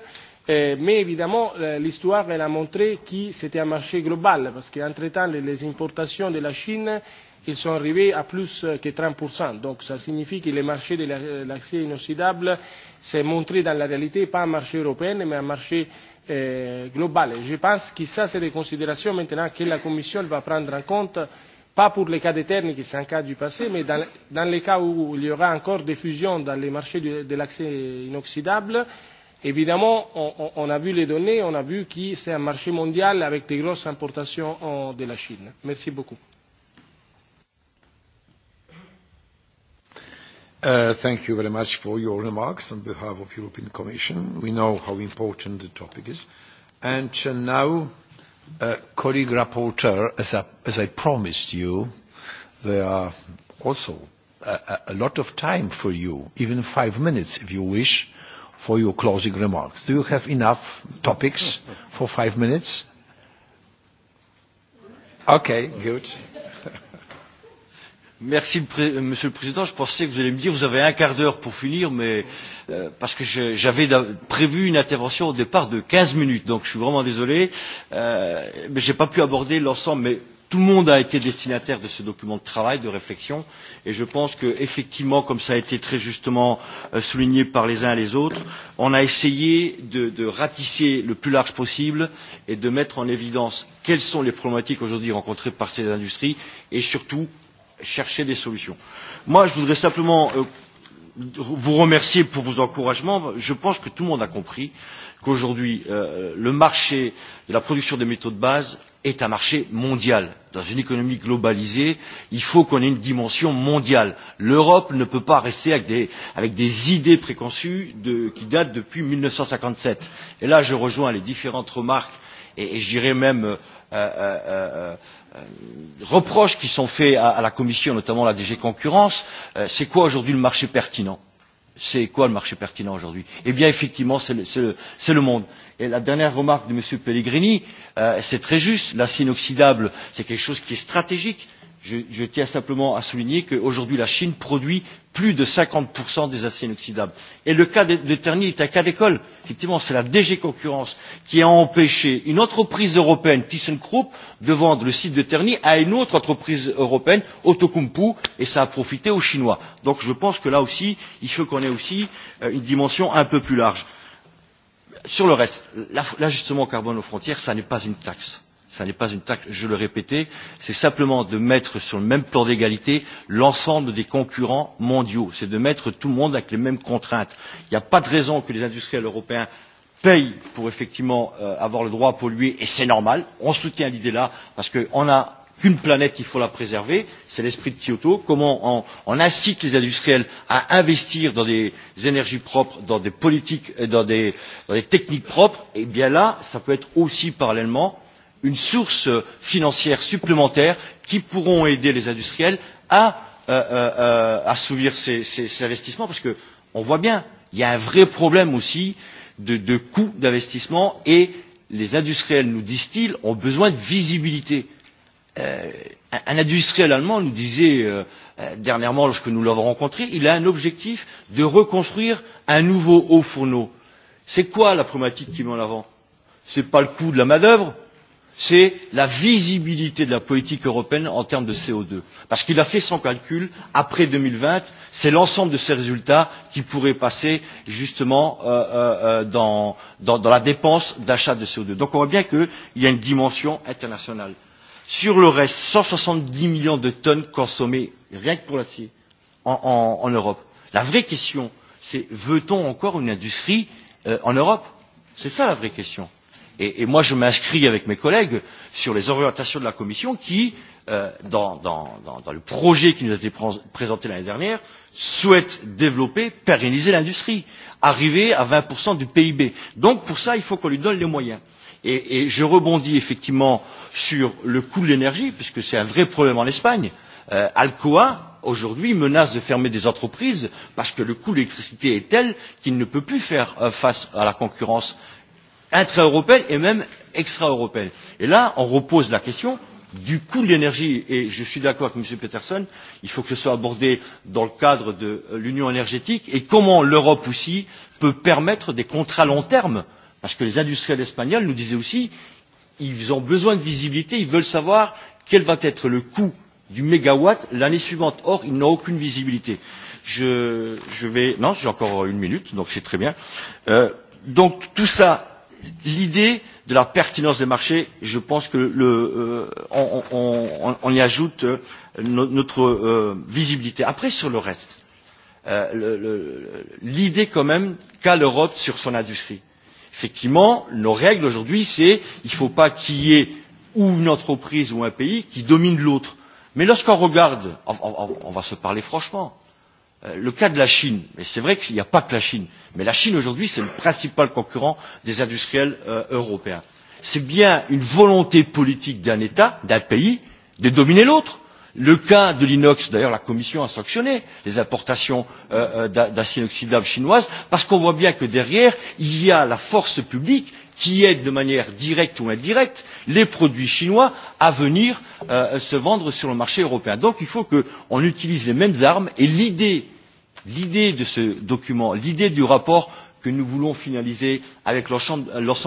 mais évidemment l'histoire a montré que c'était un marché global parce qu'entre temps les importations de la chine ils sont arrivés à plus que 30%. Donc ça signifie que le marché de euh, l'acier inoxydable s'est montré dans la réalité, pas un marché européen, mais un marché euh, global. Je pense que ça, c'est des considérations maintenant que la Commission va prendre en compte, pas pour les cas d'éternes, qui sont un cas du passé, mais dans, dans les cas où il y aura encore des fusions dans les marchés de, de l'acier inoxydable. Évidemment, on, on a vu les données, on a vu que c'est un marché mondial avec des grosses importations de la Chine. Merci beaucoup. Uh, thank you very much for your remarks on behalf of the european commission. we know how important the topic is. and uh, now, uh, colleague rapporteur, as i, as I promised you, there are also a, a lot of time for you, even five minutes if you wish, for your closing remarks. do you have enough topics for five minutes? okay, good. Merci, euh, Monsieur le Président. Je pensais que vous allez me dire vous avez un quart d'heure pour finir, mais euh, parce que j'avais prévu une intervention au départ de 15 minutes, donc je suis vraiment désolé, euh, mais j'ai pas pu aborder l'ensemble. Mais tout le monde a été destinataire de ce document de travail, de réflexion, et je pense que effectivement, comme ça a été très justement euh, souligné par les uns et les autres, on a essayé de, de ratisser le plus large possible et de mettre en évidence quelles sont les problématiques aujourd'hui rencontrées par ces industries et surtout chercher des solutions. Moi, je voudrais simplement euh, vous remercier pour vos encouragements. Je pense que tout le monde a compris qu'aujourd'hui, euh, le marché de la production des métaux de base est un marché mondial. Dans une économie globalisée, il faut qu'on ait une dimension mondiale. L'Europe ne peut pas rester avec des, avec des idées préconçues de, qui datent depuis 1957. Et là, je rejoins les différentes remarques et, et je dirais même. Euh, euh, euh, euh Euh, reproches qui sont faits à la commission notamment à la dg concurrence euh, c'est quoi aujourd'hui le marché pertinent? c'est quoi le marché pertinent aujourd'hui? eh bien effectivement c'est le, le monde. et la dernière remarque de m. pellegrini euh, c'est très juste l'acier inoxydable c'est quelque chose qui est stratégique je tiens simplement à souligner qu'aujourd'hui la Chine produit plus de 50% des aciers inoxydables. Et le cas de, de Terni est un cas d'école. Effectivement, c'est la DG Concurrence qui a empêché une entreprise européenne, ThyssenKrupp, de vendre le site de Terni à une autre entreprise européenne, Autokumpu, et ça a profité aux Chinois. Donc je pense que là aussi, il faut qu'on ait aussi euh, une dimension un peu plus large. Sur le reste, l'ajustement carbone aux frontières, ça n'est pas une taxe ce n'est pas une taxe je le répétais c'est simplement de mettre sur le même plan d'égalité l'ensemble des concurrents mondiaux c'est de mettre tout le monde avec les mêmes contraintes. il n'y a pas de raison que les industriels européens payent pour effectivement euh, avoir le droit à polluer et c'est normal on soutient l'idée là parce qu'on a qu'une planète, il faut la préserver, c'est l'esprit de Kyoto, comment on, on incite les industriels à investir dans des énergies propres, dans des politiques, dans des, dans des techniques propres, et eh bien là, ça peut être aussi parallèlement, une source financière supplémentaire qui pourra aider les industriels à euh, euh, euh, assouvir ces investissements parce qu'on voit bien qu'il y a un vrai problème aussi de coût d'investissement et les industriels nous disent ils ont besoin de visibilité. Un industriel allemand nous disait dernièrement lorsque nous l'avons rencontré il a un objectif de reconstruire un nouveau haut fourneau. c'est quoi la problématique qu'il met en avant? ce n'est pas le coût de la main d'œuvre c'est la visibilité de la politique européenne en termes de co deux parce qu'il a fait son calcul après deux mille vingt c'est l'ensemble de ses résultats qui pourraient passer justement euh, euh, euh dans, dans, dans la dépense d'achat de co deux. donc on voit bien qu'il y a une dimension internationale. sur le reste cent soixante dix millions de tonnes consommées rien que pour l'acier en, en, en europe la vraie question c'est veut on encore une industrie euh, en europe? c'est ça la vraie question et moi je m'inscris avec mes collègues sur les orientations de la commission qui euh, dans le projet qui nous a été présenté l'année dernière souhaite développer pérenniser l'industrie arriver à vingt du pib. donc pour cela il faut qu'on lui donne les moyens. et je rebondis effectivement sur le coût de l'énergie puisque c'est un vrai problème en espagne euh, alcoa aujourd'hui menace de fermer des entreprises parce que le coût de l'électricité est tel qu'il ne peut plus faire euh, face à la concurrence intra européenne et même extra européenne. et là on repose la question du coût de l'énergie et je suis d'accord avec m. petersen il faut que ce soit abordé dans le cadre de l'union énergétique et comment l'europe aussi peut permettre des contrats à long terme parce que les industriels espagnols nous disaient aussi qu'ils ont besoin de visibilité ils veulent savoir quel va être le coût du mégawatt l'année suivante or ils n'ont aucune visibilité. je, je vais non j'ai encore une minute donc c'est très bien. Euh, donc tout ça l'idée de la pertinence des marchés je pense que le, euh, on, on, on y ajoute euh, no, notre euh, visibilité. Après sur le reste, euh, l'idée quand même qu'a l'Europe sur son industrie. Effectivement, nos règles aujourd'hui, c'est il ne faut pas qu'il y ait ou une entreprise ou un pays qui domine l'autre. Mais lorsqu'on regarde, on, on, on va se parler franchement, Euh, le cas de la Chine, et c'est vrai qu'il n'y a pas que la Chine, mais la Chine aujourd'hui c'est le principal concurrent des industriels euh, européens. C'est bien une volonté politique d'un État, d'un pays, de dominer l'autre. Le cas de l'inox, d'ailleurs la Commission a sanctionné les importations euh, euh d'acier inoxydable chinoise, parce qu'on voit bien que derrière, il y a la force publique qui aide de manière directe ou indirecte les produits chinois à venir euh, se vendre sur le marché européen. donc il faut qu'on utilise les mêmes armes et l'idée de ce document l'idée du rapport que nous voulons finaliser avec l'ensemble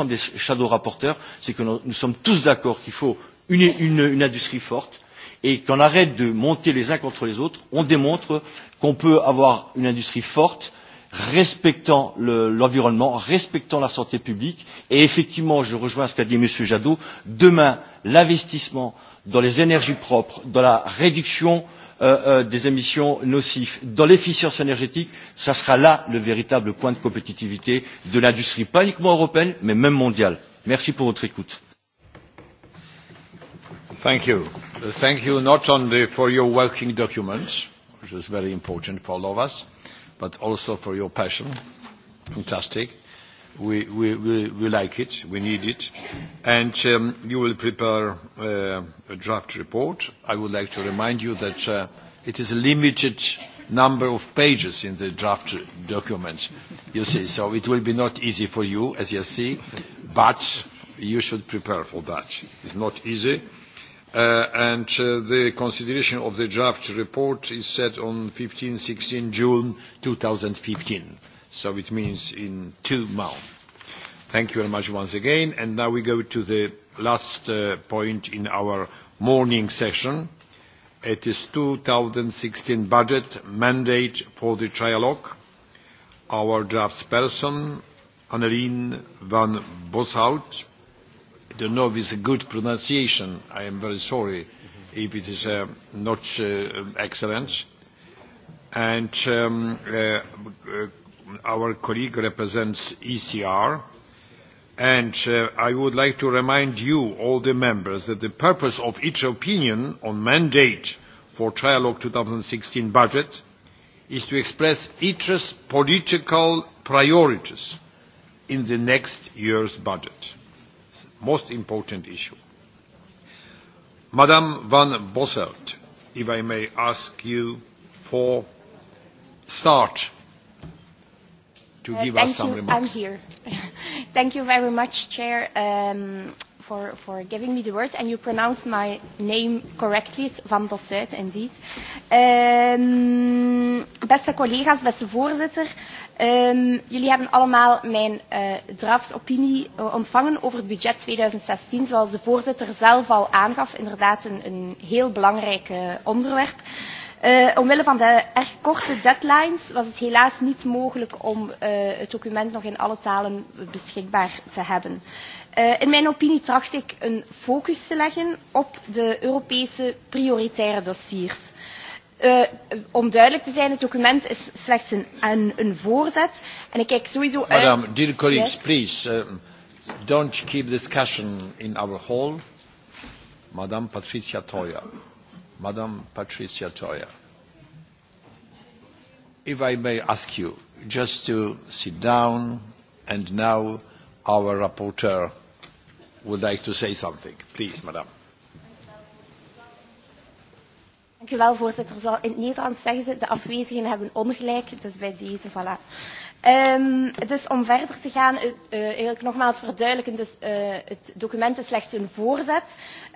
des rapporteurs fictifs c'est que nous sommes tous d'accord qu'il faut une, une, une industrie forte et qu'on arrête de monter les uns contre les autres on démontre qu'on peut avoir une industrie forte respectant l'environnement respectant la santé publique et effectivement je rejoins ce qu'a dit m. jadot demain l'investissement dans les énergies propres dans la réduction euh, euh, des émissions nocives dans l'efficience énergétique ce sera là le véritable point de compétitivité de l'industrie pas uniquement européenne mais même mondiale. merci pour votre écoute. Thank you. Thank you not only for your working documents which is very important for all of us but also for your passion. Fantastic. We, we, we, we like it. We need it. And um, you will prepare uh, a draft report. I would like to remind you that uh, it is a limited number of pages in the draft document, you see. So it will be not easy for you, as you see, but you should prepare for that. It's not easy. Uh, and uh, the consideration of the draft report is set on 15 16 june 2015 so it means in two months thank you very much once again and now we go to the last uh, point in our morning session it is 2016 budget mandate for the trialogue our draftsperson Annelien van Boshout i do not know if it is a good pronunciation i am very sorry mm-hmm. if it is uh, not uh, excellent and um, uh, our colleague represents ecr and i would like to remind you all the members that the purpose of each opinion on mandate for trilogue two thousand and sixteen budget is to express each's political priorities in the next year's budget most important issue. Madam van Bosselt, if I may ask you for start to uh, give uh, us some you. remarks. Thank you. I'm here. [LAUGHS] thank you very much, Chair. Um, for, for giving me the word, and you pronounced my name correctly, it's Van Bosset indeed. Um, beste collega's, beste voorzitter, Um, jullie hebben allemaal mijn uh, eh, draftopinie eh, ontvangen over het budget 2016. Zoals de voorzitter zelf al aangaf, inderdaad een, een heel belangrijk uh, onderwerp. Uh, omwille van de erg korte deadlines was het helaas niet mogelijk om uh, het document nog in alle talen beschikbaar te hebben. Uh, in mijn opinie tracht ik een focus te leggen op de Europese prioritaire dossiers. Eh, om duidelijk te zijn het document is slechts een voorzet en ik kijk sowieso uit naar. dear colleagues please eh, don't keep discussion in our hall. madame patricia toia madame patricia toia if i may ask you just to sit down and now our rapporteur would like to say something please madame. Dank u wel, voorzitter. Zo, in het Nederlands zeggen ze, de afwezigen hebben ongelijk, dus bij deze, voilà. Um, dus om verder te gaan, uh, uh, eigenlijk nogmaals verduidelijken, dus, uh, het document is slechts een voorzet.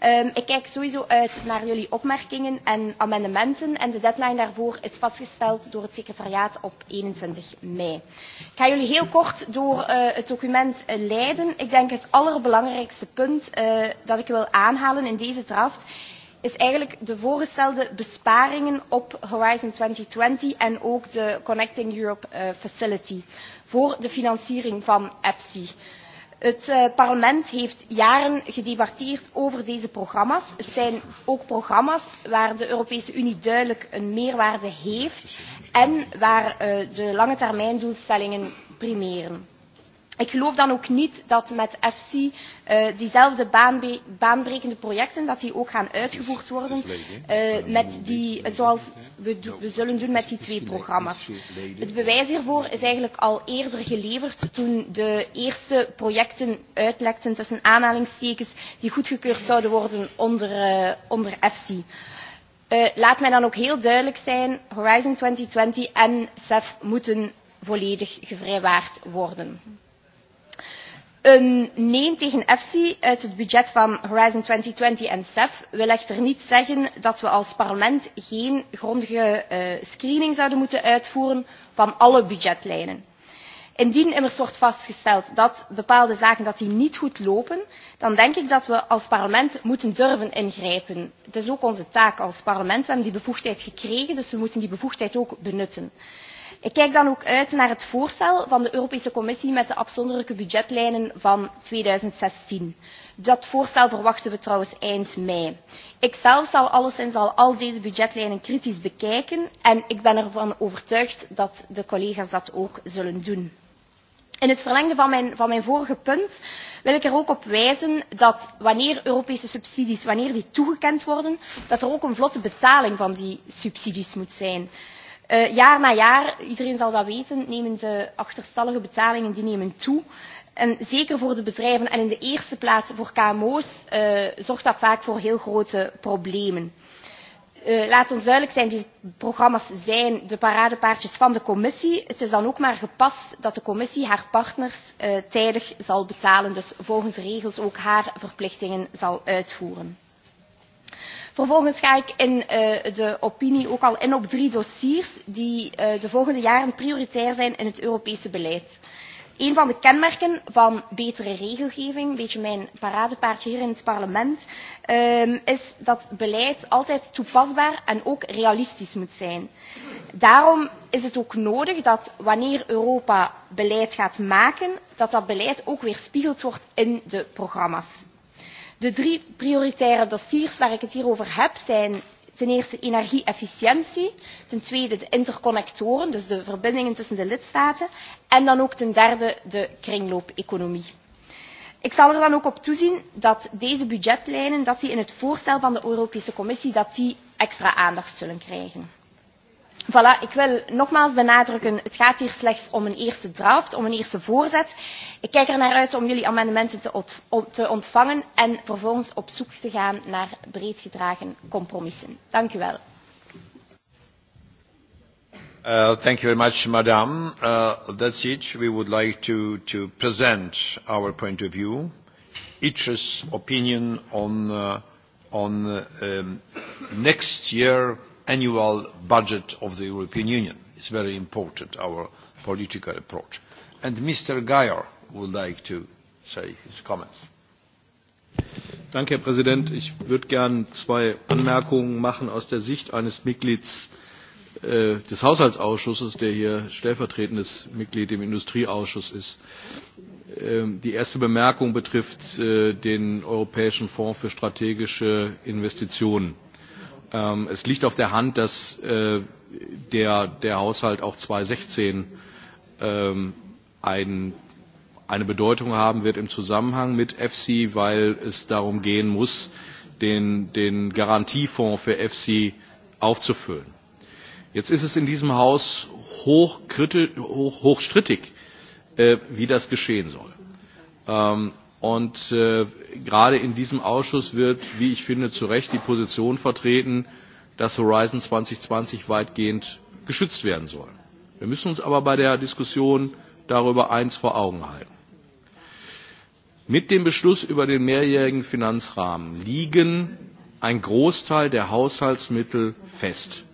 Um, ik kijk sowieso uit naar jullie opmerkingen en amendementen en de deadline daarvoor is vastgesteld door het secretariaat op 21 mei. Ik ga jullie heel kort door uh, het document leiden. Ik denk het allerbelangrijkste punt uh, dat ik wil aanhalen in deze draft is eigenlijk de voorgestelde besparingen op Horizon 2020 en ook de Connecting Europe eh, Facility voor de financiering van EFSI. Het eh, parlement heeft jaren gedebatteerd over deze programma's. Het zijn ook programma's waar de Europese Unie duidelijk een meerwaarde heeft en waar eh, de lange termijn doelstellingen primeren ik geloof dan ook niet dat met efsi eh, diezelfde baanbrekende projecten ook gaan uitgevoerd worden eh, zoals we zullen doen met die twee programma's. het bewijs hiervoor is eigenlijk al eerder geleverd toen de eerste projecten uitlekten tussen aanhalingstekens die goedgekeurd zouden worden onder efsi. Eh, laat mij dan ook heel duidelijk zijn horizon tweeduizendtwintig en cef e moeten volledig gevrijwaard worden neemt tegen efsi uit het budget van horizon tweeduizendtwintig en cef wil echter niet zeggen dat we als parlement geen grondige eh, screening zouden moeten uitvoeren van alle budgetlijnen. indien immers wordt vastgesteld dat bepaalde zaken niet goed lopen dan denk ik dat we als parlement moeten durven ingrijpen. het is ook onze taak als parlement. we hebben die bevoegdheid gekregen dus we moeten die bevoegdheid ook benutten. Ik kijk dan ook uit naar het voorstel van de Europese Commissie met de afzonderlijke budgetlijnen van 2016. Dat voorstel verwachten we trouwens eind mei. Ikzelf zal alleszins al, al deze budgetlijnen kritisch bekijken en ik ben ervan overtuigd dat de collega's dat ook zullen doen. In het verlengde van mijn, van mijn vorige punt wil ik er ook op wijzen dat wanneer Europese subsidies wanneer die toegekend worden, dat er ook een vlotte betaling van die subsidies moet zijn. Eh, jaar na jaar, iedereen zal dat weten, nemen de achterstallige betalingen die nemen toe. En zeker voor de bedrijven en in de eerste plaats voor KMO's eh, zorgt dat vaak voor heel grote problemen. Uh, laat ons duidelijk zijn, die programma's zijn de paradepaardjes van de commissie. Het is dan ook maar gepast dat de commissie haar partners uh, tijdig zal betalen, dus volgens regels ook haar verplichtingen zal uitvoeren vervolgens ga ik in eh, de opinie ook al in op drie dossiers die eh, de volgende jaren prioritair zijn in het europese beleid. Een van de kenmerken van betere regelgeving, een beetje mijn paradepaardje hier in het parlement, ehm, is dat beleid altijd toepasbaar en ook realistisch moet zijn. Daarom is het ook nodig dat wanneer Europa beleid gaat maken, dat dat beleid ook weer spiegeld wordt in de programma's de drie prioritaire dossiers waar ik het hier over heb zijn ten eerste energie efficiëntie ten tweede de interconnectoren dus de verbindingen tussen de lidstaten en dan ook ten derde de kringloopeconomie. ik zal er dan ook op toezien dat deze budgetlijnen in het voorstel van de europese commissie extra aandacht zullen krijgen. Voilà, ik wil nogmaals benadrukken, het gaat hier slechts om een eerste draft, om een eerste voorzet. Ik kijk er naar uit om jullie amendementen te, ont te ontvangen en vervolgens op zoek te gaan naar breed gedragen compromissen. Dank u wel. Uh, thank you very much, madam. Uh, that's it. We would like to, to present our point of view, Itra's opinion on, uh, on um, next year's annual budget of the european union. it is very important our political approach. and mr geier would like to say his comments. herr präsident! ich würde gerne zwei anmerkungen machen aus der sicht eines mitglieds äh, des haushaltsausschusses der hier stellvertretendes mitglied im industrieausschuss ist. Ähm, die erste bemerkung betrifft äh, den europäischen fonds für strategische investitionen. Ähm, es liegt auf der Hand, dass äh, der, der Haushalt auch 2016 ähm, ein, eine Bedeutung haben wird im Zusammenhang mit EFSI, weil es darum gehen muss, den, den Garantiefonds für EFSI aufzufüllen. Jetzt ist es in diesem Haus hochstrittig, hoch, hoch äh, wie das geschehen soll. Ähm, Und äh, gerade in diesem Ausschuss wird, wie ich finde, zu Recht die Position vertreten, dass Horizon 2020 weitgehend geschützt werden soll. Wir müssen uns aber bei der Diskussion darüber eins vor Augen halten. Mit dem Beschluss über den mehrjährigen Finanzrahmen liegen ein Großteil der Haushaltsmittel fest.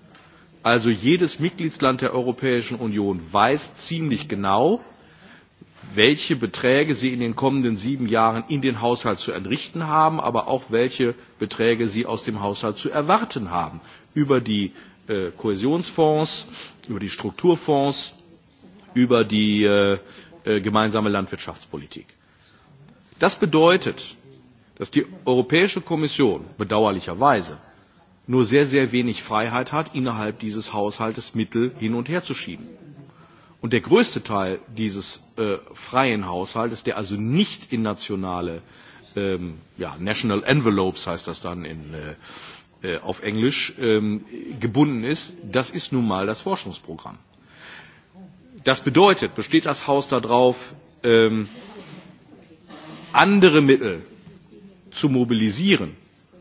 Also jedes Mitgliedsland der Europäischen Union weiß ziemlich genau, welche Beträge sie in den kommenden sieben Jahren in den Haushalt zu entrichten haben, aber auch welche Beträge sie aus dem Haushalt zu erwarten haben über die äh, Kohäsionsfonds, über die Strukturfonds, über die äh, äh gemeinsame Landwirtschaftspolitik. Das bedeutet, dass die Europäische Kommission bedauerlicherweise nur sehr, sehr wenig Freiheit hat, innerhalb dieses Haushaltes Mittel hin und her zu schieben. Und der größte Teil dieses äh, freien Haushaltes, der also nicht in nationale ähm, ja, National Envelopes heißt das dann in, äh, äh auf Englisch ähm, gebunden ist, das ist nun mal das Forschungsprogramm. Das bedeutet, besteht das Haus darauf, ähm, andere Mittel zu mobilisieren,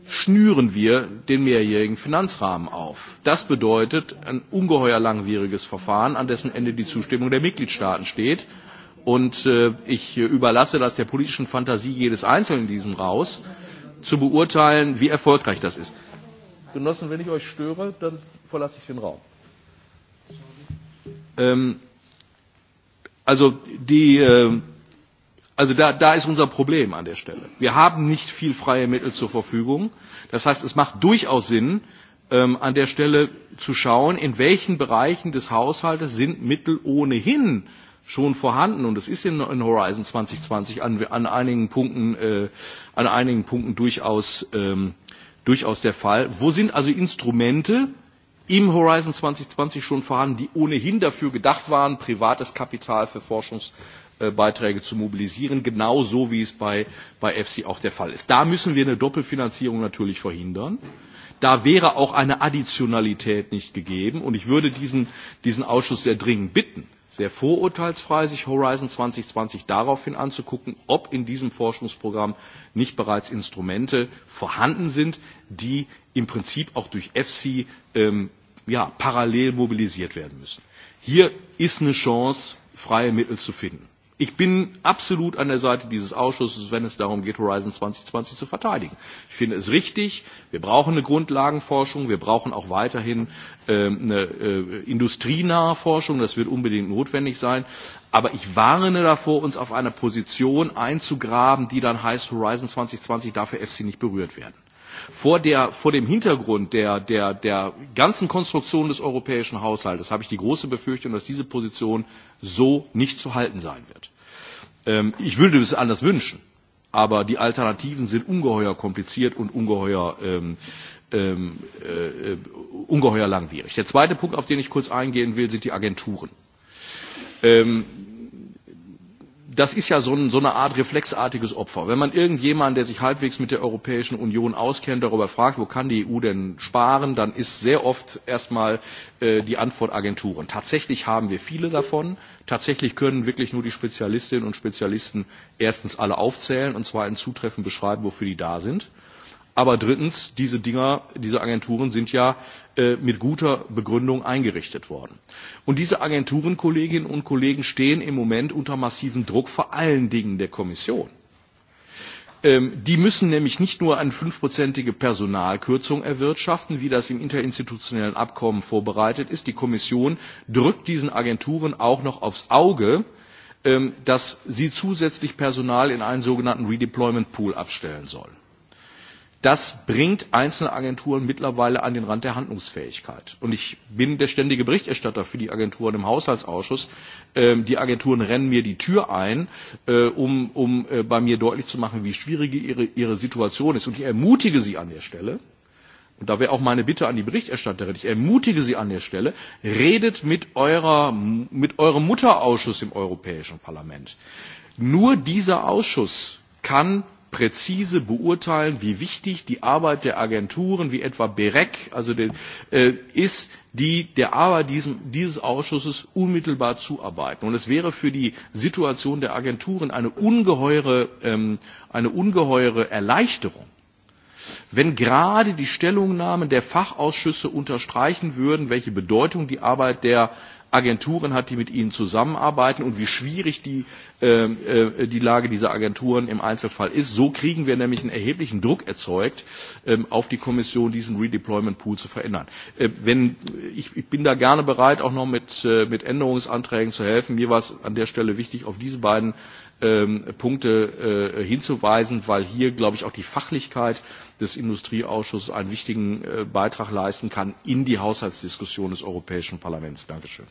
schnüren wir den mehrjährigen Finanzrahmen auf. Das bedeutet ein ungeheuer langwieriges Verfahren, an dessen Ende die Zustimmung der Mitgliedstaaten steht. Und äh, ich überlasse das der politischen Fantasie jedes Einzelnen in diesem Haus, zu beurteilen, wie erfolgreich das ist. Genossen, wenn ich euch störe, dann verlasse ich den Raum. Ähm, also die äh, Also da, da ist unser Problem an der Stelle. Wir haben nicht viel freie Mittel zur Verfügung. Das heißt, es macht durchaus Sinn, ähm, an der Stelle zu schauen, in welchen Bereichen des Haushaltes sind Mittel ohnehin schon vorhanden. Und das ist in, in Horizon 2020 an, an, einigen, Punkten, äh, an einigen Punkten durchaus, ähm, durchaus der Fall. Wo sind also Instrumente im Horizon 2020 schon vorhanden, die ohnehin dafür gedacht waren, privates Kapital für Forschungs Äh, beiträge zu mobilisieren genauso wie es bei, bei efsi auch der fall ist. da müssen wir eine doppelfinanzierung natürlich verhindern. da wäre auch eine additionalität nicht gegeben und ich würde diesen, diesen ausschuss sehr dringend bitten sehr vorurteilsfrei sich Horizon 2020 daraufhin anzugucken, ob in diesem Forschungsprogramm nicht bereits Instrumente vorhanden sind, die im Prinzip auch durch EFSI ähm, ja, parallel mobilisiert werden müssen. Hier ist eine Chance, freie Mittel zu finden. Ich bin absolut an der Seite dieses Ausschusses, wenn es darum geht, Horizon 2020 zu verteidigen. Ich finde es richtig. Wir brauchen eine Grundlagenforschung. Wir brauchen auch weiterhin äh, eine äh, industrienahe Forschung. Das wird unbedingt notwendig sein. Aber ich warne davor, uns auf eine Position einzugraben, die dann heißt, Horizon 2020 darf für EFSI nicht berührt werden vor, der, vor dem Hintergrund der, der, der ganzen Konstruktion des europäischen Haushalts habe ich die große Befürchtung, dass diese Position so nicht zu halten sein wird. Ähm, ich würde es anders wünschen, aber die Alternativen sind ungeheuer kompliziert und ungeheuer, ähm, ähm, äh, ungeheuer langwierig. Der zweite Punkt, auf den ich kurz eingehen will, sind die Agenturen. Ähm, das ist ja so, ein, so eine Art reflexartiges Opfer. Wenn man irgendjemanden, der sich halbwegs mit der Europäischen Union auskennt, darüber fragt, wo kann die EU denn sparen, dann ist sehr oft erstmal äh, die Antwort Agenturen. Tatsächlich haben wir viele davon. Tatsächlich können wirklich nur die Spezialistinnen und Spezialisten erstens alle aufzählen und zwar in Zutreffen beschreiben, wofür die da sind. Äh, Aber drittens, diese Dinger, diese Agenturen sind ja äh, mit guter Begründung eingerichtet worden. Und diese Agenturen, Kolleginnen und Kollegen, stehen im Moment unter massivem Druck, vor allen Dingen der Kommission. Ähm, die müssen nämlich nicht nur eine fünfprozentige Personalkürzung erwirtschaften, wie das im interinstitutionellen Abkommen vorbereitet ist. Die Kommission drückt diesen Agenturen auch noch aufs Auge, ähm, dass sie zusätzlich Personal in einen sogenannten Redeployment Pool abstellen sollen das bringt einzelne Agenturen mittlerweile an den Rand der Handlungsfähigkeit. Und ich bin der ständige Berichterstatter für die Agenturen im Haushaltsausschuss. Ähm, die Agenturen rennen mir die Tür ein, äh, um, um äh, bei mir deutlich zu machen, wie schwierig ihre, ihre Situation ist. Und ich ermutige sie an der Stelle, und da wäre auch meine Bitte an die Berichterstatterin, ich ermutige sie an der Stelle, redet mit, eurer, mit eurem Mutterausschuss im Europäischen Parlament. Nur dieser Ausschuss kann präzise beurteilen, wie wichtig die Arbeit der Agenturen wie etwa BEREC also den, äh, ist, die der Arbeit diesem, dieses Ausschusses unmittelbar zuarbeiten. Und es wäre für die Situation der Agenturen eine ungeheure, ähm, eine ungeheure Erleichterung, wenn gerade die Stellungnahmen der Fachausschüsse unterstreichen würden, welche Bedeutung die Arbeit der Agenturen hat, die mit ihnen zusammenarbeiten und wie schwierig die, ähm, äh, die Lage dieser Agenturen im Einzelfall ist. So kriegen wir nämlich einen erheblichen Druck erzeugt ähm, auf die Kommission, diesen Redeployment Pool zu verändern. Äh, wenn, ich, ich bin da gerne bereit, auch noch mit, äh, mit Änderungsanträgen zu helfen. Mir war es an der Stelle wichtig, auf diese beiden äh, ähm, Punkte äh, hinzuweisen, weil hier, glaube ich, auch die Fachlichkeit des Industrieausschusses einen wichtigen äh, Beitrag leisten kann in die Haushaltsdiskussion des Europäischen Parlaments. Dankeschön.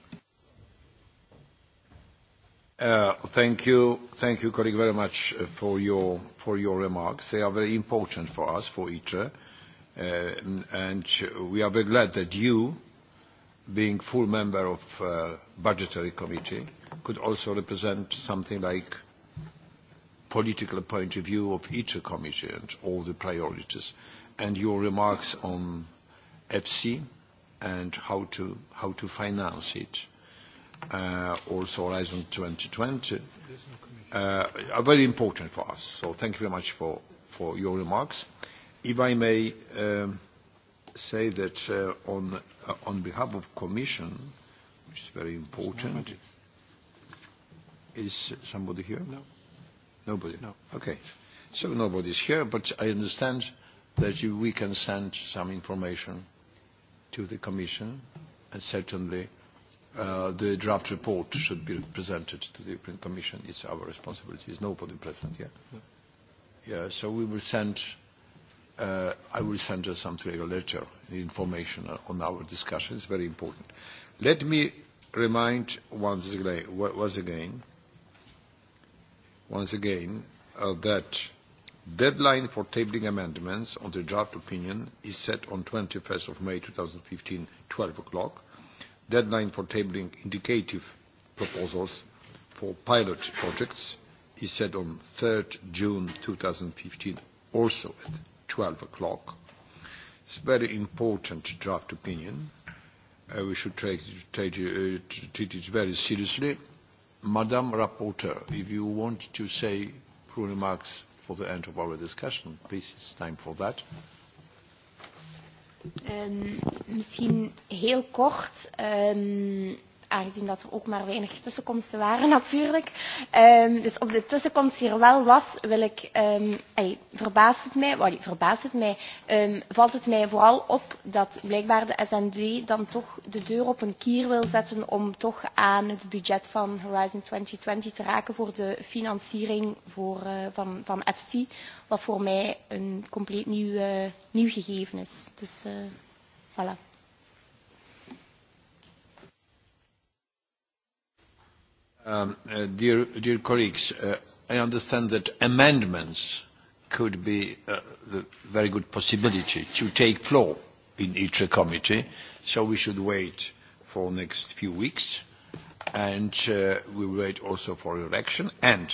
Uh, thank you, thank you, colleague, very much uh, for your for your remarks. They are very important for us, for ITRE, uh, and we are very glad that you, being full member of uh, budgetary committee, could also represent something like political point of view of each commission, all the priorities, and your remarks on FC and how to, how to finance it, uh, also Horizon 2020, uh, are very important for us. So thank you very much for, for your remarks. If I may um, say that uh, on, uh, on behalf of Commission, which is very important, is somebody here? No. Nobody? No. Okay. So nobody's here, but I understand that you, we can send some information to the Commission, and certainly uh, the draft report should be presented to the European Commission. It's our responsibility. There's nobody present here. No. Yeah, so we will send, uh, I will send you some letter, information on our discussion. It's very important. Let me remind once again, once again, once again uh, that deadline for tabling amendments on the draft opinion is set on 21st of May 2015, 12 o'clock. Deadline for tabling indicative proposals for pilot projects is set on 3rd June 2015, also at 12 o'clock. It's a very important draft opinion. Uh, we should take, take, uh, treat it very seriously. Madam Rapporteur, if you want to say few remarks for the end of our discussion, please, it's time for that. Um, misschien heel kort. Um, aangezien dat er ook maar weinig tussenkomsten waren [LAUGHS] natuurlijk. Um, dus of de tussenkomst hier wel was, wil ik, um, ehm, hey, verbaast het mij, well, verbaast het mij um, valt het mij vooral op dat blijkbaar de SND dan toch de deur op een kier wil zetten om toch aan het budget van Horizon 2020 te raken voor de financiering voor, uh, van, van FC, wat voor mij een compleet nieuw, uh, nieuw gegeven is. Dus, uh, voilà. Um, uh, dear, dear colleagues, uh, I understand that amendments could be a uh, very good possibility to take floor in each committee, so we should wait for next few weeks, and uh, we will wait also for election. And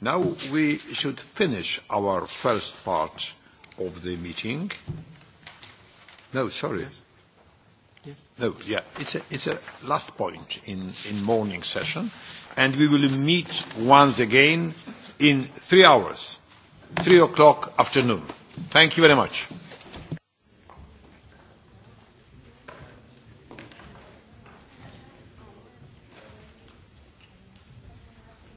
now we should finish our first part of the meeting. No, sorry. Yes. Yes. No, yeah. It's a, it's a last point in, in morning session, and we will meet once again in three hours, three o'clock afternoon. Thank you very much.